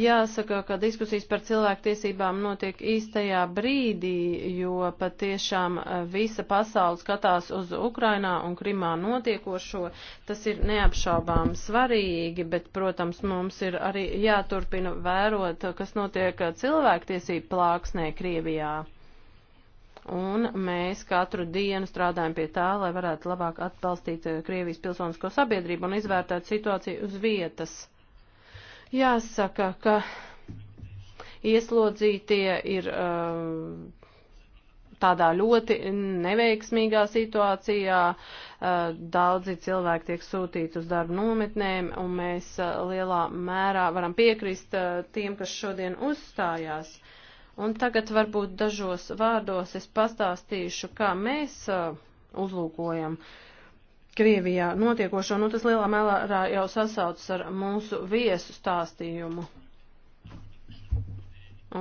Jāsaka, ka diskusijas par cilvēktiesībām notiek īstajā brīdī, jo patiešām uh, visa pasaule skatās uz Ukrainā un Krimā notiekošo. Tas ir neapšaubām svarīgi, bet, protams, mums ir arī jāturpina vērot, kas notiek uh, cilvēktiesību plāksnē Krievijā un mēs katru dienu strādājam pie tā, lai varētu labāk atbalstīt eh, Krievijas pilsonisko sabiedrību un izvērtēt situāciju uz vietas. Jāsaka, ka ieslodzītie ir eh, tādā ļoti neveiksmīgā situācijā, eh, daudzi cilvēki tiek sūtīti uz darbu nometnēm, un mēs lielā mērā varam piekrist tiem, kas šodien uzstājās. Uh, Un tagad varbūt dažos vārdos es pastāstīšu, kā mēs uh, uzlūkojam Krievijā notiekošo. Nu, tas lielā mērā jau sasaucas ar mūsu viesu stāstījumu.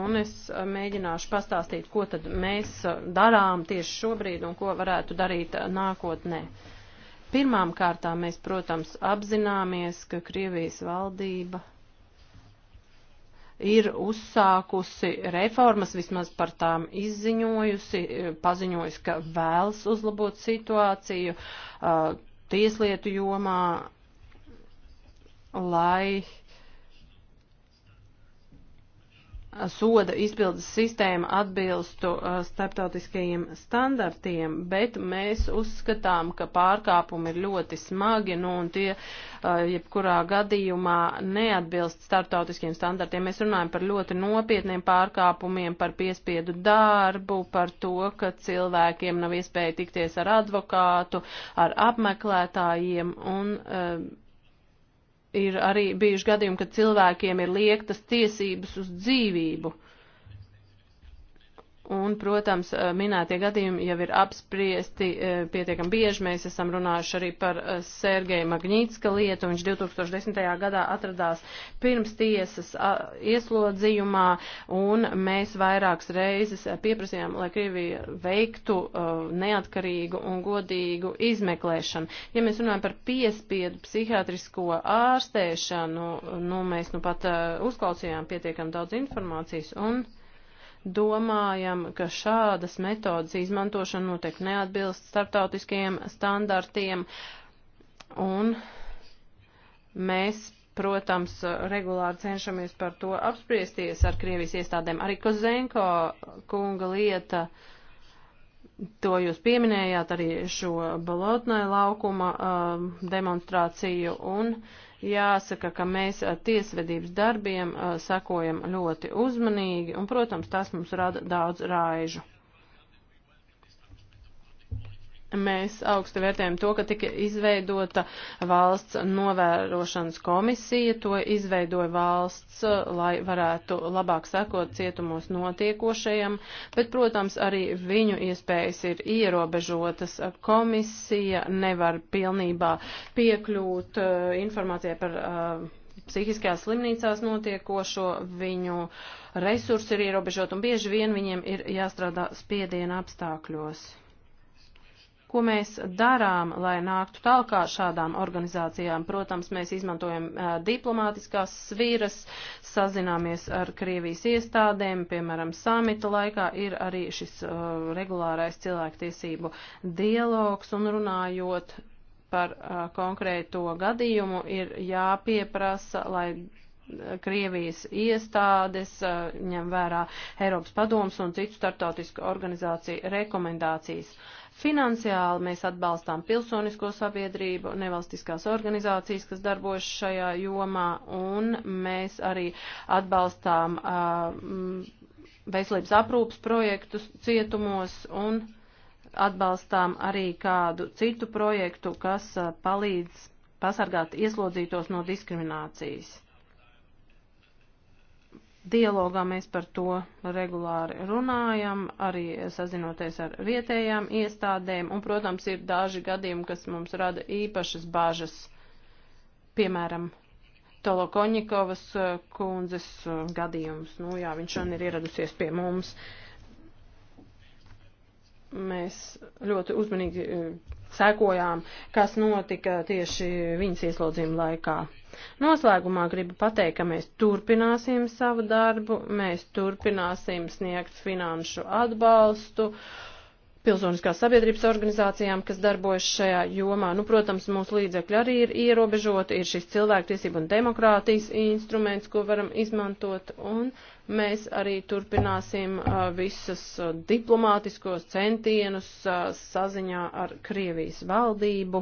Un es uh, mēģināšu pastāstīt, ko tad mēs uh, darām tieši šobrīd un ko varētu darīt uh, nākotnē. Pirmām kārtām mēs, protams, apzināmies, ka Krievijas valdība ir uzsākusi reformas, vismaz par tām izziņojusi, paziņojusi, ka vēlas uzlabot situāciju uh, tieslietu jomā, lai uh, soda izpildes sistēma atbilstu uh, starptautiskajiem standartiem, bet mēs uzskatām, ka pārkāpumi ir ļoti smagi, nu, un tie uh, jebkurā gadījumā neatbilst starptautiskiem standartiem. Mēs runājam par ļoti nopietniem pārkāpumiem, par piespiedu darbu, par to, ka cilvēkiem nav iespēja tikties ar advokātu, ar apmeklētājiem un uh, ir arī bijuši gadījumi, kad cilvēkiem ir liektas tiesības uz dzīvību. Un, protams, eh, minētie gadījumi jau ir apspriesti eh, pietiekami bieži. Mēs esam runājuši arī par eh, Sergeja Magnītska lietu. Viņš 2010. gadā atradās pirms tiesas ieslodzījumā, un mēs vairākas reizes pieprasījām, lai Krievija veiktu neatkarīgu un godīgu izmeklēšanu. Ja mēs runājam par piespiedu psihiatrisko ārstēšanu, nu, mēs nu pat uzklausījām pietiekami daudz informācijas. Un, domājam, ka šādas metodas izmantošana noteikti neatbilst starptautiskajiem standartiem, un mēs, protams, regulāri cenšamies par to apspriesties ar Krievijas iestādēm. Arī Kozenko kunga lieta, to jūs pieminējāt, arī šo Balotnē laukuma um, demonstrāciju, un uh, Jāsaka, ka mēs tiesvedības darbiem sakojam ļoti uzmanīgi, un, protams, tas mums rada daudz raižu. Mēs augstu vērtējam to, ka tika izveidota valsts novērošanas komisija, to izveidoja valsts, lai varētu labāk sekot cietumos notiekošajam, bet, protams, arī viņu iespējas ir ierobežotas. Komisija nevar pilnībā piekļūt uh, informācijai par uh, psihiskajās slimnīcās notiekošo, viņu resursi ir ierobežot un bieži vien viņiem ir jāstrādā spiediena apstākļos ko mēs darām, lai nāktu tālākā šādām organizācijām. Protams, mēs izmantojam uh, diplomātiskās sviras, sazināmies ar Krievijas iestādēm, piemēram, samita laikā ir arī šis uh, regulārais cilvēktiesību dialogs un runājot par uh, konkrēto gadījumu ir jāpieprasa, lai Krievijas iestādes ņem vērā Eiropas padomus un citu startautisku organizāciju rekomendācijas. Uh, Finansiāli mēs atbalstām pilsonisko sabiedrību, nevalstiskās organizācijas, kas darbojas šajā jomā, un mēs arī atbalstām uh, veselības aprūpas projektus cietumos un atbalstām arī kādu citu projektu, kas uh, palīdz pasargāt ieslodzītos no diskriminācijas. Dialogā mēs par to regulāri runājam, arī sazinoties ar vietējām iestādēm, un, protams, ir daži gadījumi, kas mums rada īpašas bāžas, piemēram, Tolokoņikovas eh, kundzes eh, gadījums. Nu jā, viņš šodien ir ieradusies pie mums. Uh, Mēs ļoti uzmanīgi eh, sekojām, kas notika tieši viņas ieslodzījuma laikā. Noslēgumā gribu pateikt, ka mēs turpināsim savu darbu, mēs turpināsim sniegt finanšu atbalstu pilsoniskās sabiedrības organizācijām, kas darbojas šajā jomā. Nu, protams, mūsu līdzekļi arī ir ierobežoti, ir šis cilvēktiesība un demokrātijas instruments, ko varam izmantot, un Mēs arī turpināsim uh, visas uh, diplomātiskos centienus uh, saziņā ar Krievijas valdību.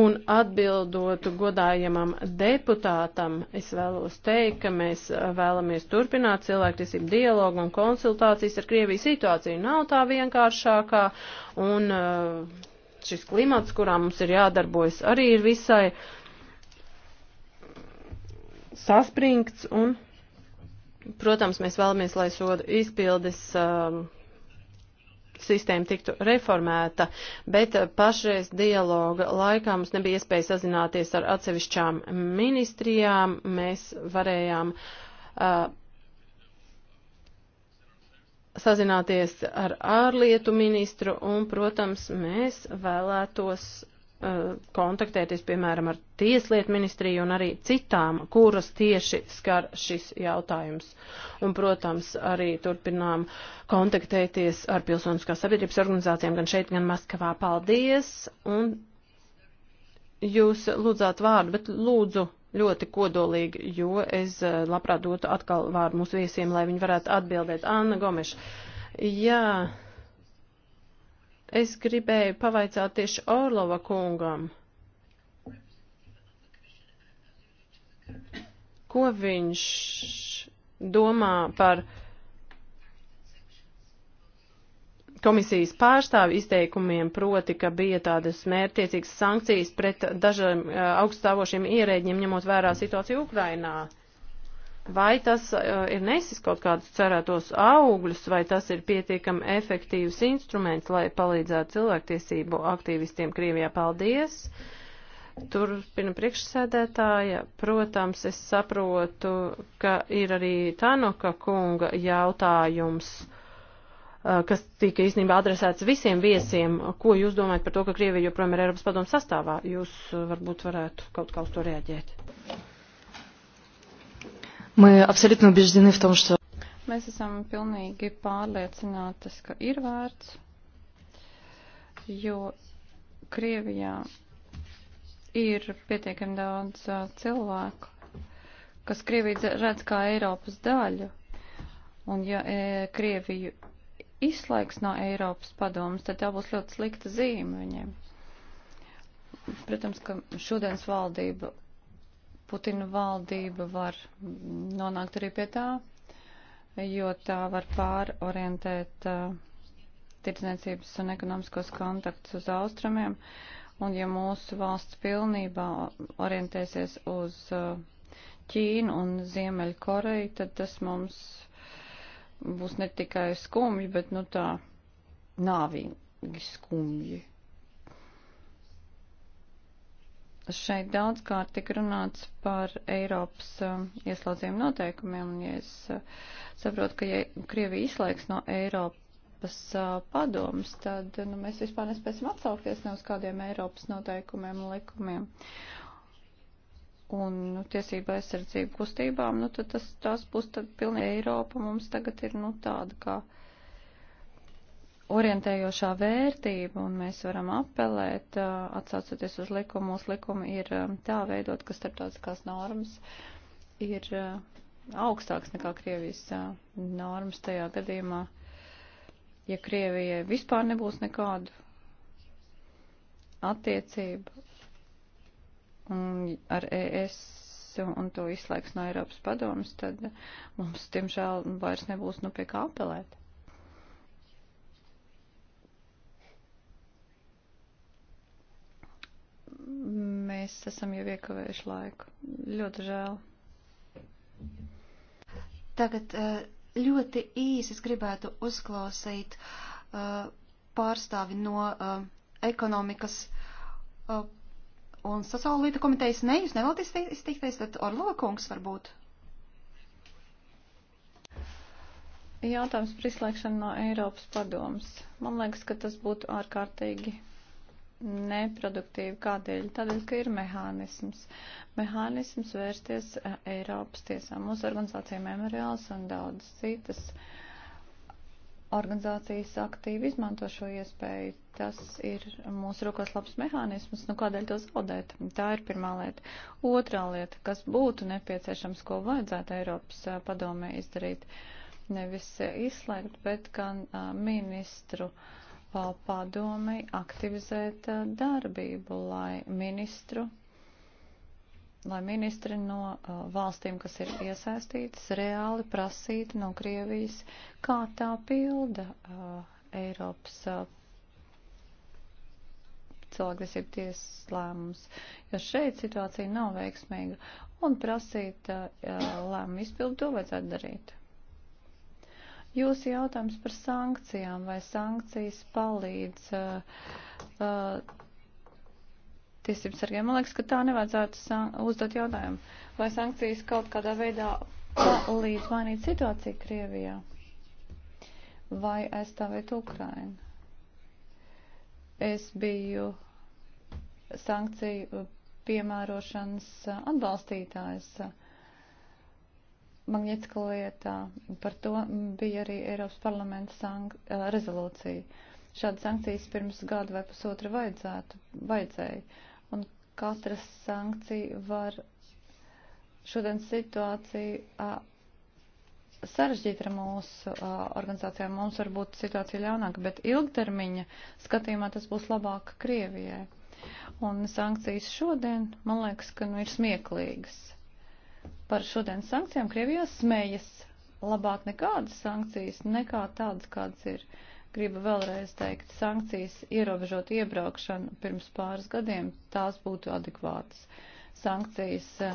Un atbildot godājamam deputātam, es vēlos teikt, ka mēs vēlamies turpināt cilvēktiesību dialogu un konsultācijas ar Krieviju situāciju. Nav tā vienkāršākā, un šis klimats, kurā mums ir jādarbojas, arī ir visai uh, saspringts un, protams, mēs vēlamies, lai soda izpildes um, sistēma tiktu reformēta, bet uh, pašreiz dialoga laikā mums nebija iespēja sazināties ar atsevišķām ministrijām. Mēs varējām uh, sazināties ar ārlietu ministru un, protams, mēs vēlētos Eh, kontaktēties, piemēram, ar Tieslietu ministriju un arī citām, kuras tieši skar šis jautājums. Un, protams, arī turpinām kontaktēties ar pilsoniskās sabiedrības organizācijām gan šeit, gan Maskavā. Paldies! Un jūs lūdzāt vārdu, bet lūdzu ļoti kodolīgi, jo es eh, labprāt dotu atkal vārdu mūsu viesiem, lai viņi varētu atbildēt. Anna Gomeša. Jā. Es gribēju pavaicāt tieši Orlova kungam, ko viņš domā par komisijas pārstāvi izteikumiem, proti, ka bija tādas mērtiecīgas sankcijas pret dažiem eh, augststāvošiem ierēģiem, ņemot vērā situāciju Ukrainā. Uh, vai tas uh, ir nesis kaut kādus cerētos augļus, vai tas ir pietiekami efektīvs instruments, lai palīdzētu cilvēktiesību aktīvistiem Krievijā. Paldies! Turpina priekšsēdētāja. Protams, es saprotu, ka ir arī Tanoka kunga jautājums uh, kas tika īstenībā adresēts visiem viesiem. Ko jūs domājat par to, ka Krievija joprojām ir Eiropas padomu sastāvā? Jūs uh, varbūt varētu kaut kā uz to reaģēt. Mēs esam pilnīgi pārliecinātas, ka ir vērts, jo Krievijā ir pietiekami daudz cilvēku, kas Krieviju redz kā Eiropas daļu, un ja e, Krieviju izslēgs no Eiropas padomas, tad tā būs ļoti slikta zīme viņiem. Protams, ka šodienas valdība Putina valdība var nonākt arī pie tā, jo tā var pārorientēt uh, tirdzniecības un ekonomiskos kontaktus uz austrumiem, un ja mūsu valsts pilnībā orientēsies uz uh, Ķīnu un Ziemeļu Koreju, tad tas mums būs ne tikai skumji, bet nu tā nāvīgi skumji. Šeit daudzkārt tik runāts par Eiropas uh, um, ieslodzījumu noteikumiem, un ja es uh, saprotu, ka ja Krievija izslēgs no Eiropas uh, padomas, tad uh, nu, mēs vispār nespēsim atsaukties ne uz kādiem Eiropas noteikumiem un likumiem. Un nu, tiesība aizsardzību kustībām, nu, tad tas, tas būs tad pilnīgi Eiropa mums tagad ir nu, tāda kā. Ka orientējošā vērtība, un mēs varam apelēt, atsaucoties uz likumu, mūsu likumi ir tā veidot, ka starptautiskās normas ir augstāks nekā Krievijas normas tajā gadījumā, ja Krievijai vispār nebūs nekādu attiecību ar ES un to izslēgs no Eiropas padomas, tad mums, diemžēl, vairs nebūs nu pie kā apelēt. Mēs esam jau iekavējuši laiku. Ļoti žēl. Tagad eh, ļoti īsi es gribētu uzklausīt eh, pārstāvi no eh, ekonomikas un sociālo lietu komitejas. Ne, jūs nevēlaties izteikties, tad Orlova kungs varbūt. Jautājums par izslēgšanu no Eiropas padomas. Man liekas, ka tas būtu ārkārtīgi neproduktīvi. Kādēļ? Tādēļ, ka ir mehānisms. Mehānisms vērsties eh, Eiropas tiesā. Mūsu organizācija Memoriāls un daudzas citas organizācijas aktīvi izmanto šo iespēju. Tas ir mūsu rokās labs mehānisms. Nu, kādēļ to zaudēt? Tā ir pirmā lieta. Otrā lieta, kas būtu nepieciešams, ko vajadzētu Eiropas eh, padomē izdarīt, nevis eh, izslēgt, bet gan ministru uh, jāpiedāvā padomei aktivizēt eh, darbību, lai ministru, lai ministri no eh, valstīm, kas ir iesaistītas, reāli prasītu no Krievijas, kā tā pilda eh, Eiropas cilvēktiesību tiesas lēmums, jo šeit situācija nav veiksmīga un prasīt lēmumu izpildu, to vajadzētu darīt. Jūsu jautājums par sankcijām vai sankcijas palīdz uh, uh, tiesības sargiem. Man liekas, ka tā nevajadzētu uzdot jautājumu. Vai sankcijas kaut kādā veidā palīdz mainīt situāciju Krievijā? Vai aizstāvēt Ukrainu? Es biju sankciju piemērošanas atbalstītājs. Uh, Magnitska lietā. Par to bija arī Eiropas parlamenta sank, eh, rezolūcija. Šādas sankcijas pirms gada vai pusotra vajadzētu, vajadzēja. Un katra sankcija var šodien situāciju a, sarežģīt ar mūsu a, organizācijām. Mums var būt situācija ļaunāka, bet ilgtermiņa skatījumā tas būs labāk Krievijai. Un sankcijas šodien, man liekas, ka nu, ir smieklīgas par šodienas sankcijām Krievijā smējas labāk nekādas sankcijas, nekā tādas, kādas ir. Gribu vēlreiz teikt, sankcijas ierobežot iebraukšanu pirms pāris gadiem, tās būtu adekvātas. Sankcijas eh,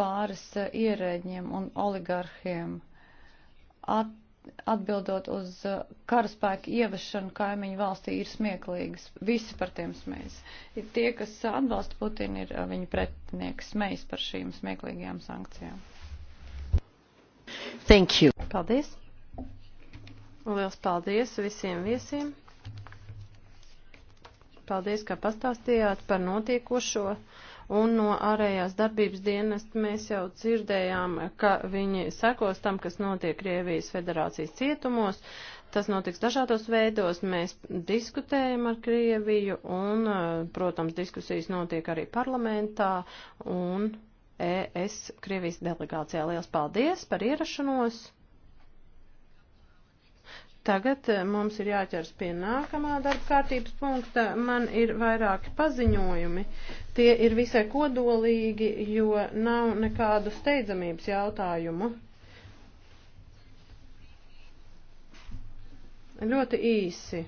pāris eh, ierēģiem un oligarhiem at atbildot uz uh, karaspēku ievešanu kaimiņu valstī ir smieklīgas. Visi par tiem smējas. Ir tie, kas atbalsta Putinu, ir uh, viņa pretinieki smējas par šīm smieklīgajām sankcijām. Thank you. Paldies. Liels paldies visiem viesiem. Paldies, ka pastāstījāt par notiekošo un no ārējās darbības dienesta mēs jau dzirdējām, ka viņi sekos tam, kas notiek Krievijas federācijas cietumos. Tas notiks dažādos veidos. Mēs diskutējam ar Krieviju un, protams, diskusijas notiek arī parlamentā un ES Krievijas delegācijā. Liels paldies par ierašanos! Tagad eh, mums ir jāķers pie nākamā darba kārtības punkta. Man ir vairāki paziņojumi. Tie ir visai kodolīgi, jo nav nekādu steidzamības jautājumu. Ļoti īsi.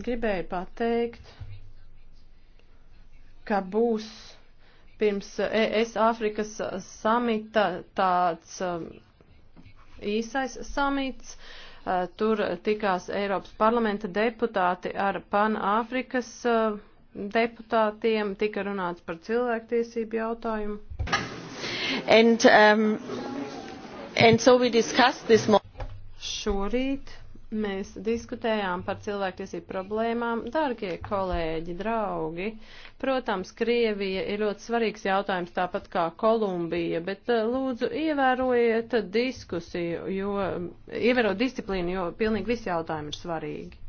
Gribēju pateikt, ka būs pirms eh, ES Āfrikas samita tāds eh, īsais samits. Uh, Eh, tur tikās Eiropas parlamenta deputāti ar Pan-Āfrikas eh, deputātiem, tika runāts par cilvēktiesību jautājumu. And, um, and so Šorīt Mēs diskutējām par cilvēktiesību problēmām. Dargie kolēģi, draugi, protams, Krievija ir ļoti svarīgs jautājums, tāpat kā Kolumbija, bet eh, lūdzu ievērojiet diskusiju, jo ievērot disciplīnu, jo pilnīgi visi jautājumi ir svarīgi.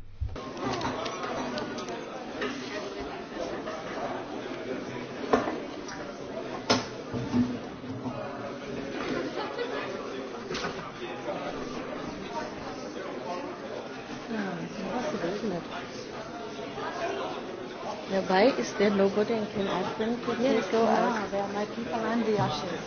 Why is there nobody and can I bring the yes, go yeah, out? There are my people and the ashes.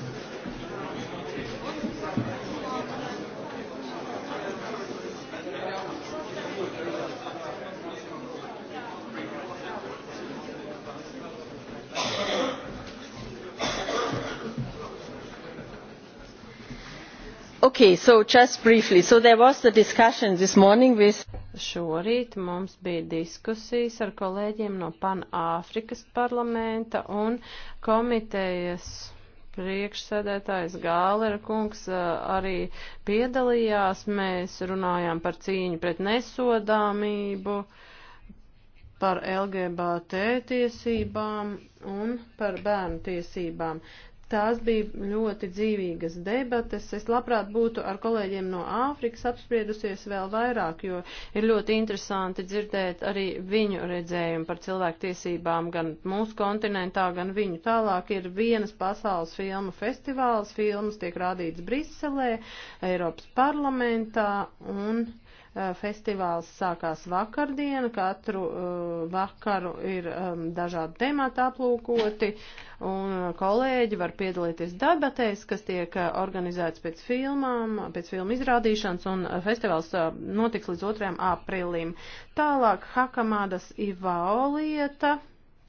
Okay, so just briefly. So there was the discussion this morning with. Šorīt mums bija diskusijas ar kolēģiem no Pan-Āfrikas parlamenta un komitejas priekšsēdētājs Gālera kungs uh, arī piedalījās. Mēs runājām par cīņu pret nesodāmību, par LGBT tiesībām un par bērnu tiesībām. Tās bija ļoti dzīvīgas debates. Es labprāt būtu ar kolēģiem no Āfrikas apspriedusies vēl vairāk, jo ir ļoti interesanti dzirdēt arī viņu redzējumu par cilvēktiesībām gan mūsu kontinentā, gan viņu. Tālāk ir vienas pasaules filmu festivāls, filmas tiek rādīts Briselē, Eiropas parlamentā un. Uh, Eh, festivāls sākās vakardien, katru eh, vakaru ir ehm, dažādi temati aplūkoti, un kolēģi var piedalīties debatēs, kas tiek eh, organizēts pēc filmām, pēc filmu izrādīšanas, un festivāls notiks līdz 2. aprīlim. Tālāk Hakamādas Ivao lieta,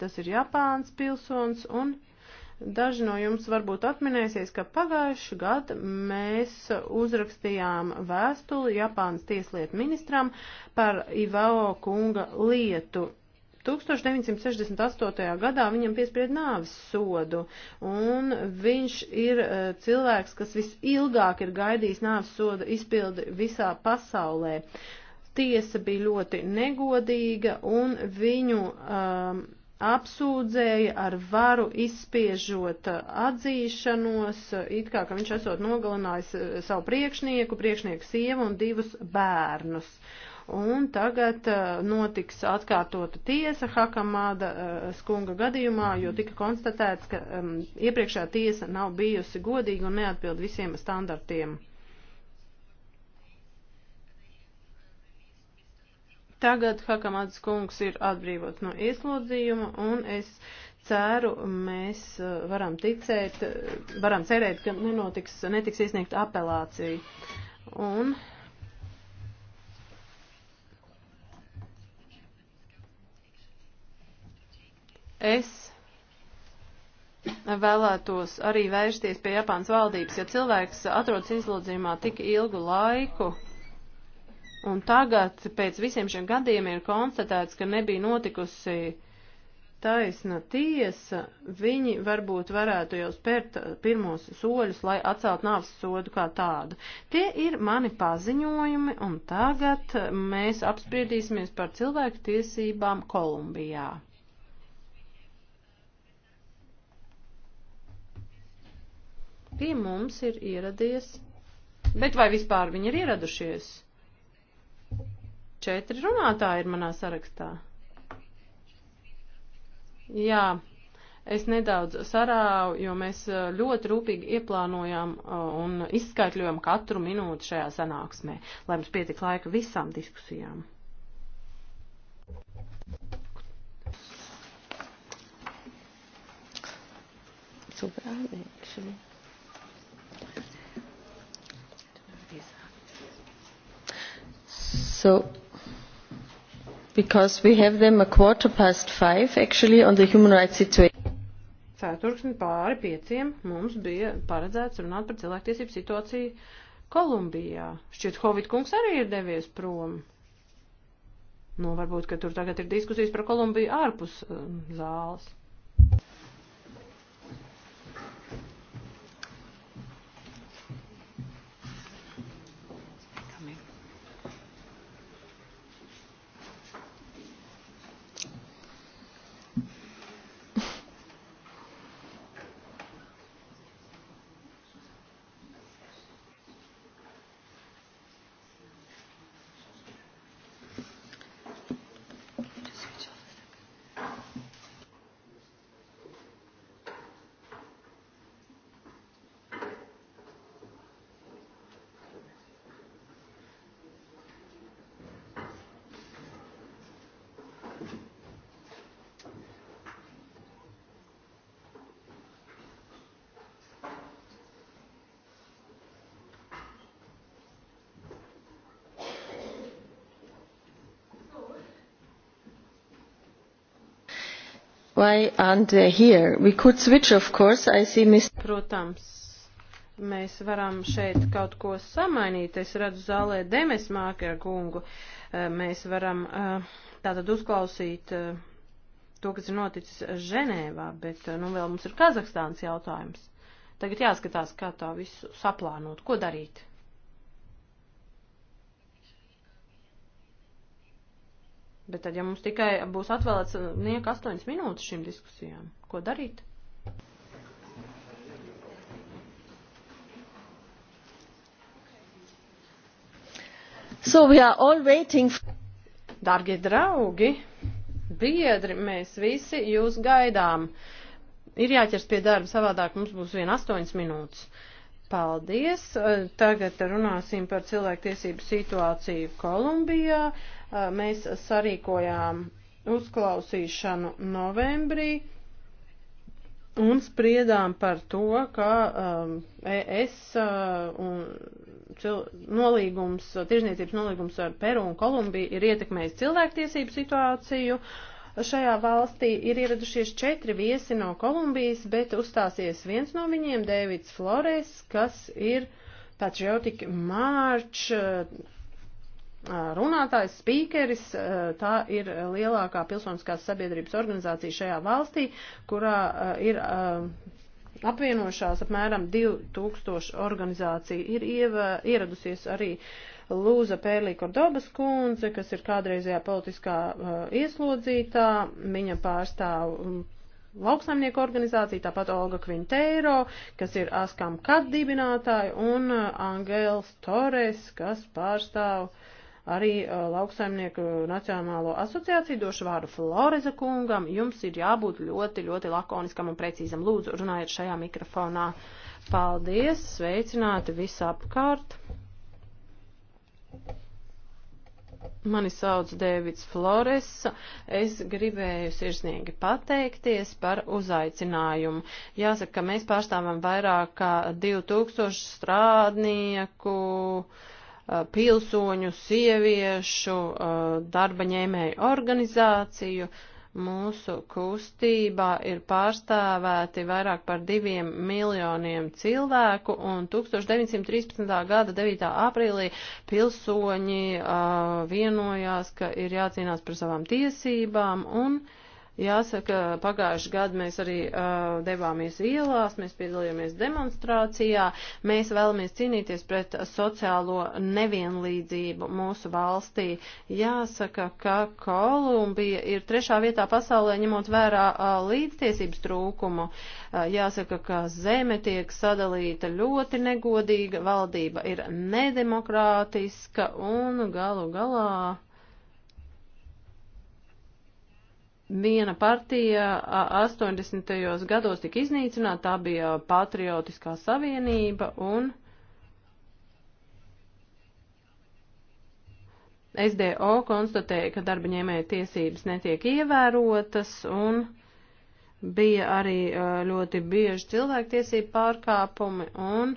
tas ir Japāns pilsons, un Daži no jums varbūt atminēsies, ka pagājuši gadu mēs uzrakstījām vēstuli Japānas tieslietu ministram par Ivao kunga lietu. 1968. gadā viņam piespried nāvis sodu, un viņš ir uh, cilvēks, kas visilgāk ir gaidījis nāvis soda izpildi visā pasaulē. Tiesa bija ļoti negodīga, un viņu um, uh, apsūdzēja ar varu izspiežot uh, atzīšanos, uh, it kā, ka viņš esot nogalinājis uh, savu priekšnieku, priekšnieku sievu un divus bērnus. Un tagad notiks atkārtota tiesa Hakamāda skunga gadījumā, jo tika konstatēts, ka um, iepriekšējā tiesa nav bijusi godīga un neatbild visiem standartiem. Tagad Hakamāds kungs ir atbrīvots no ieslodzījuma, un es ceru, mēs uh, varam ticēt, uh, varam cerēt, ka nenotiks, netiks iesniegt apelācija. Un es vēlētos arī vērsties pie Japānas valdības, ja cilvēks atrodas izlūdzījumā tik ilgu laiku. Un tagad pēc visiem šiem gadiem ir konstatēts, ka nebija notikusi taisna tiesa, viņi varbūt varētu jau spērt pirmos soļus, lai atcelt nāves sodu kā tādu. Tie ir mani paziņojumi, un tagad mēs apspriedīsimies par cilvēku tiesībām Kolumbijā. Pie mums ir ieradies, bet vai vispār viņi ir ieradušies? Četri runātāji ir manā sarakstā. Jā, es nedaudz sarāvu, jo mēs ļoti rūpīgi ieplānojām un izskaitļojam katru minūti šajā sanāksmē, lai mums pietik laika visām diskusijām. so bad actually. So because we have them a quarter past five actually on the human rights situation. Ceturksni pāri pieciem mums bija paredzēts runāt par cilvēktiesību situāciju Kolumbijā. Šķiet, Hovid kungs arī ir devies prom. Nu, varbūt, ka tur tagad ir diskusijas par Kolumbiju ārpus um, zāles. why aren't they here? We could switch, of course. I see Ms. Protams, mēs varam šeit kaut ko samainīt. Es redzu zālē Demes Mākera kungu. Eh, mēs varam eh, tātad uzklausīt eh, to, kas ir noticis Ženēvā, bet nu vēl mums ir Kazahstāns jautājums. Tagad jāskatās, kā tā visu saplānot, ko darīt. Bet tad, ja mums tikai būs atvēlēts eh, nieka astoņas minūtes šīm diskusijām, ko darīt? So we are all waiting. Dargie draugi, biedri, mēs visi jūs gaidām. Ir jāķers pie darba, savādāk mums būs vien astoņas minūtes. Uh, Paldies! Eh, tagad runāsim par cilvēktiesību situāciju Kolumbijā. Eh, mēs sarīkojām uzklausīšanu novembrī un spriedām par to, ka um, eh, ES uh, un cil, nolīgums, tirzniecības nolīgums ar Peru un Kolumbiju ir ietekmējis cilvēktiesību situāciju. Uh, Šajā valstī ir ieradušies četri viesi no Kolumbijas, bet uzstāsies viens no viņiem, Dēvids Flores, kas ir Patriotic March eh, runātājs, spīkeris, eh, tā ir lielākā pilsoniskās sabiedrības organizācija šajā valstī, kurā eh, ir apvienošās apmēram 2000 organizāciju. Ir ieva, ieradusies arī uh, Lūza Pērlī Kordobas kundze, kas ir kādreizajā politiskā uh, ieslodzītā, viņa pārstāv um, lauksaimnieku organizāciju, tāpat Olga Kvinteiro, kas ir Askam Kad dibinātāja, un uh, Angels Torres, kas pārstāv arī uh, lauksaimnieku nacionālo asociāciju, došu vārdu Floreza kungam. Jums ir jābūt ļoti, ļoti lakoniskam un precīzam. Lūdzu, runājiet šajā mikrofonā. Paldies, sveicināti visapkārt! Mani sauc Dēvids Flores. Es gribēju sirsnīgi pateikties par uzaicinājumu. Jāsaka, ka mēs pārstāvam vairāk kā 2000 strādnieku, pilsoņu, sieviešu, darba ņēmēju organizāciju. Uh, Mūsu kustībā ir pārstāvēti vairāk par diviem miljoniem cilvēku, un 1913. gada 9. aprīlī pilsoņi uh, vienojās, ka ir jācīnās par savām tiesībām, un uh, Jāsaka, pagājuši gadu mēs arī uh, devāmies ielās, mēs piedalījāmies demonstrācijā, mēs vēlamies cīnīties pret sociālo nevienlīdzību mūsu valstī. Jāsaka, ka Kolumbija ir trešā vietā pasaulē ņemot vērā uh, līdztiesības trūkumu. Uh, jāsaka, ka zeme tiek sadalīta ļoti negodīga, valdība ir nedemokrātiska un galu galā. Viena partija 80. gados tika iznīcināta, tā bija Patriotiskā savienība un SDO konstatēja, ka darba ņēmēja tiesības netiek ievērotas un bija arī ļoti bieži cilvēktiesību pārkāpumi un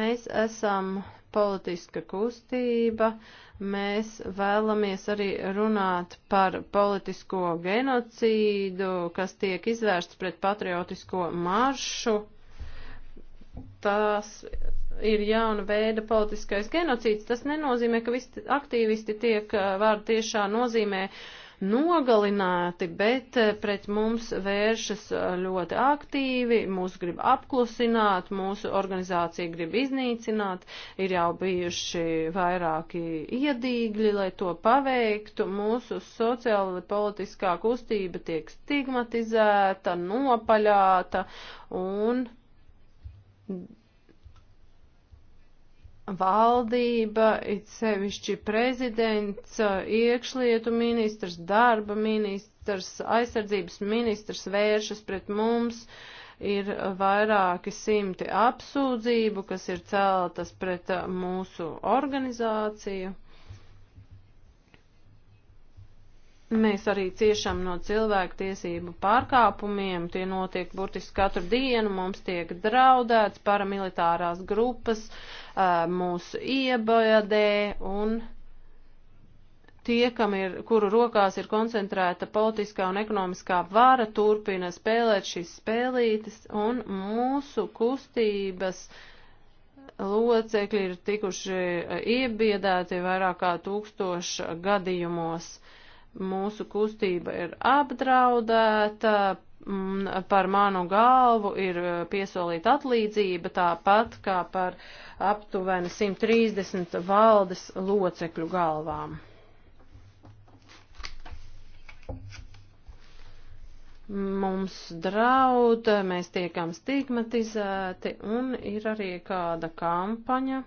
mēs esam politiska kustība. Mēs vēlamies arī runāt par politisko genocīdu, kas tiek izvērsts pret patriotisko maršu. Tās ir jauna veida politiskais genocīds. Tas nenozīmē, ka visi aktīvisti tiek vārdu tiešā nozīmē uh, nogalināti, bet eh, pret mums vēršas eh, ļoti aktīvi, mūs grib apklusināt, mūsu organizācija grib iznīcināt, ir jau bijuši vairāki iedīgļi, lai to paveiktu, mūsu sociāla politiskā kustība tiek stigmatizēta, nopaļāta un valdība, it sevišķi prezidents, iekšlietu ministrs, darba ministrs, aizsardzības ministrs vēršas pret mums. Ir vairāki simti apsūdzību, kas ir celtas pret mūsu organizāciju. Mēs arī ciešam no cilvēku tiesību pārkāpumiem, tie notiek burtiski katru dienu, mums tiek draudēts paramilitārās grupas, mūsu iebojadē un tie, kam ir, kuru rokās ir koncentrēta politiskā un ekonomiskā vara, turpina spēlēt šīs spēlītes un mūsu kustības locekļi ir tikuši iebiedēti vairāk kā tūkstošu gadījumos mūsu kustība ir apdraudēta, mm, par manu galvu ir e, piesolīta atlīdzība, tāpat kā par aptuveni 130 valdes locekļu galvām. Mums draud, mēs tiekam stigmatizēti un ir arī kāda kampaņa.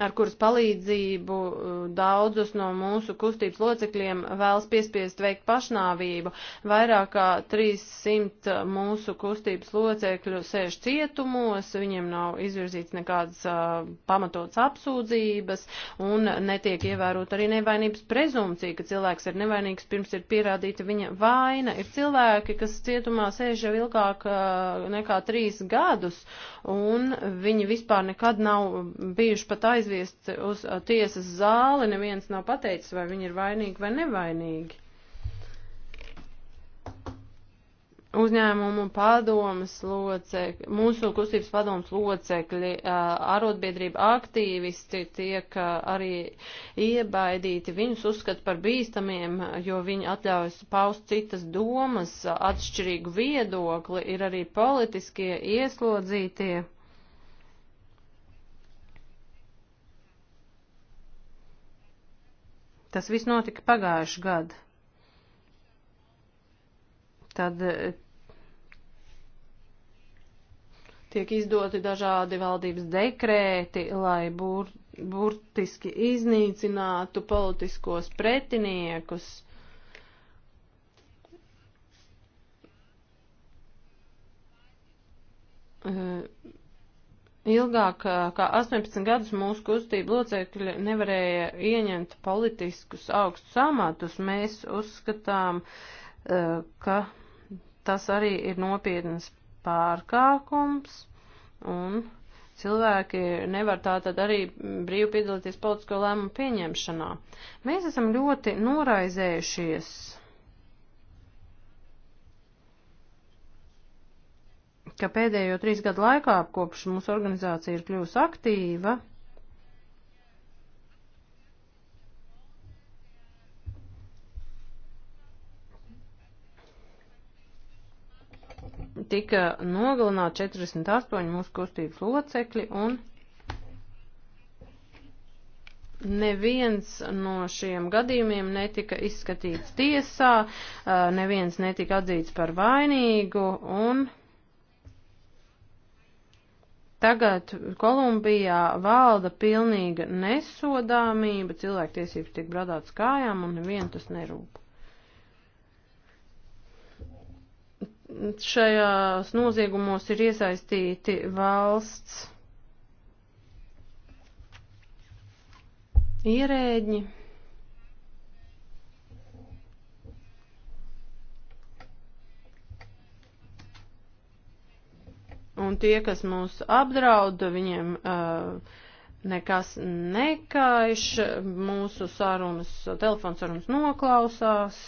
ar kuras palīdzību uh, daudzus no mūsu kustības locekļiem vēlas piespiest veikt pašnāvību. Vairāk kā 300 mūsu kustības locekļu sēž cietumos, viņiem nav izvirzīts nekādas uh, pamatots apsūdzības un netiek ievērot arī nevainības prezumcija, ka cilvēks ir nevainīgs pirms ir pierādīta viņa vaina. Ir cilvēki, kas cietumā sēž jau ilgāk uh, nekā trīs gadus un viņi vispār nekad nav bijuši pat aizsākumi aizviests uz uh, tiesas zāli, neviens nav pateicis, vai viņi ir vainīgi vai nevainīgi. Uzņēmumu padomas locekļi, mūsu kustības padomas locekļi, uh, arotbiedrība aktīvisti tiek uh, arī iebaidīti, viņus uzskata par bīstamiem, jo viņi atļaujas paust citas domas, atšķirīgu viedokli, ir arī politiskie ieslodzītie. Tas viss notika pagājuši gadu. Tad eh, tiek izdoti dažādi valdības dekrēti, lai bur, burtiski iznīcinātu politiskos pretiniekus. Uh, Ilgāk kā 18 gadus mūsu kustība locekļi nevarēja ieņemt politiskus augstus amatus. Mēs uzskatām, ka tas arī ir nopietnas pārkākums un cilvēki nevar tātad arī brīvi piedalīties politisko lēmumu pieņemšanā. Mēs esam ļoti noraizējušies ka pēdējo trīs gadu laikā, kopš mūsu organizācija ir kļuvusi aktīva, tika nogalināti 48 mūsu kustības locekļi un neviens no šiem gadījumiem netika izskatīts tiesā, neviens netika atzīts par vainīgu un. Tagad Kolumbijā valda pilnīga nesodāmība, cilvēktiesības tiek bradāts kājām un nevienu tas nerūp. Šajās noziegumos ir iesaistīti valsts ierēģi. tie, kas mūs apdraud, viņiem uh, nekas nekaiš, mūsu sarunas, telefons sarunas noklausās.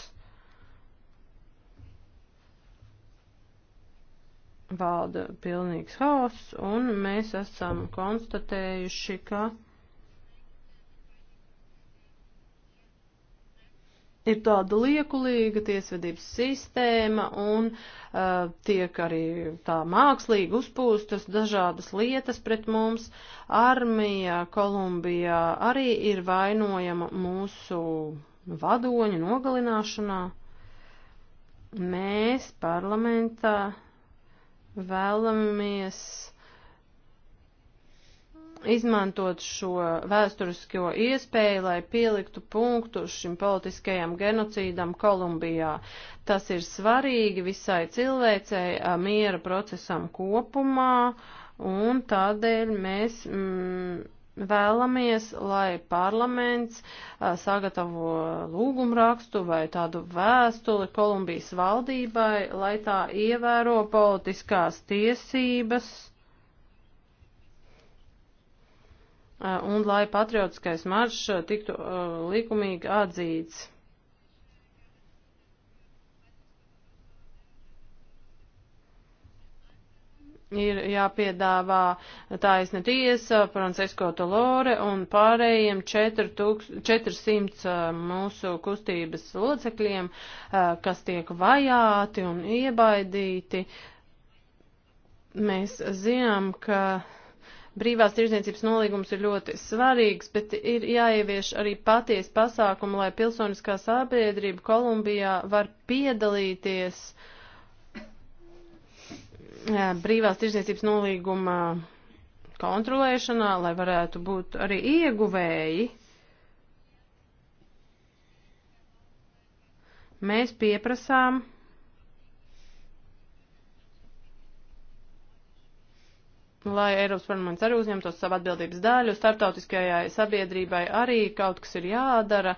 Valda pilnīgs haoss, un mēs esam konstatējuši, ka ir tāda liekulīga tiesvedības sistēma un uh, tiek arī tā mākslīgi uzpūstas dažādas lietas pret mums. Armija Kolumbijā arī ir vainojama mūsu vadoņu nogalināšanā. Mēs parlamentā vēlamies izmantot šo vēsturisko iespēju, lai pieliktu punktu šim politiskajam genocīdam Kolumbijā. Tas ir svarīgi visai cilvēcei, miera procesam kopumā, un tādēļ mēs mm, vēlamies, lai parlaments a, sagatavo lūgumrakstu vai tādu vēstuli Kolumbijas valdībai, lai tā ievēro politiskās tiesības Eh, un lai patriotiskais maršs eh, tiktu eh, likumīgi atzīts. ir jāpiedāvā taisna tiesa Francesko Tolore un pārējiem 400 mūsu kustības locekļiem, kas tiek vajāti un iebaidīti. Mēs zinām, ka Brīvās tirdzniecības nolīgums ir ļoti svarīgs, bet ir jāievieš arī paties pasākumu, lai pilsoniskā sabiedrība Kolumbijā var piedalīties eh, brīvās tirdzniecības nolīguma kontrolēšanā, lai varētu būt arī ieguvēji. Mēs pieprasām lai Eiropas parlaments arī uzņemtos savu atbildības daļu, starptautiskajai sabiedrībai arī kaut kas ir jādara.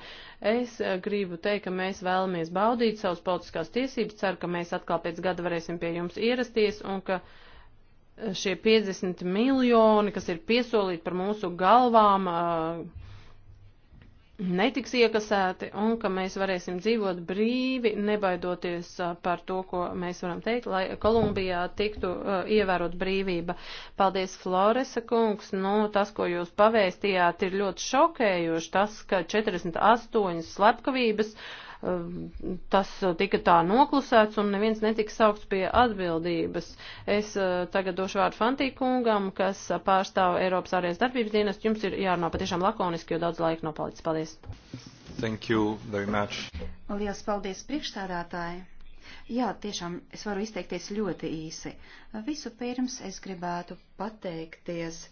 Es eh, gribu teikt, ka mēs vēlamies baudīt savas politiskās tiesības, ceru, ka mēs atkal pēc gada varēsim pie jums ierasties un ka eh, šie 50 miljoni, kas ir piesolīti par mūsu galvām, uh, netiks iekasēti un ka mēs varēsim dzīvot brīvi, nebaidoties par to, ko mēs varam teikt, lai Kolumbijā tiktu uh, ievērot brīvība. Paldies, Floresa kungs. Nu, tas, ko jūs pavēstījāt, ir ļoti šokējoši. Tas, ka 48 slepkavības uh, Ehm, tas eh, tika tā noklusēts un neviens netika saukts pie atbildības. Es eh, tagad došu vārdu Fantīkungam, kas pārstāv Eiropas ārējās darbības dienas. Jums ir jārunā patiešām lakoniski, jo daudz laika nav palicis. Paldies! Thank you very much. Lielas paldies priekšstādātāji! Jā, tiešām es varu izteikties ļoti īsi. Visu pirms es gribētu pateikties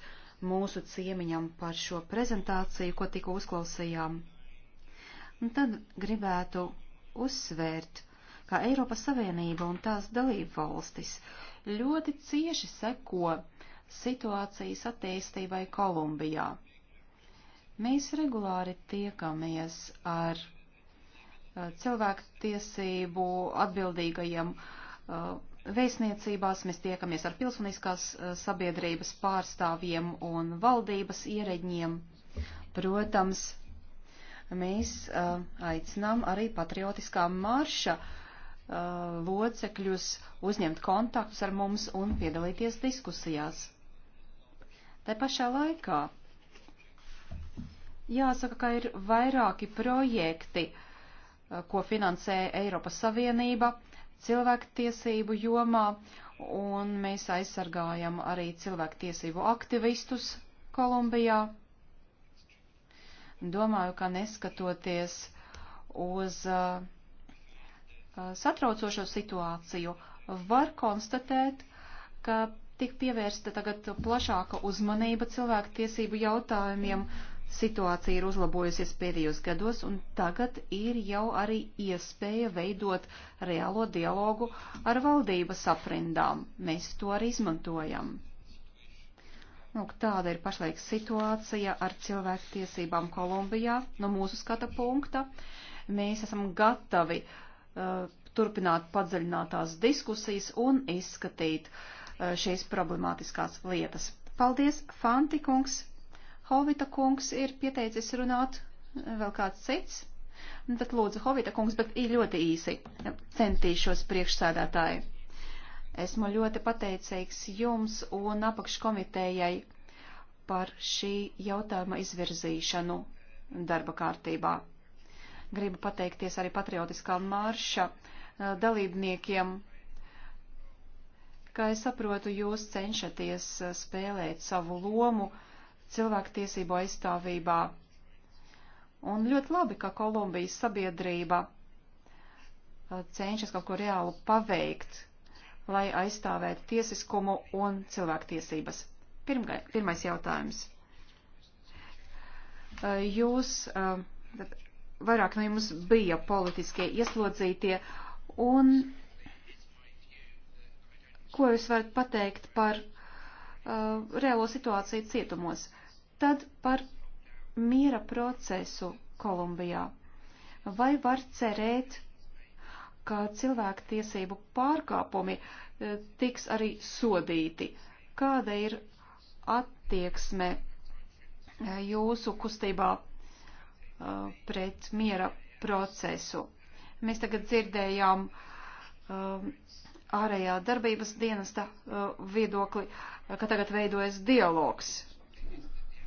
mūsu ciemiņam par šo prezentāciju, ko tikko uzklausījām. Un tad gribētu uzsvērt, ka Eiropas Savienība un tās dalību valstis ļoti cieši seko situācijas attīstībai Kolumbijā. Mēs regulāri tiekamies ar uh, cilvēku tiesību atbildīgajiem uh, vēstniecībās, mēs tiekamies ar pilsoniskās uh, sabiedrības pārstāvjiem un valdības iereģiem. Protams, mēs uh, aicinām arī patriotiskā marša uh, locekļus uzņemt kontaktus ar mums un piedalīties diskusijās. Te pašā laikā jāsaka, ka ir vairāki projekti, uh, ko finansē Eiropas Savienība cilvēktiesību jomā, un mēs aizsargājam arī cilvēktiesību aktivistus Kolumbijā. Domāju, ka neskatoties uz uh, uh, satraucošo situāciju, var konstatēt, ka tik pievērsta tagad plašāka uzmanība cilvēku tiesību jautājumiem. Situācija ir uzlabojusies pēdējos gados, un tagad ir jau arī iespēja veidot reālo dialogu ar valdības aprindām. Mēs to arī izmantojam. Nu, tāda ir pašlaik situācija ar cilvēku tiesībām Kolumbijā no mūsu skata punkta. Mēs esam gatavi uh, turpināt padziļinātās diskusijas un izskatīt uh, šīs problemātiskās lietas. Paldies, Fanti kungs! Hovita kungs ir pieteicis runāt uh, vēl kāds cits. Tad lūdzu, Hovita kungs, bet ļoti īsi centīšos priekšsēdētāji. Esmu ļoti pateicīgs jums un apakškomitējai par šī jautājuma izvirzīšanu darba kārtībā. Gribu pateikties arī patriotiskā marša eh, dalībniekiem. Kā es saprotu, jūs cenšaties eh, spēlēt savu lomu cilvēktiesību aizstāvībā. Un ļoti labi, ka Kolumbijas sabiedrība eh, cenšas kaut ko reālu paveikt lai aizstāvētu tiesiskumu un cilvēktiesības? Pirmgai, pirmais jautājums. Jūs, vairāk no jums bija politiskie ieslodzītie, un ko jūs varat pateikt par uh, reālo situāciju cietumos? Tad par miera procesu Kolumbijā. Vai var cerēt, ka cilvēku tiesību pārkāpumi e, tiks arī sodīti. Kāda ir attieksme e, jūsu kustībā e, pret miera procesu? Mēs tagad dzirdējām ārējā darbības dienesta viedokli, ka tagad veidojas dialogs.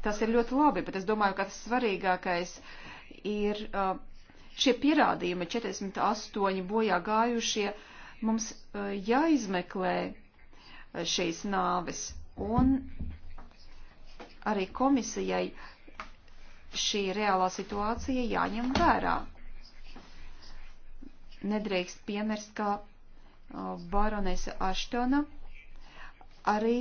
Tas ir ļoti labi, bet es domāju, ka tas svarīgākais ir uh, Šie pierādījumi 48 bojā gājušie mums e, jāizmeklē e, šīs nāves un arī komisijai šī reālā situācija jāņem vērā. Nedrīkst piemērst, ka e, baronese Aštona arī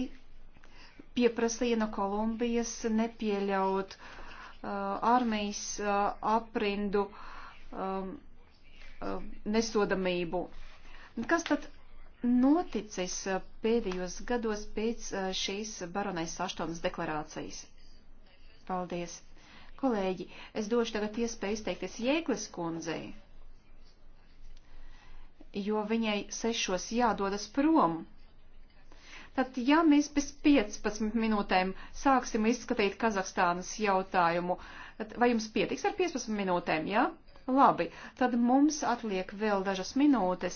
pieprasīja no Kolumbijas nepieļaut uh, armijas uh, aprindu uh, um, um, nesodamību. Kas tad noticis uh, pēdējos gados pēc uh, šīs baronais Aštonas deklarācijas? Paldies. Kolēģi, es došu tagad iespēju izteikties Jēglis kundzei, jo viņai sešos jādodas prom. Tad, ja mēs pēc 15 minūtēm sāksim izskatīt Kazahstānas jautājumu, vai jums pietiks ar 15 minūtēm, jā? Ja? Labi, tad mums atliek vēl dažas minūtes.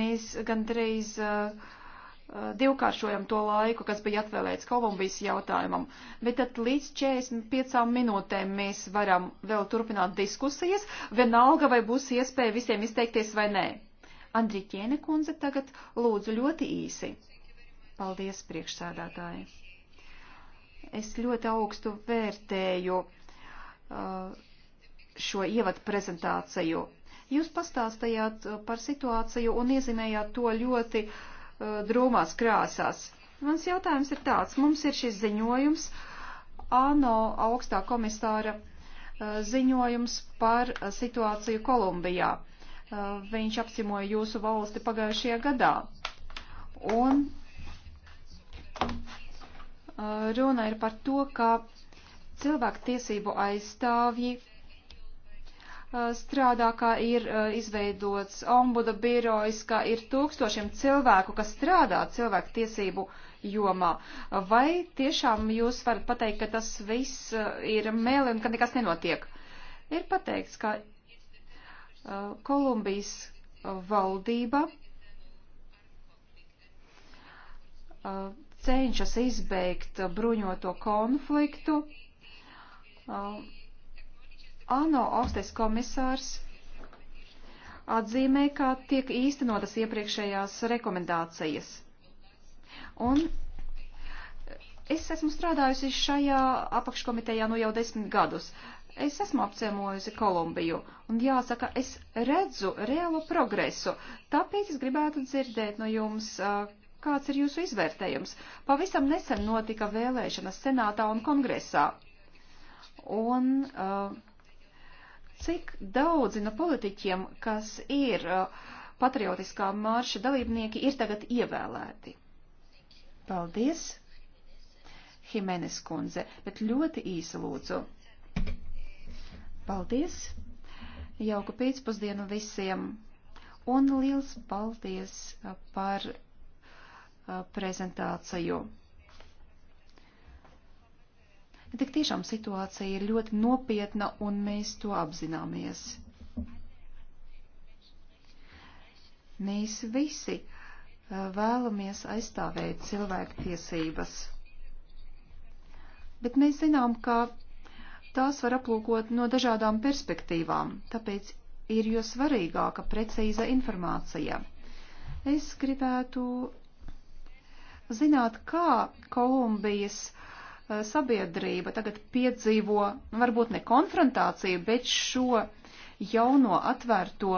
Mēs gandrīz uh, uh, divkāršojam to laiku, kas bija atvēlēts Kolumbijas jautājumam, bet tad līdz 45 minūtēm mēs varam vēl turpināt diskusijas, vienalga vai būs iespēja visiem izteikties vai nē. Andriķiene kundze tagad lūdzu ļoti īsi. Paldies, priekšsādātāji. Es ļoti augstu vērtēju uh, šo ievadu prezentāciju. Jūs pastāstījāt uh, par situāciju un iezīmējāt to ļoti uh, drūmās krāsās. Mans jautājums ir tāds. Mums ir šis ziņojums, ANO augstā komisāra uh, ziņojums par uh, situāciju Kolumbijā. Uh, viņš apsimoja jūsu valsti pagājušajā gadā. Un uh, runa ir par to, ka cilvēku tiesību aizstāvji Eh, strādā, kā ir eh, izveidots ombuda birojs, kā ir tūkstošiem cilvēku, kas strādā cilvēku tiesību jomā. Vai tiešām jūs varat pateikt, ka tas viss eh, ir mēli un ka nekas nenotiek? Ir pateikts, ka Kolumbijas valdība cenšas izbeigt bruņoto konfliktu ANO augstais komisārs atzīmē, ka tiek īstenotas iepriekšējās rekomendācijas. Un es esmu strādājusi šajā apakškomitejā nu jau desmit gadus. Es esmu apciemojusi Kolumbiju, un jāsaka, es redzu reālu progresu, tāpēc es gribētu dzirdēt no jums, kāds ir jūsu izvērtējums. Pavisam nesen notika vēlēšanas senātā un kongresā. Un uh, Cik daudzi no politiķiem, kas ir uh, patriotiskā marša dalībnieki, ir tagad ievēlēti? Paldies, Himenes kundze, bet ļoti īsa lūdzu. Paldies, jauku pēcpusdienu visiem, un liels paldies uh, par uh, prezentāciju. Bet tik tiešām situācija ir ļoti nopietna un mēs to apzināmies. Mēs visi uh, vēlamies aizstāvēt cilvēktiesības. Bet mēs zinām, ka tās var aplūkot no dažādām perspektīvām, tāpēc ir jo svarīgāka precīza informācija. Es gribētu zināt, kā Kolumbijas uh, Eh, sabiedrība tagad piedzīvo nu, varbūt ne konfrontāciju, bet šo jauno atvērto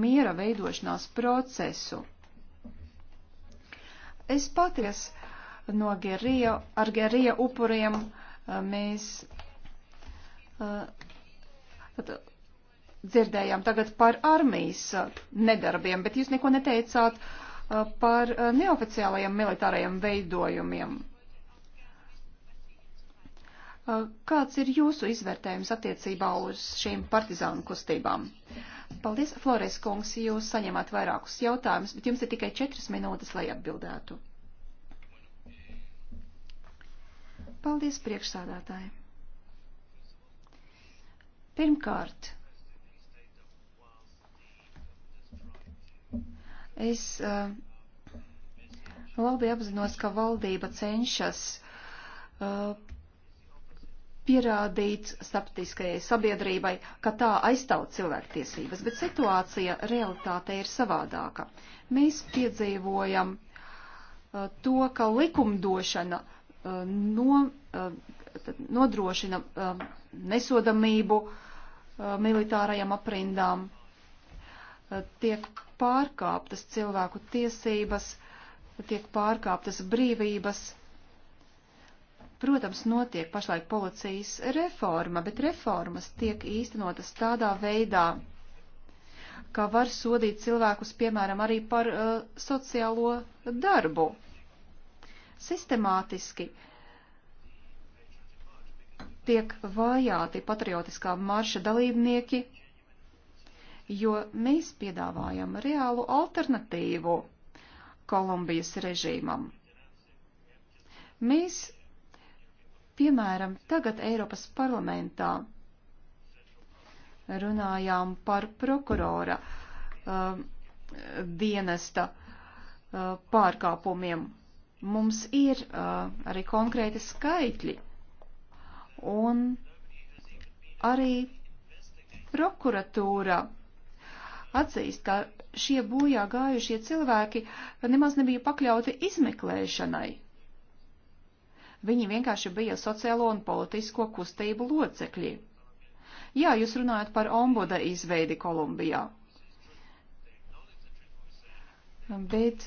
miera veidošanās procesu. Es paties no Gerija, ar Gerija upuriem eh, mēs eh, tad, dzirdējām tagad par armijas nedarbiem, bet jūs neko neteicāt par neoficiālajiem militārajiem veidojumiem. Uh, kāds ir jūsu izvērtējums attiecībā uz šīm partizānu kustībām? Paldies, Flores kungs, jūs saņemat vairākus jautājumus, bet jums ir tikai četras minūtes, lai atbildētu. Paldies, priekšsādātāji. Pirmkārt, es uh, labi apzinos, ka valdība cenšas uh, pierādīts starptautiskajai sabiedrībai, ka tā aizstāv cilvēktiesības, bet situācija realitāte ir savādāka. Mēs piedzīvojam uh, to, ka likumdošana uh, no, uh, nodrošina uh, nesodamību uh, militārajām aprindām, uh, tiek pārkāptas cilvēku tiesības, tiek pārkāptas brīvības Protams, notiek pašlaik policijas reforma, bet reformas tiek īstenotas tādā veidā, ka var sodīt cilvēkus, piemēram, arī par uh, sociālo darbu. Sistemātiski tiek vajāti patriotiskā marša dalībnieki, jo mēs piedāvājam reālu alternatīvu Kolumbijas režīmam. Mēs Piemēram, tagad Eiropas parlamentā runājām par prokurora uh, dienesta uh, pārkāpumiem. Mums ir uh, arī konkrēti skaitļi. Un arī prokuratūra atzīst, ka šie bojā gājušie cilvēki nemaz nebija pakļauti izmeklēšanai. Viņi vienkārši bija sociālo un politisko kustību locekļi. Jā, jūs runājat par ombuda izveidi Kolumbijā. Bet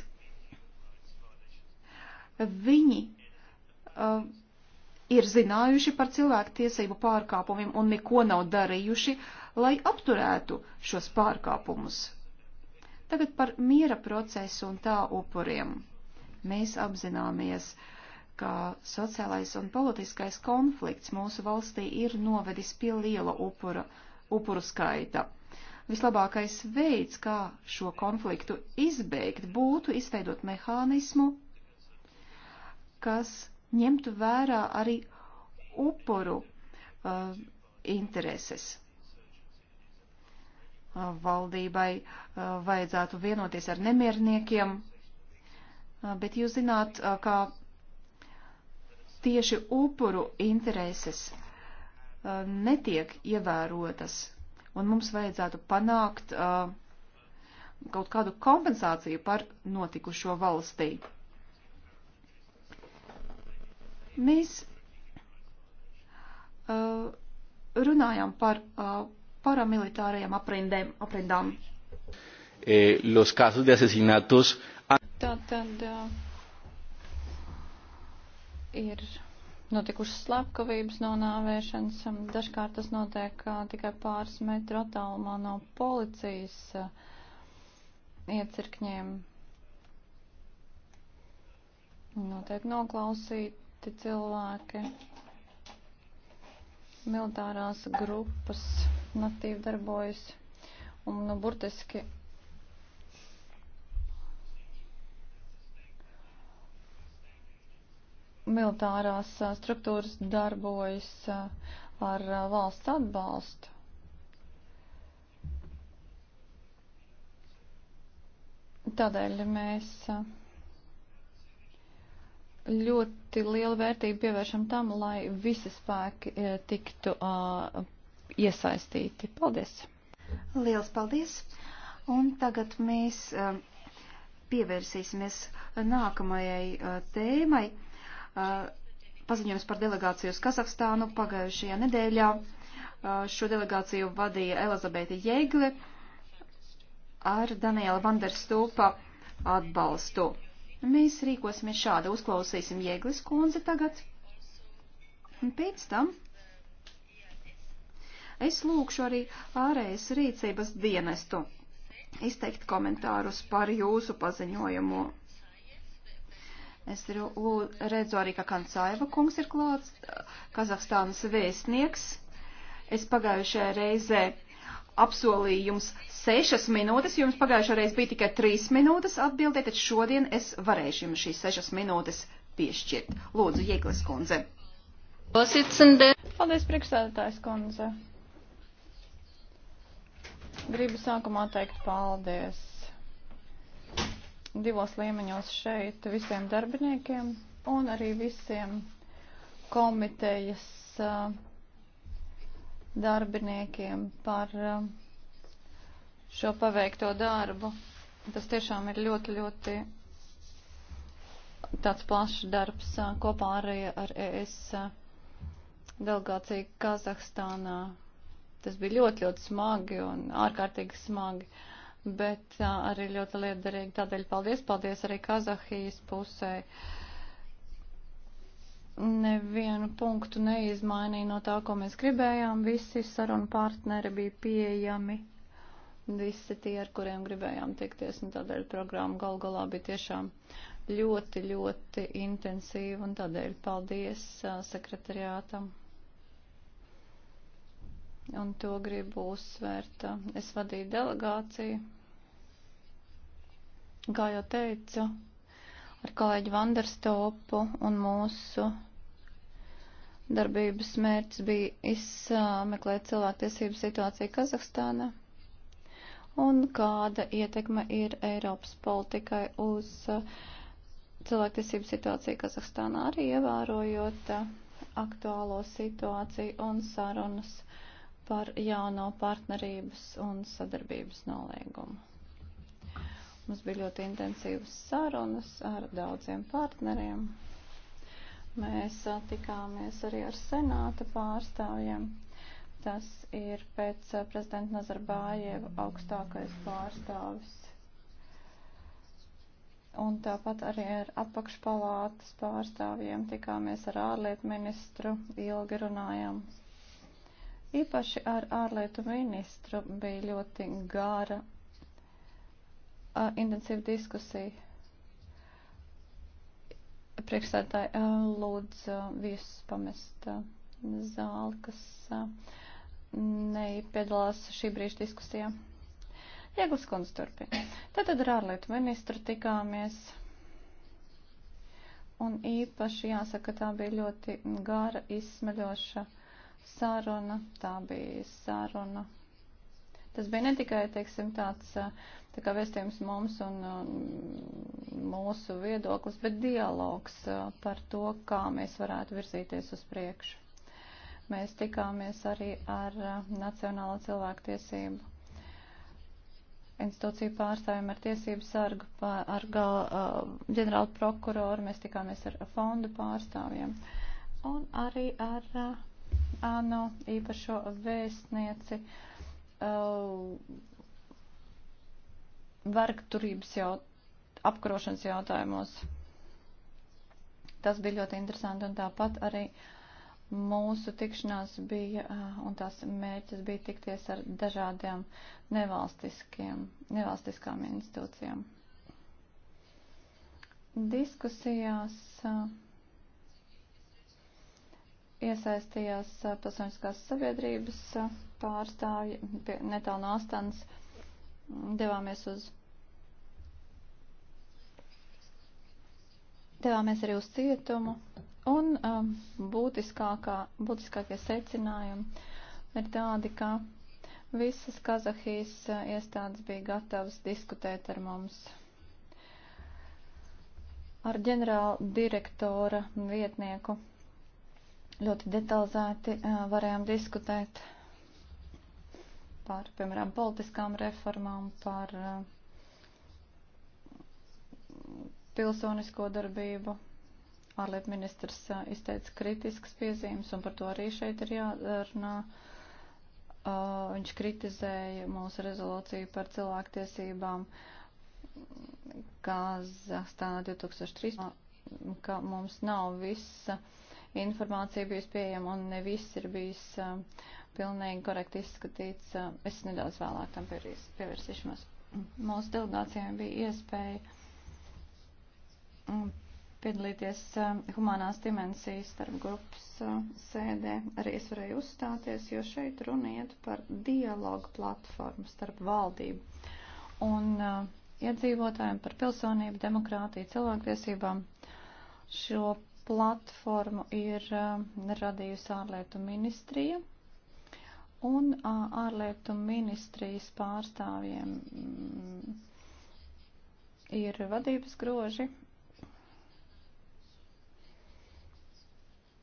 viņi uh, ir zinājuši par cilvēku tiesību pārkāpumiem un neko nav darījuši, lai apturētu šos pārkāpumus. Tagad par miera procesu un tā upuriem. Mēs apzināmies, uh, ka sociālais un politiskais konflikts mūsu valstī ir novedis pie liela upura, upuru skaita. Vislabākais veids, kā šo konfliktu izbeigt, būtu izveidot mehānismu, kas ņemtu vērā arī upuru uh, intereses uh, valdībai uh, vajadzētu vienoties ar nemierniekiem, uh, bet jūs zināt, ka tieši upuru intereses uh, netiek ievērotas. Un mums vajadzētu panākt uh, kaut kādu kompensāciju par notikušo valstī. Mēs uh, runājam par uh, paramilitārajām aprindēm, aprindām. Eh, los casos de asesinatos. Tātad, uh, ir notikušas slepkavības nonāvēšanas. Dažkārt tas notiek tikai pāris metru attālumā no policijas iecirkņiem. Notiek noklausīti cilvēki, militārās grupas, natīvi darbojas un, nu, burtiski militārās struktūras darbojas ar valsts atbalstu. Tādēļ mēs ļoti lielu vērtību pievēršam tam, lai visi spēki tiktu uh, iesaistīti. Paldies! Liels paldies! Un tagad mēs uh, pievērsīsimies nākamajai uh, tēmai paziņojums par delegāciju uz Kazahstānu pagājušajā nedēļā. Šo delegāciju vadīja Elizabete Jēgle ar Daniela Vanderstūpa atbalstu. Mēs rīkosimies šādi, uzklausīsim Jēglis kundzi tagad. Un pēc tam es lūkšu arī ārējas rīcības dienestu izteikt komentārus par jūsu paziņojumu Es redzu arī, ka Kancaiva kungs ir klāts, Kazahstānas vēstnieks. Es pagājušajā reizē apsolīju jums sešas minūtes, jums pagājušajā reizē bija tikai trīs minūtes atbildēt, tad šodien es varēšu jums šīs sešas minūtes piešķirt. Lūdzu, Jēglis kundze. Paldies, priekšsēdētājs kundze. Gribu sākumā teikt paldies divos līmeņos šeit visiem darbiniekiem un arī visiem komitejas darbiniekiem par šo paveikto darbu. Tas tiešām ir ļoti, ļoti tāds plašs darbs kopā arī ar ES delegāciju Kazahstānā. Tas bija ļoti, ļoti smagi un ārkārtīgi smagi. Uh, bet arī ļoti liederīgi. Tādēļ paldies, paldies arī Kazahijas pusē. Nevienu punktu neizmainīja no tā, ko mēs gribējām. Visi sarunu partneri bija pieejami, visi tie, ar kuriem gribējām tikties, un tādēļ programma gal galā bija tiešām ļoti, ļoti intensīva, un tādēļ paldies sekretariātam un to gribu uzsvērt. Es vadīju delegāciju, kā jau teicu, ar kolēģi Vanderstopu un mūsu darbības mērķis bija izmeklēt cilvēktiesību situāciju Kazahstānā un kāda ietekme ir Eiropas politikai uz cilvēktiesību situāciju Kazahstānā, arī ievērojot aktuālo situāciju un sarunas. Uh, par jauno partnerības un sadarbības noliegumu. Mums bija ļoti intensīvas sarunas ar daudziem partneriem. Mēs tikāmies arī ar senāta pārstāvjiem. Tas ir pēc prezidenta Nazarbājeva augstākais pārstāvis. Un tāpat arī ar apakšpalātas pārstāvjiem tikāmies ar ārlietu ministru, ilgi runājām Īpaši ar ārlietu ministru bija ļoti gara, uh, intensīva diskusija. Priekšsēdētāji uh, lūdzu visus pamest uh, zāli, kas uh, nepiedalās šī brīža diskusijā. Jēgus kundze turpina. Tātad ar ārlietu ministru tikāmies. Un īpaši jāsaka, tā bija ļoti gara, izsmeļoša saruna, tā bija saruna. Tas bija ne tikai, teiksim, tāds tā kā vēstījums mums un, un mūsu viedoklis, bet dialogs par to, kā mēs varētu virzīties uz priekšu. Mēs tikāmies arī ar Nacionālo cilvēktiesību institūciju pārstāvjiem, ar tiesību sargu, ar gala, ģenerālu prokuroru, mēs tikāmies ar fondu pārstāvjiem un arī ar uh, ANO īpašo vēstnieci uh, vergturības jaut, apkarošanas jautājumos. Tas bija ļoti interesanti un tāpat arī mūsu tikšanās bija uh, un tās mērķis bija tikties ar dažādiem nevalstiskiem, nevalstiskām institūcijām. Diskusijās uh, iesaistījās pilsoniskās sabiedrības pārstāvji netālu no Astanas. Devāmies uz. Devāmies arī uz cietumu. Un um, būtiskākā, būtiskākie secinājumi ir tādi, ka visas Kazahijas iestādes bija gatavas diskutēt ar mums. Ar ģenerāla direktora vietnieku ļoti detalizēti varējām diskutēt par, piemēram, politiskām reformām, par pilsonisko darbību. Ārlietu ministrs izteica kritiskas piezīmes, un par to arī šeit ir jārunā. Viņš kritizēja mūsu rezolūciju par cilvēktiesībām Kazahstānā 2003, ka mums nav visa uh, informācija bijusi pieejama un ne viss ir bijis uh, pilnīgi korekti izskatīts. Uh, es nedaudz vēlāk tam pievērsīšos. Mūsu delegācijām bija iespēja um, piedalīties uh, humanās dimensijas starp grupas uh, sēdē. Arī es varēju uzstāties, jo šeit runiet par dialogu platformu starp valdību un uh, iedzīvotājiem par pilsonību, demokrātiju, cilvēktiesībām. Šo platformu ir eh, radījusi ārlietu ministrija. Un eh, ārlietu ministrijas pārstāvjiem mm, ir vadības groži.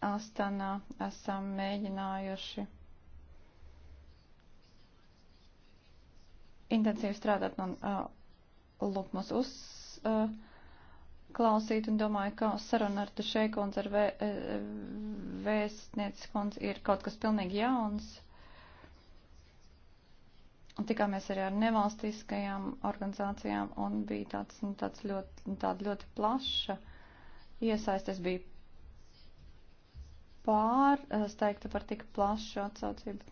Astanā esam mēģinājuši intensīvi strādāt un uh, eh, lūk mums uz. Uh, klausīt un domāju, ka saruna ar Tušēkundzi, ar vē, eh, vēstnieci kundzi ir kaut kas pilnīgi jauns. Un tikāmies arī ar nevalstiskajām organizācijām un bija tāds, nu, tāds ļoti, tāda ļoti plaša iesaistes bija pārsteigta par tik plašu atsaucību.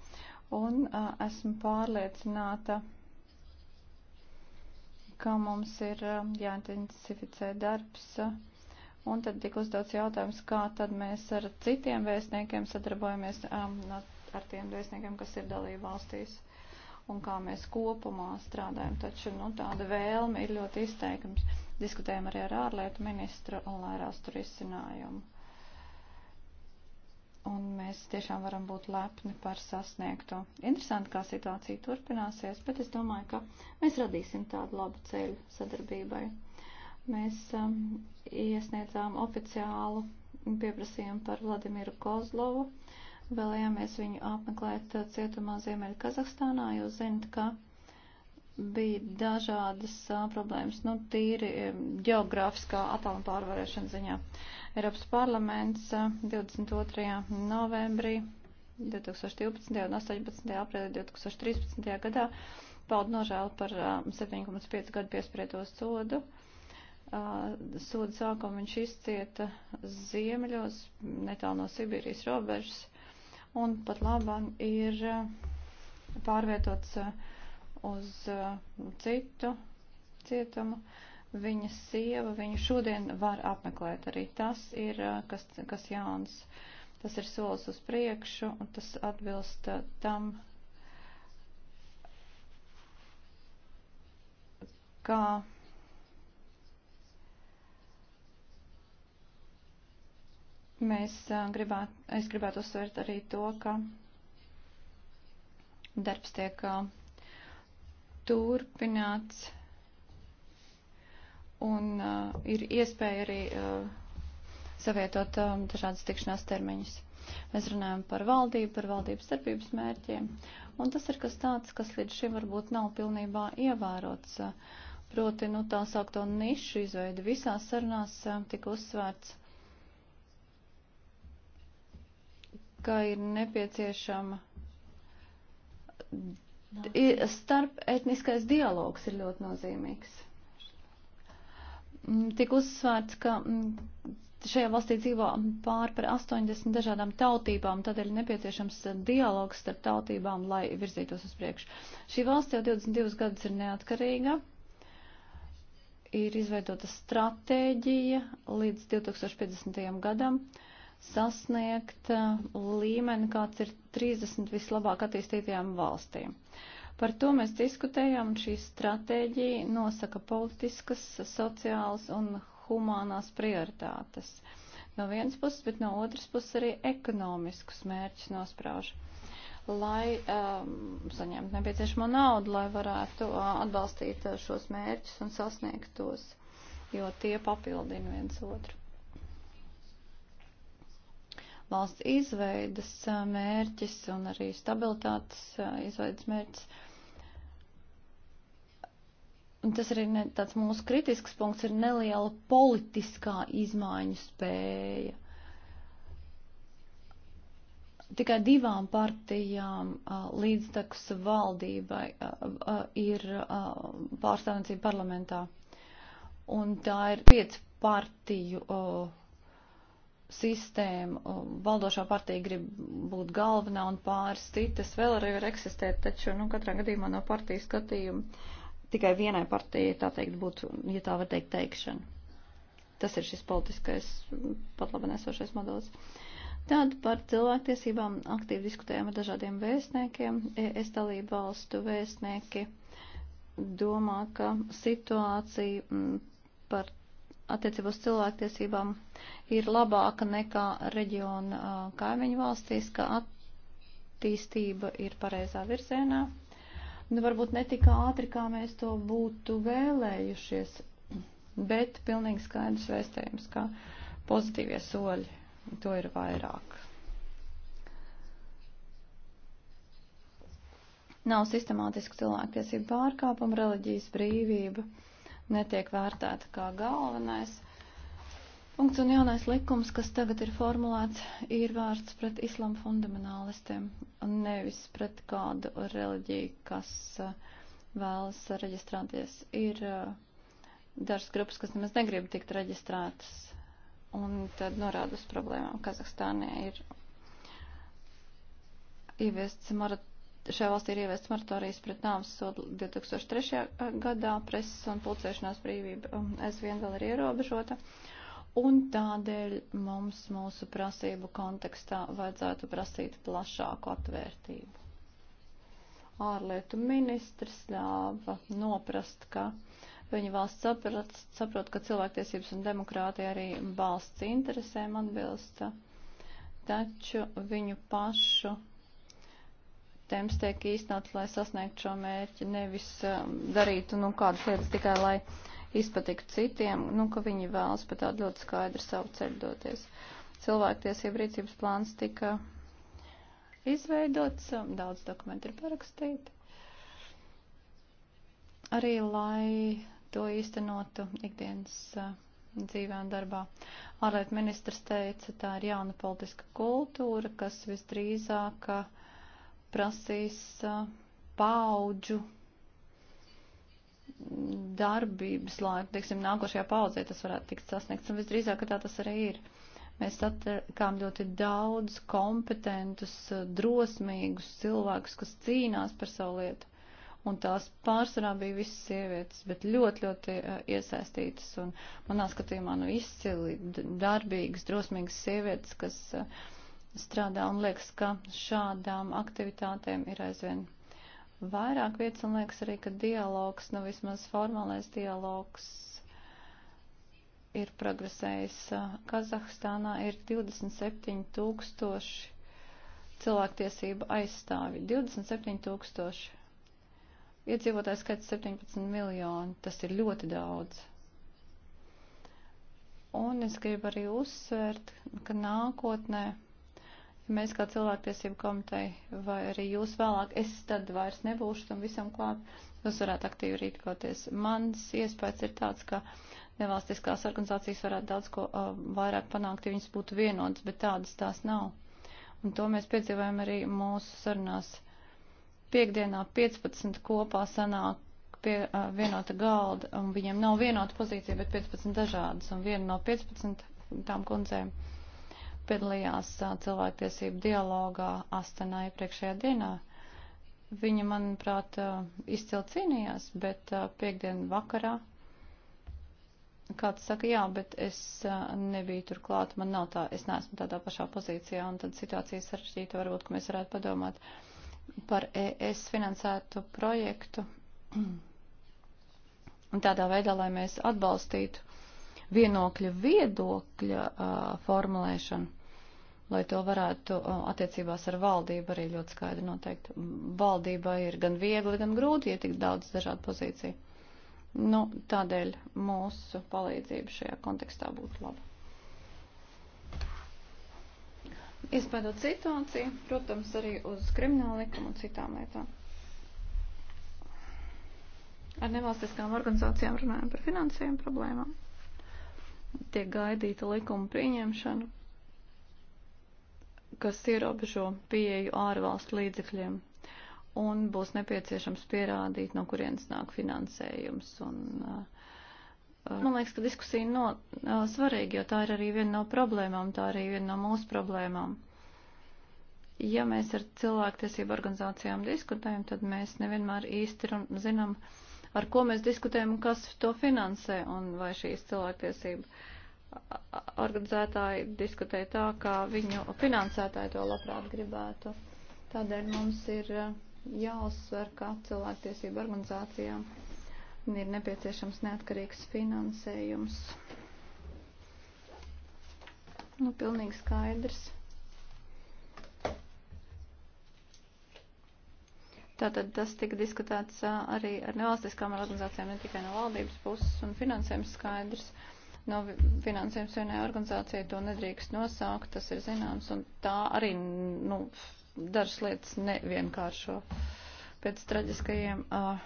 Un uh, esmu pārliecināta. Uh, ka mums ir um, jāintensificē darbs. Uh, un tad tika uzdots jautājums, kā tad mēs ar citiem vēstniekiem sadarbojamies, um, ar tiem vēstniekiem, kas ir dalība valstīs, un kā mēs kopumā strādājam. Taču nu, tāda vēlme ir ļoti izteikums. Diskutējam arī ar ārlietu ministru, lai rastu risinājumu un mēs tiešām varam būt lepni par sasniegto. Interesanti, kā situācija turpināsies, bet es domāju, ka mēs radīsim tādu labu ceļu sadarbībai. Mēs um, iesniedzām oficiālu pieprasījumu par Vladimiru Kozlovu. Vēlējāmies viņu apmeklēt uh, cietumā Ziemeļa Kazahstānā, jo zinat, ka bija dažādas a, problēmas, nu, tīri geogrāfiskā attāluma pārvarēšana ziņā. Eiropas parlaments a, 22. novembrī 2012. un 18. aprīlī 2013. gadā pauda nožēlu par 7,5 gadu piesprieto sodu. Sodu sākumu viņš izcieta ziemeļos, netālu no Sibīrijas robežas, un pat labāk ir pārvietots uh, uz uh, citu cietumu. Viņa sieva viņu šodien var apmeklēt arī. Tas ir uh, kas, kas jauns. Tas ir solis uz priekšu un tas atbilst uh, tam, kā mēs gribētu, es gribētu uzsvērt arī to, ka darbs tiek turpināts un uh, ir iespēja arī uh, savietot um, dažādas tikšanās termiņus. Mēs runājam par valdību, par valdības darbības mērķiem, un tas ir kas tāds, kas līdz šim varbūt nav pilnībā ievērots. Uh, proti, nu, tā saukto nišu izveidi visās sarunās uh, tika uzsvērts, ka ir nepieciešama starp etniskais dialogs ir ļoti nozīmīgs. Mm, Tik uzsvērts, ka mm, šajā valstī dzīvo pār par 80 dažādām tautībām, tad ir nepieciešams dialogs starp tautībām, lai virzītos uz priekšu. Šī valsts jau 22 gadus ir neatkarīga, ir izveidota stratēģija līdz 2050. gadam sasniegt uh, līmeni, kāds ir 30 vislabāk attīstītajām valstīm. Par to mēs diskutējām, un šī stratēģija nosaka politiskas, sociālas un humānās prioritātes. No vienas puses, bet no otras puses arī ekonomiskus mērķus nosprauž lai um, saņemtu nepieciešamo naudu, lai varētu uh, atbalstīt uh, šos mērķus un sasniegt tos, jo tie papildina viens otru valsts izveidas mērķis un arī stabilitātes izveidas mērķis. Un tas arī ne, tāds mūsu kritisks punkts ir neliela politiskā izmaiņu spēja. Tikai divām partijām līdztekus valdībai ir pārstāvniecība parlamentā. Un tā ir piecu partiju uh, sistēmu, valdošā partija grib būt galvenā un pāris citas vēl arī var eksistēt, taču, nu, katrā gadījumā no partijas skatījuma tikai vienai partijai, tā teikt, būtu, ja tā var teikt, teikšana. Tas ir šis politiskais, pat labi nesošais modelis. Tad par cilvēktiesībām aktīvi diskutējām ar dažādiem vēstniekiem. Es dalību valstu vēstnieki domā, ka situācija mm, par attiecībā uz cilvēktiesībām ir labāka nekā reģiona kaimiņu valstīs, ka attīstība ir pareizā virzienā. Nu, varbūt ne tik ātri, kā mēs to būtu vēlējušies, bet pilnīgi skaidrs vēstējums, ka pozitīvie soļi to ir vairāk. Nav sistemātisku cilvēktiesību pārkāpumu, reliģijas brīvība. Uh, netiek vērtēta kā galvenais. Punkts un jaunais likums, kas tagad ir formulēts, ir vērsts pret islamu fundamentālistiem un nevis pret kādu reliģiju, kas uh, vēlas reģistrēties. Ir uh, dažas grupas, kas nemaz negrib tikt reģistrētas, un tad norāda uz problēmām. Kazahstānē ir ieviests moratorijas šajā valstī ir ievests moratorijas pret nāves sodu 2003. gadā, presas un pulcēšanās brīvība um, aizvien vēl ir ierobežota. Un tādēļ mums mūsu prasību kontekstā vajadzētu prasīt plašāku atvērtību. Ārlietu ministrs ļāva noprast, ka viņa valsts saprot, saprot ka cilvēktiesības un demokrātija arī valsts interesēm atbilsta, taču viņu pašu sistēmas tiek īstenotas, lai sasniegtu šo mērķi, nevis um, darītu nu, kādas lietas tikai, lai izpatiktu citiem, nu, ka viņi vēlas pa tādu ļoti skaidru savu ceļu doties. Cilvēktiesība rīcības plāns tika izveidots, um, daudz dokumentu ir parakstīti. Arī, lai to īstenotu ikdienas uh, dzīvē un darbā. Ārlietu ministrs teica, tā ir jauna politiska kultūra, kas visdrīzāk uh, prasīs paudžu darbības laiku, teiksim, nākošajā paudzē tas varētu tikt sasniegts, un visdrīzāk, ka tā tas arī ir. Mēs satikām ļoti daudz kompetentus, drosmīgus cilvēkus, kas cīnās par savu lietu, un tās pārsvarā bija visas sievietes, bet ļoti, ļoti iesaistītas, un manā skatījumā, nu, izcili darbīgas, drosmīgas sievietes, kas uh, strādā un liekas, ka šādām aktivitātēm ir aizvien vairāk vietas un liekas arī, ka dialogs, nu vismaz formālais dialogs ir progresējis. Kazahstānā ir 27 tūkstoši cilvēktiesība aizstāvi. 27 tūkstoši. Iedzīvotājs skaits 17 miljoni. Tas ir ļoti daudz. Un es gribu arī uzsvērt, ka nākotnē mēs kā cilvēktiesību komiteja vai arī jūs vēlāk, es tad vairs nebūšu tam visam klāt, jūs varētu aktīvi rīkoties. Mans iespējas ir tāds, ka nevalstiskās organizācijas varētu daudz ko uh, vairāk panākt, ja viņas būtu vienotas, bet tādas tās nav. Un to mēs piedzīvojam arī mūsu sarunās. Piektdienā 15 kopā sanāk pie uh, vienota galda, un viņiem nav vienota pozīcija, bet 15 dažādas, un viena no 15 tām kundzēm. Uh, piedalījās cilvēktiesību dialogā Astanā iepriekšējā dienā. Viņa, manuprāt, izcil cīnījās, bet piekdien vakarā kāds saka, jā, bet es nebiju tur klāt, man nav tā, es neesmu tādā pašā pozīcijā, un tad situācija sarežģīta, varbūt, ka mēs varētu padomāt par ES finansētu projektu. *clears throat* Un tādā veidā, lai mēs atbalstītu vienokļa viedokļa uh, formulēšanu lai to varētu attiecībās ar valdību arī ļoti skaidri noteikt. Valdībai ir gan viegli, gan grūti ietikt daudz dažādu pozīciju. Nu, tādēļ mūsu palīdzība šajā kontekstā būtu laba. Izpētot situāciju, protams, arī uz kriminālu likumu un citām lietām. Ar nevalstiskām organizācijām runājam par finansējumu problēmām. Tiek gaidīta likuma pieņemšana kas ierobežo pieeju ārvalstu līdzekļiem, un būs nepieciešams pierādīt, no kurienes nāk finansējums. Un, uh, uh, man liekas, ka diskusija no, uh, svarīga, jo tā ir arī viena no problēmām, tā arī viena no mūsu problēmām. Ja mēs ar cilvēktiesību organizācijām diskutējam, tad mēs nevienmēr īsti zinām, ar ko mēs diskutējam un kas to finansē un vai šīs cilvēktiesība organizētāji diskutē tā, kā viņu finansētāji to labprāt gribētu. Tādēļ mums ir eh, jāuzsver, ka cilvēktiesību organizācijām ir nepieciešams neatkarīgs finansējums. Nu, pilnīgi skaidrs. Tātad tas tika diskutēts eh, arī ar nevalstiskām organizācijām, ne tikai no valdības puses, un finansējums skaidrs. Uh, no finansējuma organizācija to nedrīkst nosaukt, tas ir zināms, un tā arī nu, dažas lietas nevienkāršo. Pēc traģiskajiem uh,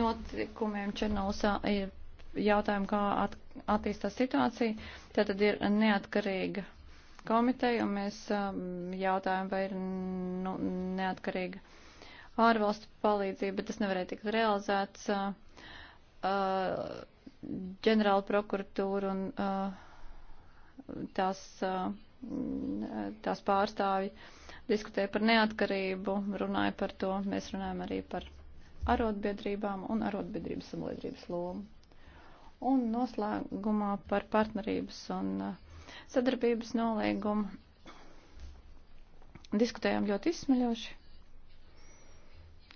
notikumiem Černausā ir jautājumu, kā at, attīstās situācija. Tātad ir neatkarīga komiteja, un mēs um, jautājam, vai ir nu, neatkarīga ārvalstu palīdzība, bet tas nevarēja tikt realizēts. Uh, uh, ģenerāla prokuratūra un uh, tās, uh, tās pārstāvi diskutēja par neatkarību, runāja par to. Mēs runājam arī par arotbiedrībām un arotbiedrības sabiedrības lomu. Un noslēgumā par partnerības un uh, sadarbības nolīgumu diskutējām ļoti izsmeļoši.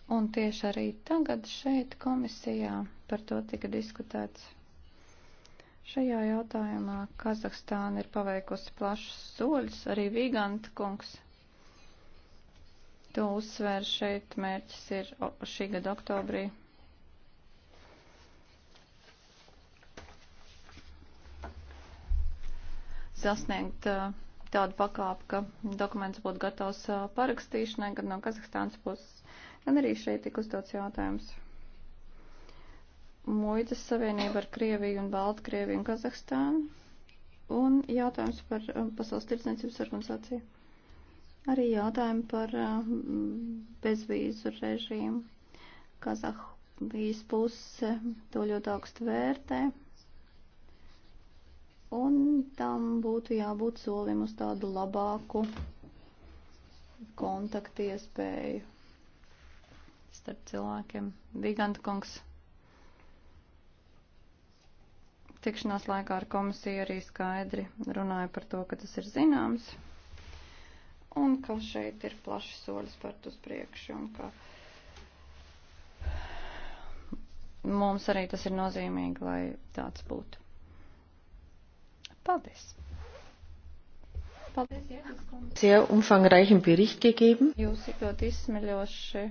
Un tieši arī tagad šeit komisijā par to tika diskutēts. Šajā jautājumā Kazahstāna ir paveikusi plašus soļus, arī Viganta kungs to uzsver šeit, mērķis ir šī gada oktobrī. Sasniegt tādu pakāpu, ka dokuments būtu gatavs parakstīšanai, gan no Kazahstānas puses, Un arī šeit tika uzdots jautājums. Muitas savienība ar Krieviju un Baltkrieviju un Kazahstānu. Un jautājums par um, Pasaules tirdzniecības organizāciju. Arī jautājumi par um, bezvīzu režīmu. Kazahijas puse to ļoti augstu vērtē. Un tam būtu jābūt solim uz tādu labāku kontaktu iespēju starp cilvēkiem. Viganta kungs. Tikšanās laikā ar komisiju arī skaidri runāja par to, ka tas ir zināms un ka šeit ir plaši soļi spērt uz priekšu un ka mums arī tas ir nozīmīgi, lai tāds būtu. Paldies! Paldies, Jēzus kungs! Sehr umfangreichen Bericht gegeben. Jūs ir ļoti izsmeļoši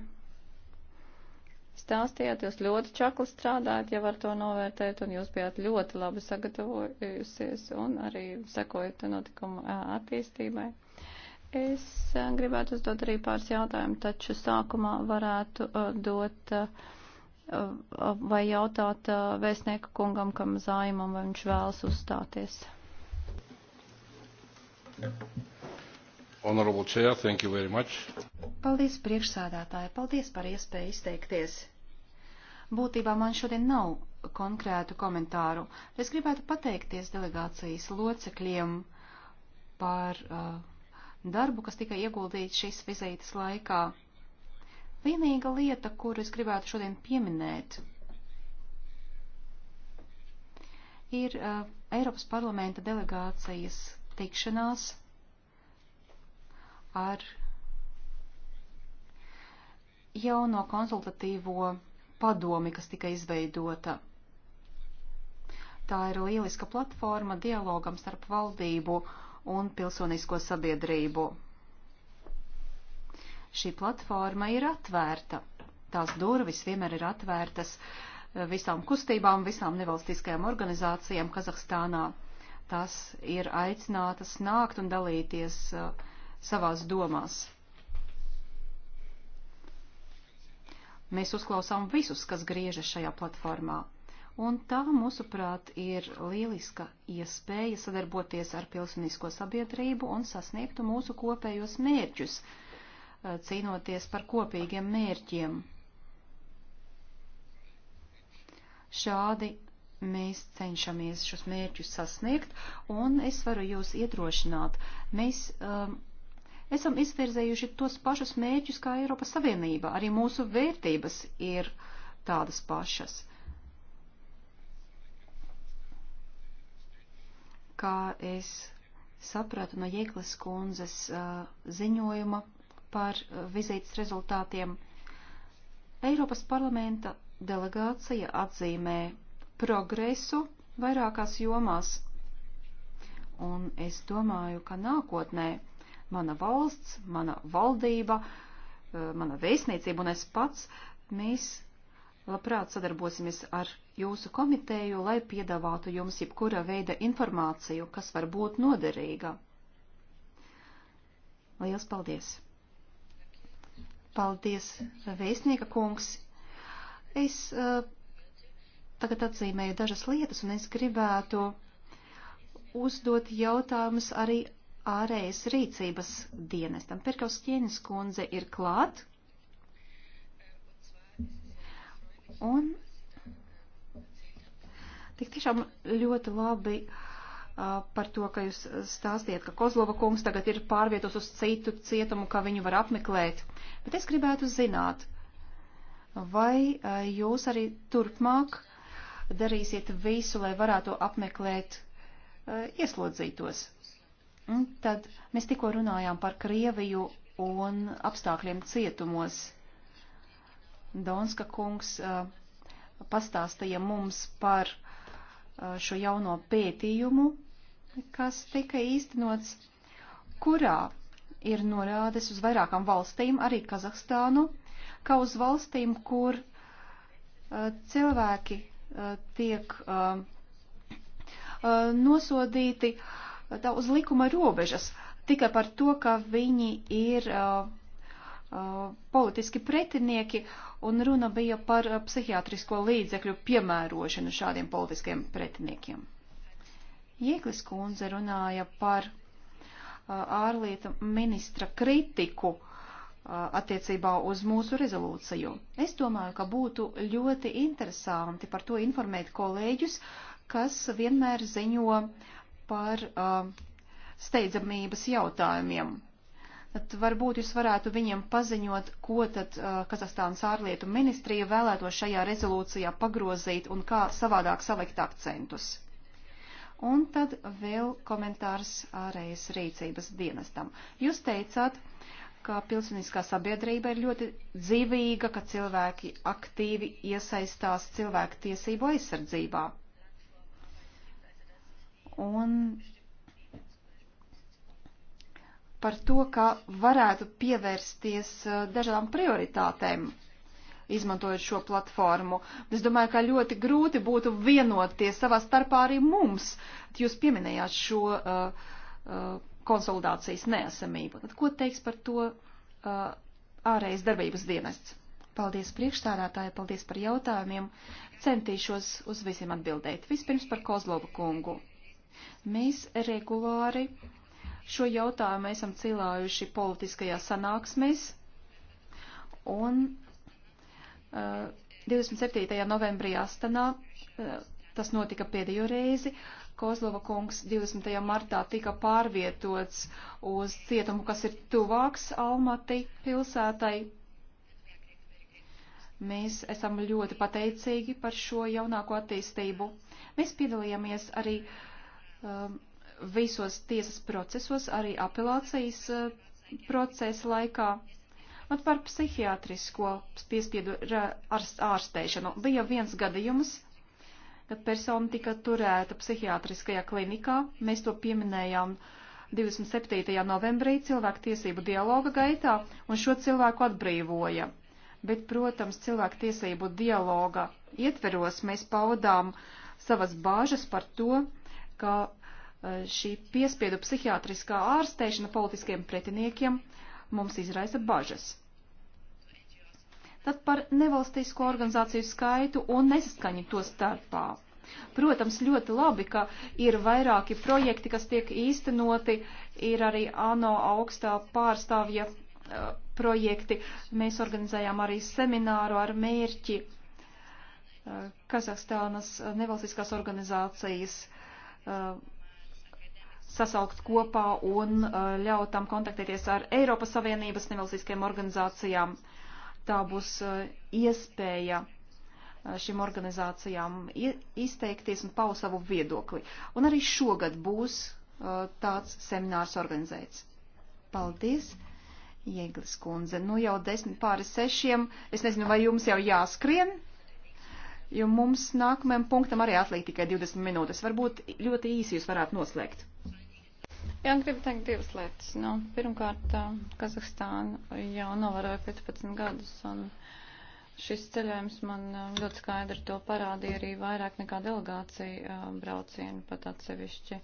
stāstījāt, jūs ļoti čakli strādājat, ja var to novērtēt, un jūs bijāt ļoti labi sagatavojusies un arī sekojat notikumu attīstībai. Es gribētu uzdot arī pāris jautājumu, taču sākumā varētu dot vai jautāt vēstnieku kungam, kam zājumam, vai viņš vēlas uzstāties. Yep. Honorable Chair, thank you very much. Paldies priekšsādātāji, paldies par iespēju izteikties. Būtībā man šodien nav konkrētu komentāru. Es gribētu pateikties delegācijas locekļiem par uh, darbu, kas tika ieguldīts šīs vizītes laikā. Vienīga lieta, kuru es gribētu šodien pieminēt, ir uh, Eiropas parlamenta delegācijas tikšanās ar jauno konsultatīvo padomi, kas tika izveidota. Tā ir lieliska platforma dialogam starp valdību un pilsonisko sabiedrību. Šī platforma ir atvērta. Tās durvis vienmēr ir atvērtas visām kustībām, visām nevalstiskajām organizācijām Kazahstānā. Tas ir aicinātas nākt un dalīties uh, savās domās. Mēs uzklausām visus, kas griežas šajā platformā, un tā, mūsuprāt, ir lieliska iespēja sadarboties ar pilsonisko sabiedrību un sasniegtu mūsu kopējos mērķus, eh, cīnoties par kopīgiem mērķiem. Šādi mēs cenšamies šos mērķus sasniegt, un es varu jūs iedrošināt. Mēs um, esam izvirzējuši tos pašus mērķus kā Eiropas Savienība. Arī mūsu vērtības ir tādas pašas. Kā es sapratu no Jēklas kundzes uh, ziņojuma par uh, vizītes rezultātiem, Eiropas parlamenta delegācija atzīmē progresu vairākās jomās, un es domāju, ka nākotnē mana valsts, mana valdība, eh, mana vēstniecība un es pats, mēs labprāt sadarbosimies ar jūsu komiteju, lai piedāvātu jums jebkura veida informāciju, kas var būt noderīga. Liels paldies! Paldies, vēstnieka kungs! Es uh, tagad atzīmēju dažas lietas, un es gribētu uzdot jautājumus arī ārējas rīcības dienestam. Pirkaus Ķienis kundze ir klāt. Un tik tiešām ļoti labi uh, par to, ka jūs stāstiet, ka Kozlova kungs tagad ir pārvietos uz citu cietumu, ka viņu var apmeklēt. Bet es gribētu zināt, vai uh, jūs arī turpmāk darīsiet visu, lai varētu apmeklēt uh, ieslodzītos? Un tad mēs tikko runājām par Krieviju un apstākļiem cietumos. Donska kungs uh, pastāstīja mums par uh, šo jauno pētījumu, kas tika īstenots, kurā ir norādes uz vairākām valstīm, arī Kazahstānu, kā uz valstīm, kur uh, cilvēki tiek nosodīti uh, tā uz likuma robežas tikai par to, ka viņi ir uh, uh, politiski pretinieki, un runa bija par uh, psihiatrisko līdzekļu piemērošanu šādiem politiskiem pretiniekiem. Jēklis kundze runāja par ārlietu ministra kritiku attiecībā uz mūsu rezolūciju. Es domāju, ka būtu ļoti interesanti par to informēt kolēģus, kas vienmēr ziņo uh, par uh, steidzamības jautājumiem. Tad varbūt jūs varētu viņiem paziņot, ko tad uh, Kazahstānas ārlietu ministrija vēlētos šajā rezolūcijā pagrozīt un kā savādāk salikt akcentus. Un tad vēl komentārs ārējas rīcības dienestam. Jūs teicāt, ka pilsoniskā sabiedrība ir ļoti dzīvīga, ka cilvēki aktīvi iesaistās cilvēku tiesību aizsardzībā un par to, ka varētu pievērsties eh, dažādām prioritātēm, izmantojot šo platformu. Es domāju, ka ļoti grūti būtu vienoties savā starpā arī mums. Jūs pieminējāt šo uh, uh, konsolidācijas neesamību. Tad ko teiks par to uh, ārējas darbības dienests? Paldies priekšstādātāji, paldies par jautājumiem. Centīšos uz visiem atbildēt. Vispirms par Kozlova kungu. Mēs regulāri šo jautājumu esam cilājuši politiskajā sanāksmēs, un uh, eh, 27. novembrī Astanā, uh, tas notika pēdējo reizi, Kozlova kungs 20. martā tika pārvietots uz cietumu, kas ir tuvāks Almati pilsētai. Mēs esam ļoti pateicīgi par šo jaunāko attīstību. Mēs piedalījāmies arī uh, Um, visos tiesas procesos, arī apelācijas uh, procesa laikā. Un par psihiatrisko piespiedu ārstēšanu bija viens gadījums, kad persona tika turēta psihiatriskajā klinikā. Mēs to pieminējām 27. novembrī cilvēku tiesību dialoga gaitā, un šo cilvēku atbrīvoja. Bet, protams, cilvēku tiesību dialoga ietveros mēs paudām savas bāžas par to, ka e, šī piespiedu psihiatriskā ārsteišana politiskiem pretiniekiem mums izraisa bažas. Tad par nevalstīsko organizāciju skaitu un nesaskaņu to starpā. Protams, ļoti labi, ka ir vairāki projekti, kas tiek īstenoti, ir arī ANO augstā pārstāvja uh, projekti. Mēs organizējām arī semināru ar mērķi uh, e, Kazahstānas nevalstiskās organizācijas Uh, sasaukt kopā un uh, ļaut tam kontaktēties ar Eiropas Savienības nevalstiskajām organizācijām. Tā būs uh, iespēja šīm organizācijām izteikties un paust savu viedokli. Un arī šogad būs tāds seminārs organizēts. Paldies, Jēglis kundze. Nu jau desmit pāri sešiem. Es nezinu, vai jums jau jāskrien jo mums nākamajam punktam arī atliek tikai 20 minūtes. Varbūt ļoti īsi jūs varētu noslēgt. Jā, gribu teikt divas lietas. Nu, pirmkārt, Kazahstāna jau novēroja 15 gadus, un šis ceļojums man ļoti skaidri to parādīja arī vairāk nekā delegācija braucieni pat atsevišķi.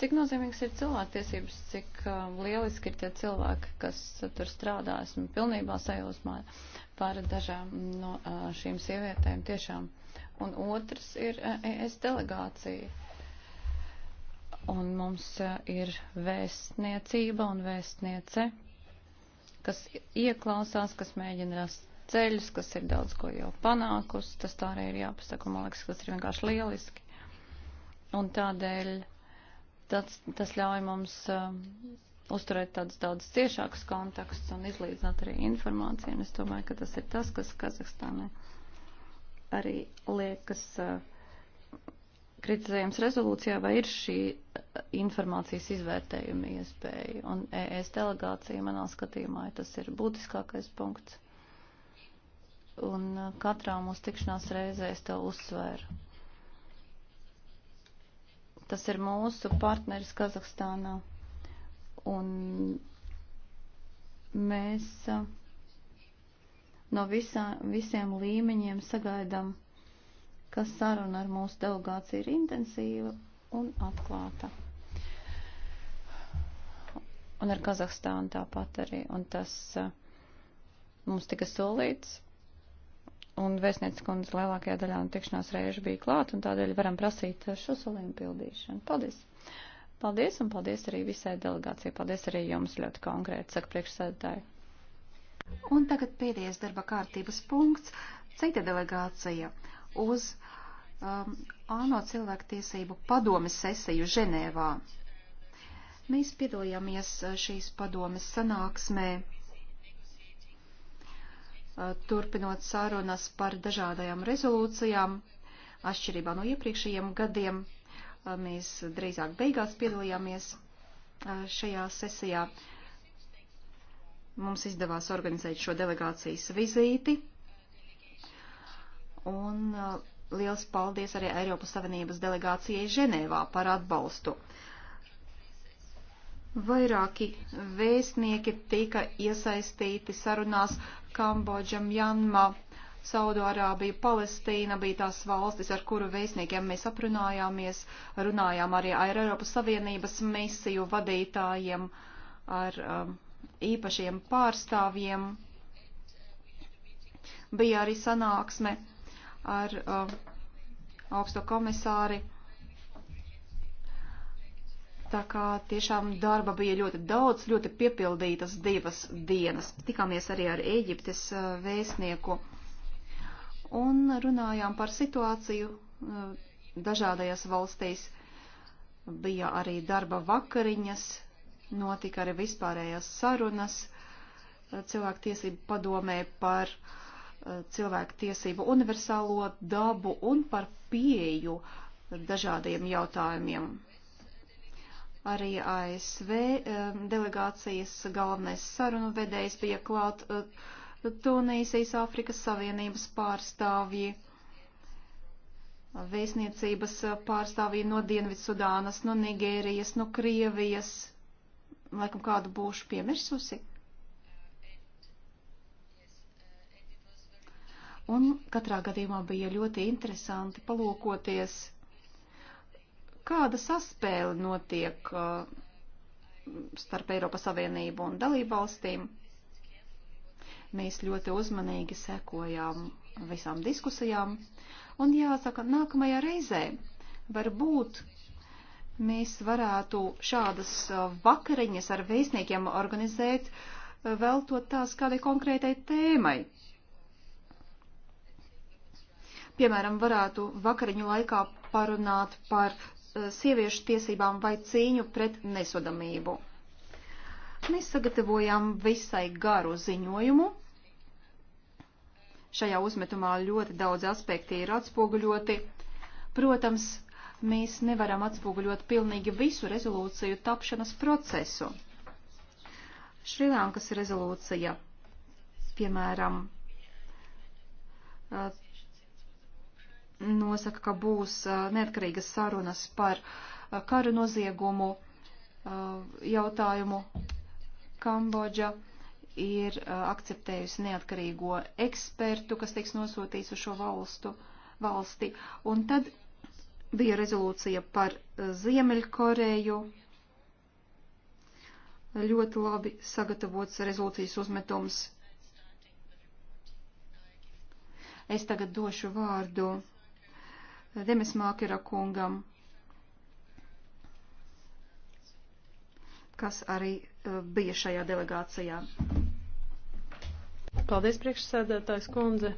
Cik nozīmīgs ir cilvēktiesības, cik lieliski ir tie cilvēki, kas tur strādā, esmu pilnībā sajūsmā par dažām no šīm sievietēm tiešām. Un otrs ir ES delegācija. Un mums ir vēstniecība un vēstniece, kas ieklausās, kas mēģina rast ceļus, kas ir daudz ko jau panākusi. Tas tā arī ir jāpasaka, man liekas, tas ir vienkārši lieliski. Un tādēļ tas, tas ļauj mums uzturēt tādus daudz ciešākus kontaktus un izlīdzināt arī informāciju. Un es domāju, ka tas ir tas, kas Kazahstānai arī liekas kritizējums rezolūcijā, vai ir šī informācijas izvērtējuma iespēja. Un ES delegācija manā skatījumā tas ir būtiskākais punkts. Un katrā mūsu tikšanās reizē es to uzsvēru. Tas ir mūsu partneris Kazahstānā Un mēs uh, no visā, visiem līmeņiem sagaidām, ka saruna ar mūsu delegāciju ir intensīva un atklāta. Un ar Kazahstānu tāpat arī. Un tas uh, mums tika solīts. Un vēstniecības kundze lielākajā daļā no tikšanās reižu bija klāt, un tādēļ varam prasīt uh, šo solījumu pildīšanu. Paldies! Paldies un paldies arī visai delegācijai. Paldies arī jums ļoti konkrēti, saka priekšsēdētāji. Un tagad pēdējais darba kārtības punkts. Cita delegācija uz um, ANO cilvēktiesību padomes sesiju Ženēvā. Mēs piedalījāmies uh, šīs padomes sanāksmē, uh, turpinot sārunas par dažādajām rezolūcijām, atšķirībā no iepriekšējiem gadiem. Mēs drīzāk beigās piedalījāmies šajā sesijā. Mums izdevās organizēt šo delegācijas vizīti. Un liels paldies arī Eiropas Savienības delegācijai Ženēvā par atbalstu. Vairāki vēstnieki tika iesaistīti sarunās Kambodža, Mjanma, Saudārābija, Palestīna bija tās valstis, ar kuru vēstniekiem mēs aprunājāmies, runājām arī ar Eiropas Savienības misiju vadītājiem, ar um, īpašiem pārstāvjiem. Bija arī sanāksme ar um, augsto komisāri. Tā kā tiešām darba bija ļoti daudz, ļoti piepildītas divas dienas. Tikāmies arī ar Ēģiptes uh, vēstnieku un runājām par situāciju eh, dažādajās valstīs. Bija arī darba vakariņas, notika arī vispārējās sarunas eh, cilvēktiesību padomē par eh, cilvēktiesību universālo dabu un par pieeju dažādiem jautājumiem. Arī ASV delegācijas galvenais sarunu vedējs bija klāt uh, Tunīsijas Afrikas Savienības pārstāvji, vēstniecības pārstāvji no Dienvidsudānas, no Nigērijas, no Krievijas. Laikam kādu būšu piemirsusi. Un katrā gadījumā bija ļoti interesanti palūkoties, kāda saspēle notiek uh, starp Eiropas Savienību un dalībvalstīm. Mēs ļoti uzmanīgi sekojām visām diskusijām. Un jāsaka, nākamajā reizē varbūt mēs varētu šādas uh, vakariņas ar vēstniekiem organizēt, uh, veltot tās kādai konkrētai tēmai. Piemēram, varētu vakariņu laikā parunāt par uh, sieviešu tiesībām vai cīņu pret nesodamību. Mēs sagatavojām visai garu ziņojumu, Šajā uzmetumā ļoti daudz aspekti ir atspoguļoti. Protams, mēs nevaram atspoguļot pilnīgi visu rezolūciju tapšanas procesu. Šrilankas rezolūcija, piemēram, uh, nosaka, ka būs uh, neatkarīgas sarunas par uh, karu noziegumu jautājumu Kambodža ir uh, akceptējusi neatkarīgo ekspertu, kas tiks nosūtīts uz šo valstu, valsti. Un tad bija rezolūcija par uh, Ziemeļkoreju. Ļoti labi sagatavots rezolūcijas uzmetums. Es tagad došu vārdu uh, Demes Mākera kungam, kas arī bija šajā delegācijā. Paldies, priekšsēdētājs kundze.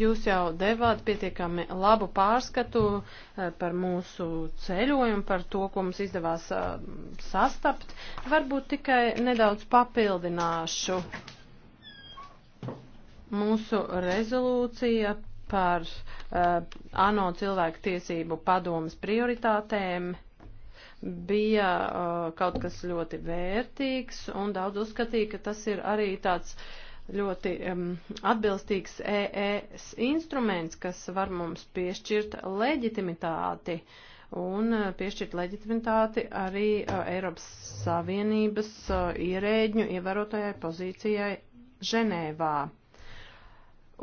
Jūs jau devāt pietiekami labu pārskatu eh, par mūsu ceļojumu, par to, ko mums izdevās eh, sastapt. Varbūt tikai nedaudz papildināšu mūsu rezolūcija par uh, ANO cilvēku tiesību padomas prioritātēm uh, bija uh, kaut kas ļoti vērtīgs, un daudz uzskatīja, ka tas ir arī tāds ļoti um, atbilstīgs EES instruments, kas var mums piešķirt leģitimitāti un uh, piešķirt leģitimitāti arī uh, Eiropas Savienības uh, ierēģņu ievērotajai pozīcijai Ženēvā.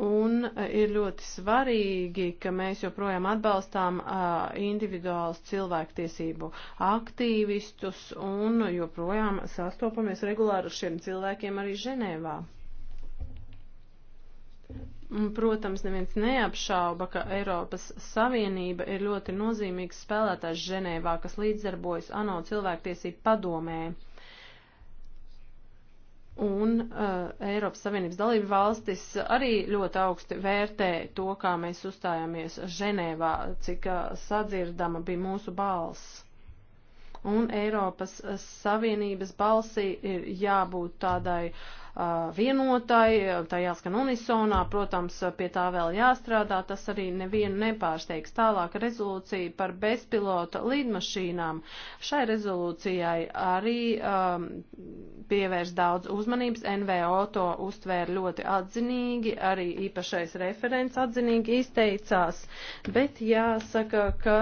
Un e, ir ļoti svarīgi, ka mēs joprojām atbalstām uh, individuālus cilvēktiesību aktīvistus un joprojām sastopamies regulāri ar šiem cilvēkiem arī Ženēvā. Un, protams, neviens neapšauba, ka Eiropas Savienība ir ļoti nozīmīgs spēlētājs Ženēvā, kas līdzdarbojas ANO cilvēktiesību padomē. Un uh, Eiropas Savienības dalība valstis arī ļoti augsti vērtē to, kā mēs uzstājāmies Ženēvā, cik uh, sadzirdama bija mūsu balss un Eiropas eh, Savienības balsī ir jābūt tādai uh, vienotai, eh, tā jāskan unisonā, protams, pie tā vēl jāstrādā, tas arī nevienu nepārsteigs. Tālāk rezolūcija par bezpilota lidmašīnām. Šai rezolūcijai arī um, pievērs daudz uzmanības, NVO to uztvēra ļoti atzinīgi, arī īpašais referents atzinīgi izteicās, bet jāsaka, ka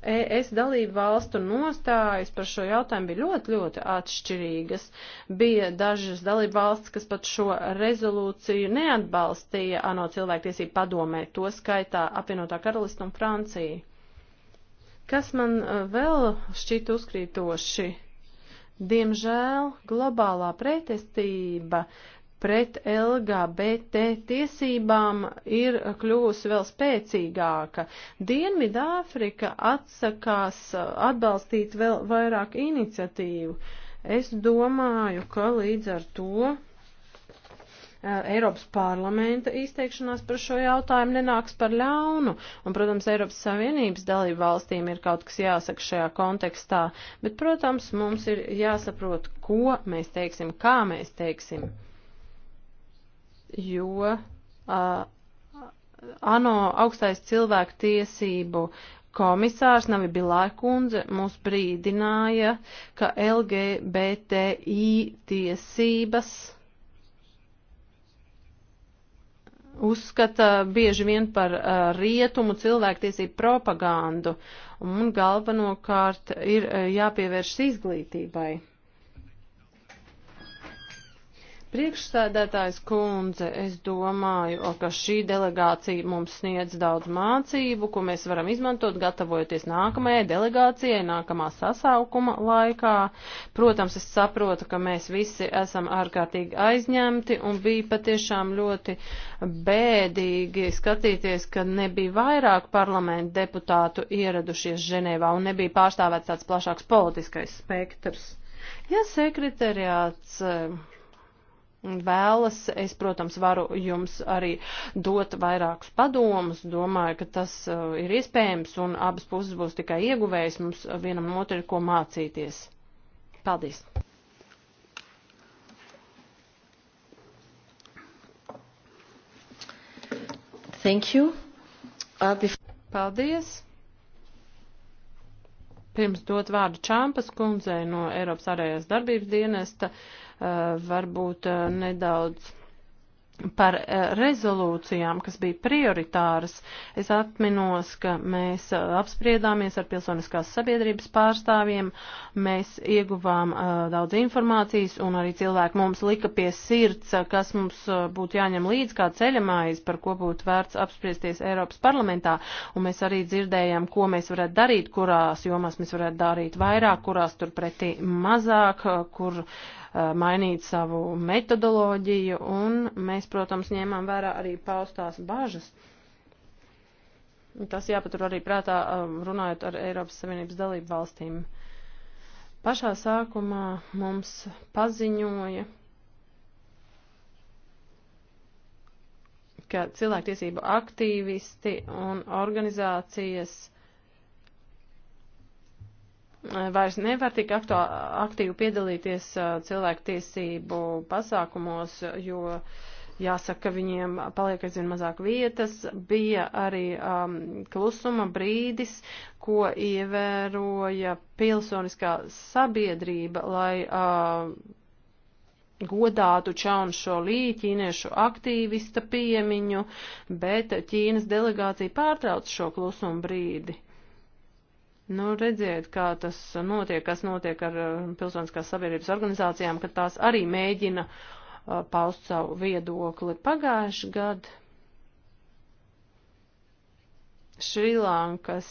ES dalību valstu nostājas par šo jautājumu bija ļoti, ļoti atšķirīgas. Bija dažas dalību valsts, kas pat šo rezolūciju neatbalstīja ANO cilvēktiesību padomē, to skaitā apvienotā karalista un Francija. Kas man e, vēl šķita uzkrītoši? Diemžēl globālā pretestība pret LGBT tiesībām ir kļuvusi vēl spēcīgāka. Dienvidāfrika atsakās uh, atbalstīt vēl vairāk iniciatīvu. Es domāju, ka līdz ar to uh, Eiropas parlamenta izteikšanās par šo jautājumu nenāks par ļaunu, un, protams, Eiropas Savienības dalību valstīm ir kaut kas jāsaka šajā kontekstā, bet, protams, mums ir jāsaprot, ko mēs teiksim, kā mēs teiksim jo uh, ANO augstais cilvēku tiesību komisārs Navibilā kundze mūs brīdināja, ka LGBTI tiesības uzskata bieži vien par uh, rietumu cilvēktiesību propagandu un galvenokārt ir uh, jāpievērš izglītībai. Priekšsēdētājs kundze, es domāju, ka šī delegācija mums sniedz daudz mācību, ko mēs varam izmantot, gatavojoties nākamajai delegācijai, nākamā sasaukuma laikā. Protams, es saprotu, ka mēs visi esam ārkārtīgi aizņemti un bija patiešām ļoti bēdīgi skatīties, ka nebija vairāk parlamentu deputātu ieradušies Ženēvā un nebija pārstāvēts tāds plašāks politiskais spektrs. Ja sekretariāts eh, vēlas, es, protams, varu jums arī dot vairākus padomus. Domāju, ka tas uh, ir iespējams un abas puses būs tikai ieguvējis. Mums vienam otru ir ko mācīties. Paldies! Thank you. Uh, before... Paldies! Pirms dot vārdu Čāmpas kundzei no Eiropas ārējās darbības dienesta. Uh, Eh, varbūt eh, nedaudz par eh, rezolūcijām, kas bija prioritāras. Es atminos, ka mēs apspriedāmies ar pilsoniskās sabiedrības pārstāvjiem, mēs ieguvām daudz informācijas un arī cilvēki mums lika pie sirds, kas mums būtu jāņem līdz kā ceļamājas, par ko būtu vērts apspriesties Eiropas parlamentā, un mēs arī dzirdējām, ko mēs varētu darīt, kurās jomās mēs varētu darīt vairāk, kurās turpretī mazāk, kur mainīt savu metodoloģiju, un mēs, protams, ņēmām vērā arī paustās bažas. Tas jāpatur arī prātā, runājot ar Eiropas Savienības dalību valstīm. Pašā sākumā mums paziņoja, ka cilvēktiesību aktīvisti un organizācijas uh, Eh, vairs nevar tik aktu, aktīvi piedalīties eh, cilvēku tiesību pasākumos, jo jāsaka, ka viņiem paliek aizvien mazāk vietas. Bija arī um, klusuma brīdis, ko ievēroja pilsoniskā sabiedrība, lai. Uh, godātu Čaunu Šolī, ķīniešu aktīvista piemiņu, bet Ķīnas delegācija pārtrauc šo klusumu brīdi. Nu, redziet, kā tas notiek, kas notiek ar eh, pilsoniskās sabiedrības organizācijām, ka tās arī mēģina uh, paust savu viedokli. Pagājuši gadu Šrilankas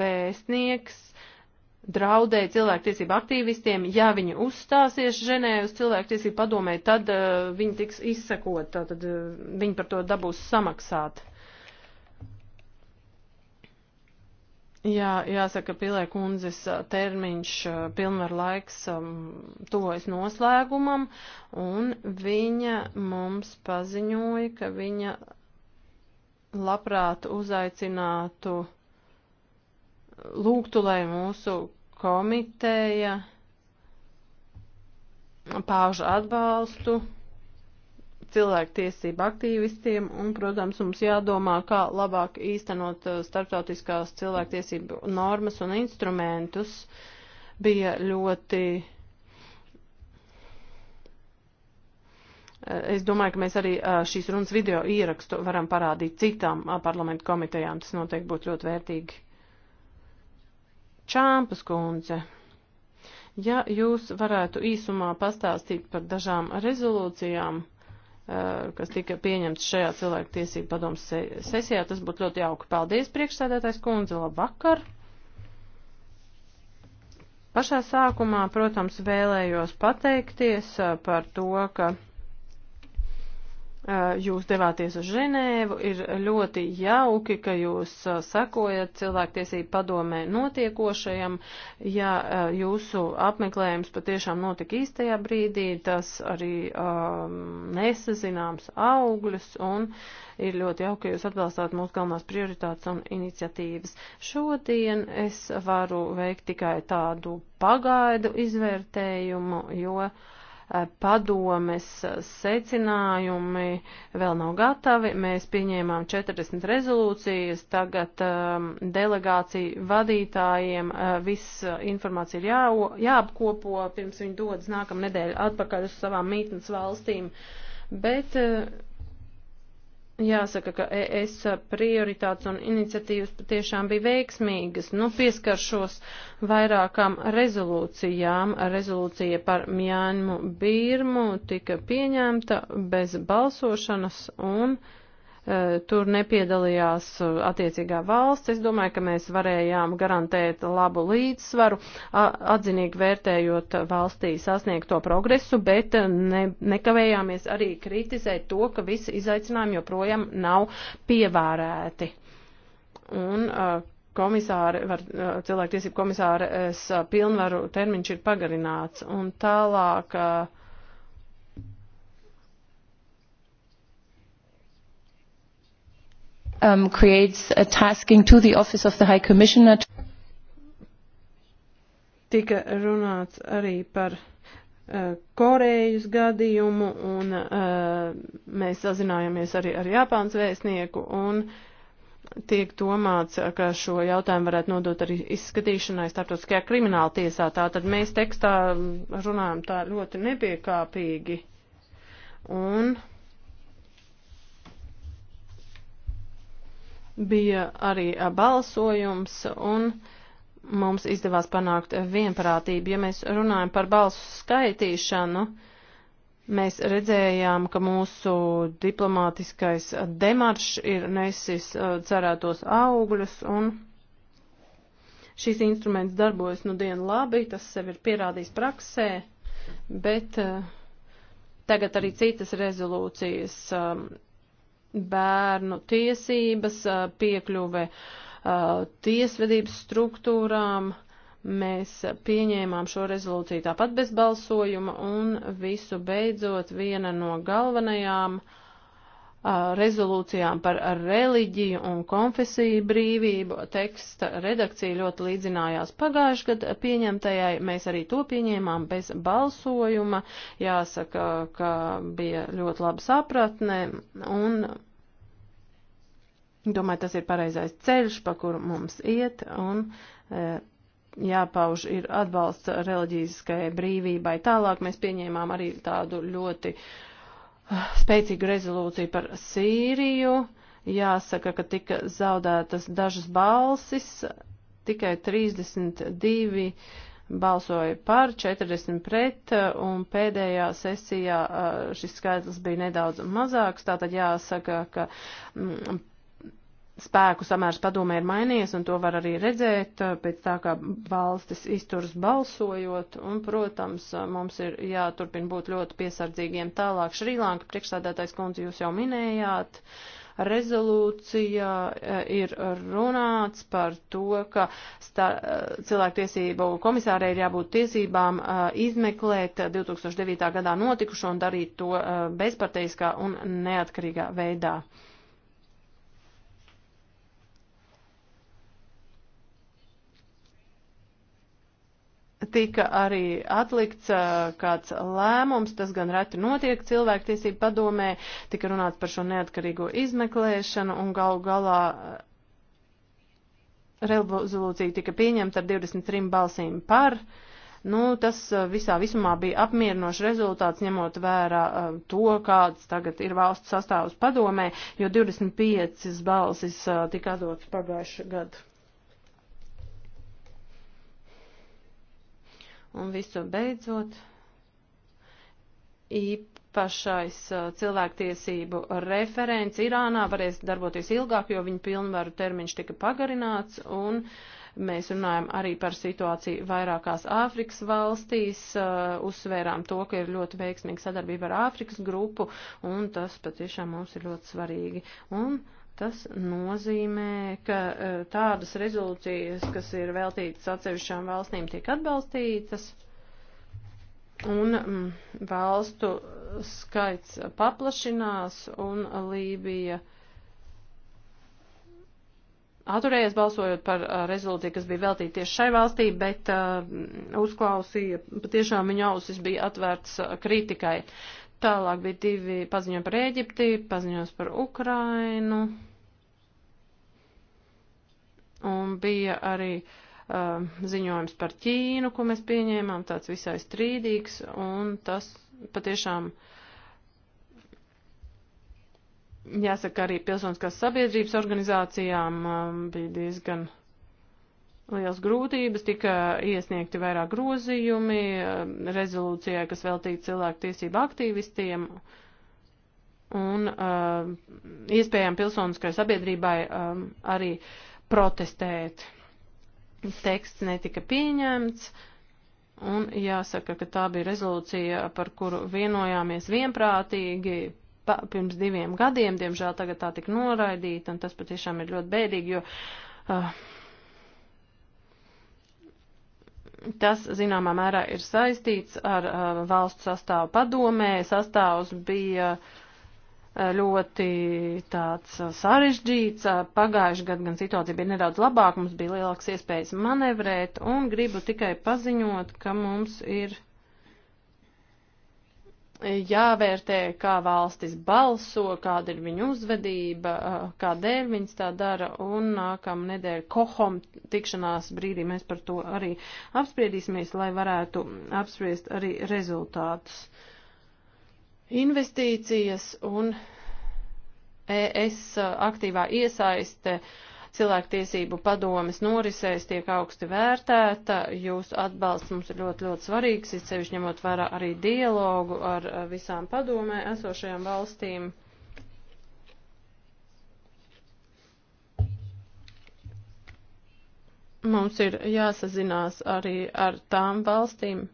vēstnieks draudēja cilvēktiesību aktīvistiem, ja viņi uzstāsies Ženēvas cilvēktiesību padomē, tad uh, viņi tiks izsekot, tad uh, viņi par to dabūs samaksāt. Jā, jāsaka, Pilē kundzes termiņš, pilnvar laiks um, tuvojas noslēgumam, un viņa mums paziņoja, ka viņa labprāt uzaicinātu, lūgtu, lai mūsu komiteja pauž atbalstu cilvēktiesību aktīvistiem un, protams, mums jādomā, kā labāk īstenot uh, starptautiskās cilvēktiesību normas un instrumentus. Bija ļoti uh, Es domāju, ka mēs arī uh, šīs runas video ierakstu varam parādīt citām parlamentu komitejām. Tas noteikti būtu ļoti vērtīgi. Čāmpas kundze, ja jūs varētu īsumā pastāstīt par dažām rezolūcijām, Eh, kas tika pieņemts šajā cilvēku tiesību padomus sesijā. Tas būtu ļoti jauki. Paldies, priekšsēdētājs kundze, labvakar! Pašā sākumā, protams, vēlējos pateikties eh, par to, ka Eh, jūs devāties uz Ženēvu, ir ļoti jauki, ka jūs eh, sakojat cilvēktiesību padomē notiekošajam. Ja eh, jūsu apmeklējums patiešām notika īstajā brīdī, tas arī um, nesazināms augļus un ir ļoti jauki, ka jūs atbalstāt mūsu galvenās prioritātes un iniciatīvas. Šodien es varu veikt tikai tādu pagaidu izvērtējumu, jo uh, Eh, padomes eh, secinājumi vēl nav gatavi. Mēs pieņēmām 40 rezolūcijas, tagad um, delegāciju vadītājiem uh, viss informācija ir jā, jāapkopo, pirms viņi dodas nākamnedēļ atpakaļ uz savām mītnes valstīm. Bet uh, Jāsaka, ka ES prioritātes un iniciatīvas patiešām bija veiksmīgas. Nu, pieskaršos vairākām rezolūcijām. Rezolūcija par Mjāņmu Birmu tika pieņemta bez balsošanas un. Uh, Eh, tur nepiedalījās eh, attiecīgā valsts. Es domāju, ka mēs varējām garantēt labu līdzsvaru, atzinīgi vērtējot valstī sasniegto progresu, bet eh, ne, nekavējāmies arī kritizēt to, ka visi izaicinājumi joprojām nav pievērēti. Un, Komisāri, var, cilvēktiesību komisāres pilnvaru termiņš ir pagarināts, un tālāk uh, um, creates a tasking to the Office of the High Commissioner. Tika runāts arī par uh, Korejas gadījumu, un uh, mēs sazinājāmies arī ar Japāns vēstnieku, un tiek domāts, uh, ka šo jautājumu varētu nodot arī izskatīšanai starptautiskajā krimināla tiesā. Tātad mēs tekstā runājam tā ļoti nepiekāpīgi. Un bija arī balsojums un mums izdevās panākt vienprātību. Ja mēs runājam par balsu skaitīšanu, mēs redzējām, ka mūsu diplomātiskais demaršs ir nesis cerētos augļus un šīs instruments darbojas nu dienu labi, tas sev ir pierādījis praksē, bet tagad arī citas rezolūcijas bērnu tiesības, piekļuve tiesvedības struktūrām. Mēs pieņēmām šo rezolūciju tāpat bez balsojuma un visu beidzot viena no galvenajām uh, rezolūcijām par reliģiju un konfesiju brīvību. Teksta redakcija ļoti līdzinājās pagājušajā gadā pieņemtajai. Mēs arī to pieņēmām bez balsojuma. Jāsaka, ka bija ļoti laba sapratne un domāju, tas ir pareizais ceļš, pa kuru mums iet un e, jāpauž ir atbalsts reliģiskajai brīvībai. Tālāk mēs pieņēmām arī tādu ļoti uh, spēcīgu rezolūciju par Sīriju. Jāsaka, ka tika zaudētas dažas balsis, tikai 32 balsoja par, 40 pret, un pēdējā sesijā šis skaitlis bija nedaudz mazāks. Tātad jāsaka, ka spēku samērs padomē ir mainījies, un to var arī redzēt eh, pēc tā, kā valstis izturs balsojot, un, protams, eh, mums ir jāturpina būt ļoti piesardzīgiem tālāk. Šrilanka priekšsādātais kundze jūs jau minējāt. Rezolūcija eh, ir runāts par to, ka cilvēktiesību komisārei ir jābūt tiesībām izmeklēt 2009. gadā notikušo un darīt to bezparteiskā un neatkarīgā veidā. tika arī atlikts kāds lēmums, tas gan reti notiek cilvēktiesību padomē, tika runāts par šo neatkarīgo izmeklēšanu un galu galā rezolūcija tika pieņemta ar 23 balsīm par. Nu, tas visā visumā bija apmierinošs rezultāts, ņemot vērā to, kāds tagad ir valsts sastāvs padomē, jo 25 balsis tika dots pagājuši gadu. Un visu beidzot, īpašais uh, cilvēktiesību referents Irānā varēs darboties ilgāk, jo viņa pilnvaru termiņš tika pagarināts, un mēs runājam arī par situāciju vairākās Āfrikas valstīs, uh, uzsvērām to, ka ir ļoti veiksmīga sadarbība ar Āfrikas grupu, un tas patiešām mums ir ļoti svarīgi. Un Tas nozīmē, ka eh, tādas rezolūcijas, kas ir veltītas atsevišķām valstīm, tiek atbalstītas, un mm, valstu skaits paplašinās, un Lībija atturējās balsojot par eh, rezolūciju, kas bija veltīta tieši šai valstī, bet uh, uzklausīja, patiešām viņa ausis bija atvērts kritikai. Tālāk bija divi paziņojumi par Ēģipti, paziņojums par Ukrainu. Un bija arī uh, ziņojums par Ķīnu, ko mēs pieņēmām, tāds visai strīdīgs, un tas patiešām uh, jāsaka, arī pilsoniskās sabiedrības organizācijām um, bija diezgan liels grūtības, tika iesniegti vairāk grozījumi eh, rezolūcijai, kas veltīta cilvēku tiesību aktīvistiem un uh, iespējām pilsoniskai sabiedrībai um, arī protestēt. Teksts netika pieņemts. Un jāsaka, ka tā bija rezolūcija, par kuru vienojāmies vienprātīgi, pa, pirms diviem gadiem, diemžēl tagad tā tika noraidīta, un tas patiešām ir ļoti bēdīgi, jo uh, Tas, zināmā mērā, ir saistīts ar uh, valsts sastāvu padomē. Sastāvs bija uh, ļoti tāds uh, sarežģīts. Uh, pagājuši gadu gan situācija bija nedaudz labāka, mums bija lielāks iespējas manevrēt, un gribu tikai paziņot, ka mums ir jāvērtē, kā valstis balso, kāda ir viņu uzvedība, eh, kādēļ viņas tā dara, un nākamā nedēļa kohom tikšanās brīdī mēs par to arī apspriedīsimies, lai varētu apspriest arī rezultātus. Investīcijas un ES aktīvā iesaiste uh, cilvēktiesību padomes norisēs tiek augsti vērtēta. Jūsu atbalsts mums ir ļoti, ļoti svarīgs, izcevišķi ņemot vērā arī dialogu ar eh, visām padomē esošajām valstīm. Mums ir jāsazinās arī ar tām valstīm,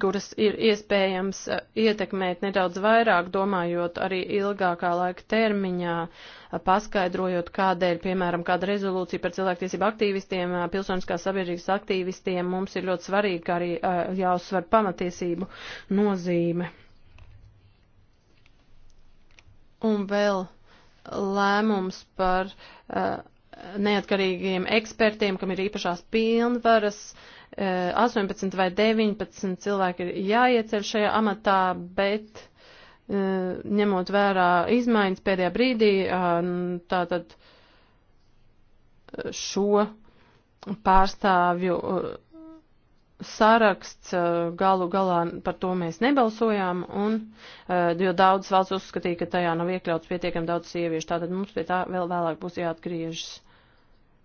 kuras ir iespējams eh, ietekmēt nedaudz vairāk, domājot arī ilgākā laika termiņā, eh, paskaidrojot, kādēļ, piemēram, kāda rezolūcija par cilvēktiesību aktīvistiem, eh, pilsoniskās sabiedrības aktīvistiem mums ir ļoti svarīga arī jāuzsver pamatiesību nozīme. Un vēl lēmums par uh, neatkarīgiem ekspertiem, kam ir īpašās pilnvaras, uh, 18 vai 19 cilvēki ir jāieceļ šajā amatā, bet e, ņemot vērā izmaiņas pēdējā brīdī, e, tātad šo pārstāvju e, saraksts galu galā par to mēs nebalsojām, un, jo daudz valsts uzskatīja, ka tajā nav iekļauts pietiekami daudz sieviešu, tātad mums pie tā vēl vēlāk būs jāatgriežas.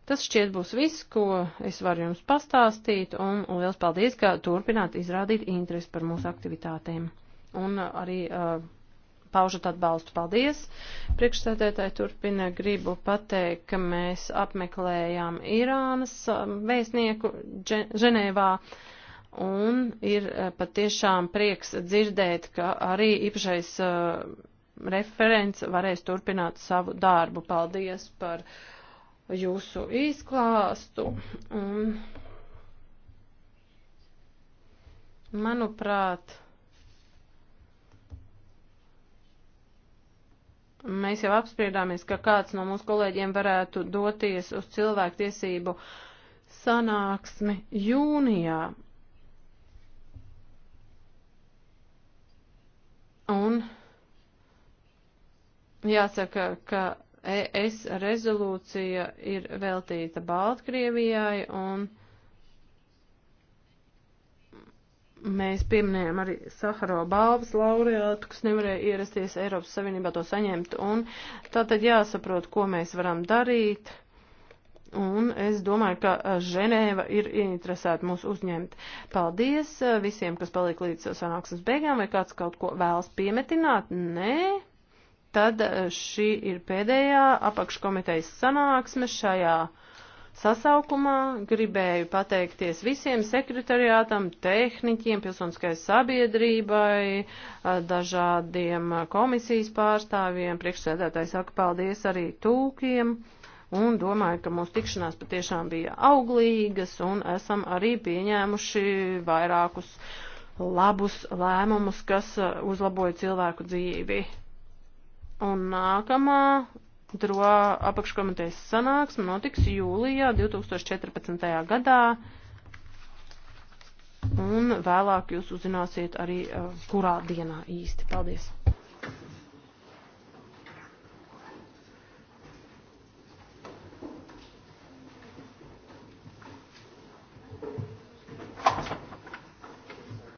Tas šķiet būs viss, ko es varu jums pastāstīt, un, un liels paldies, ka turpināt izrādīt interesi par mūsu aktivitātēm. Un uh, arī uh, paužat atbalstu. Paldies! Priekšsēdētāji turpina gribu pateikt, ka mēs apmeklējām Irānas um, vēstnieku Ženēvā. Un ir uh, patiešām prieks dzirdēt, ka arī īpašais uh, referents varēs turpināt savu darbu. Paldies par uh, jūsu izklāstu. Un, manuprāt, mēs jau apspriedāmies, ka kāds no mūsu kolēģiem varētu doties uz cilvēktiesību sanāksmi jūnijā. Un jāsaka, ka ES rezolūcija ir veltīta Baltkrievijai un mēs pieminējām arī Saharo balvas laureātu, kas nevarēja ierasties Eiropas Savienībā to saņemt. Un tā tad jāsaprot, ko mēs varam darīt. Un es domāju, ka Ženēva ir ieinteresēta mūs uzņemt. Paldies visiem, kas palika līdz sanāksmes beigām, vai kāds kaut ko vēlas piemetināt? Nē. Tad e, šī ir pēdējā apakškomitejas sanāksme šajā sasaukumā. Gribēju pateikties visiem sekretariātam, tehniķiem, pilsoniskai sabiedrībai, e, dažādiem komisijas pārstāvjiem. Priekšsēdētāji saka paldies arī tūkiem un domāju, ka mūsu tikšanās patiešām bija auglīgas un esam arī pieņēmuši vairākus labus lēmumus, kas e, uzlaboja cilvēku dzīvi. Un nākamā droā apakškomitejas sanāksme notiks jūlijā 2014. gadā. Un vēlāk jūs uzzināsiet arī, eh, kurā dienā īsti. Paldies!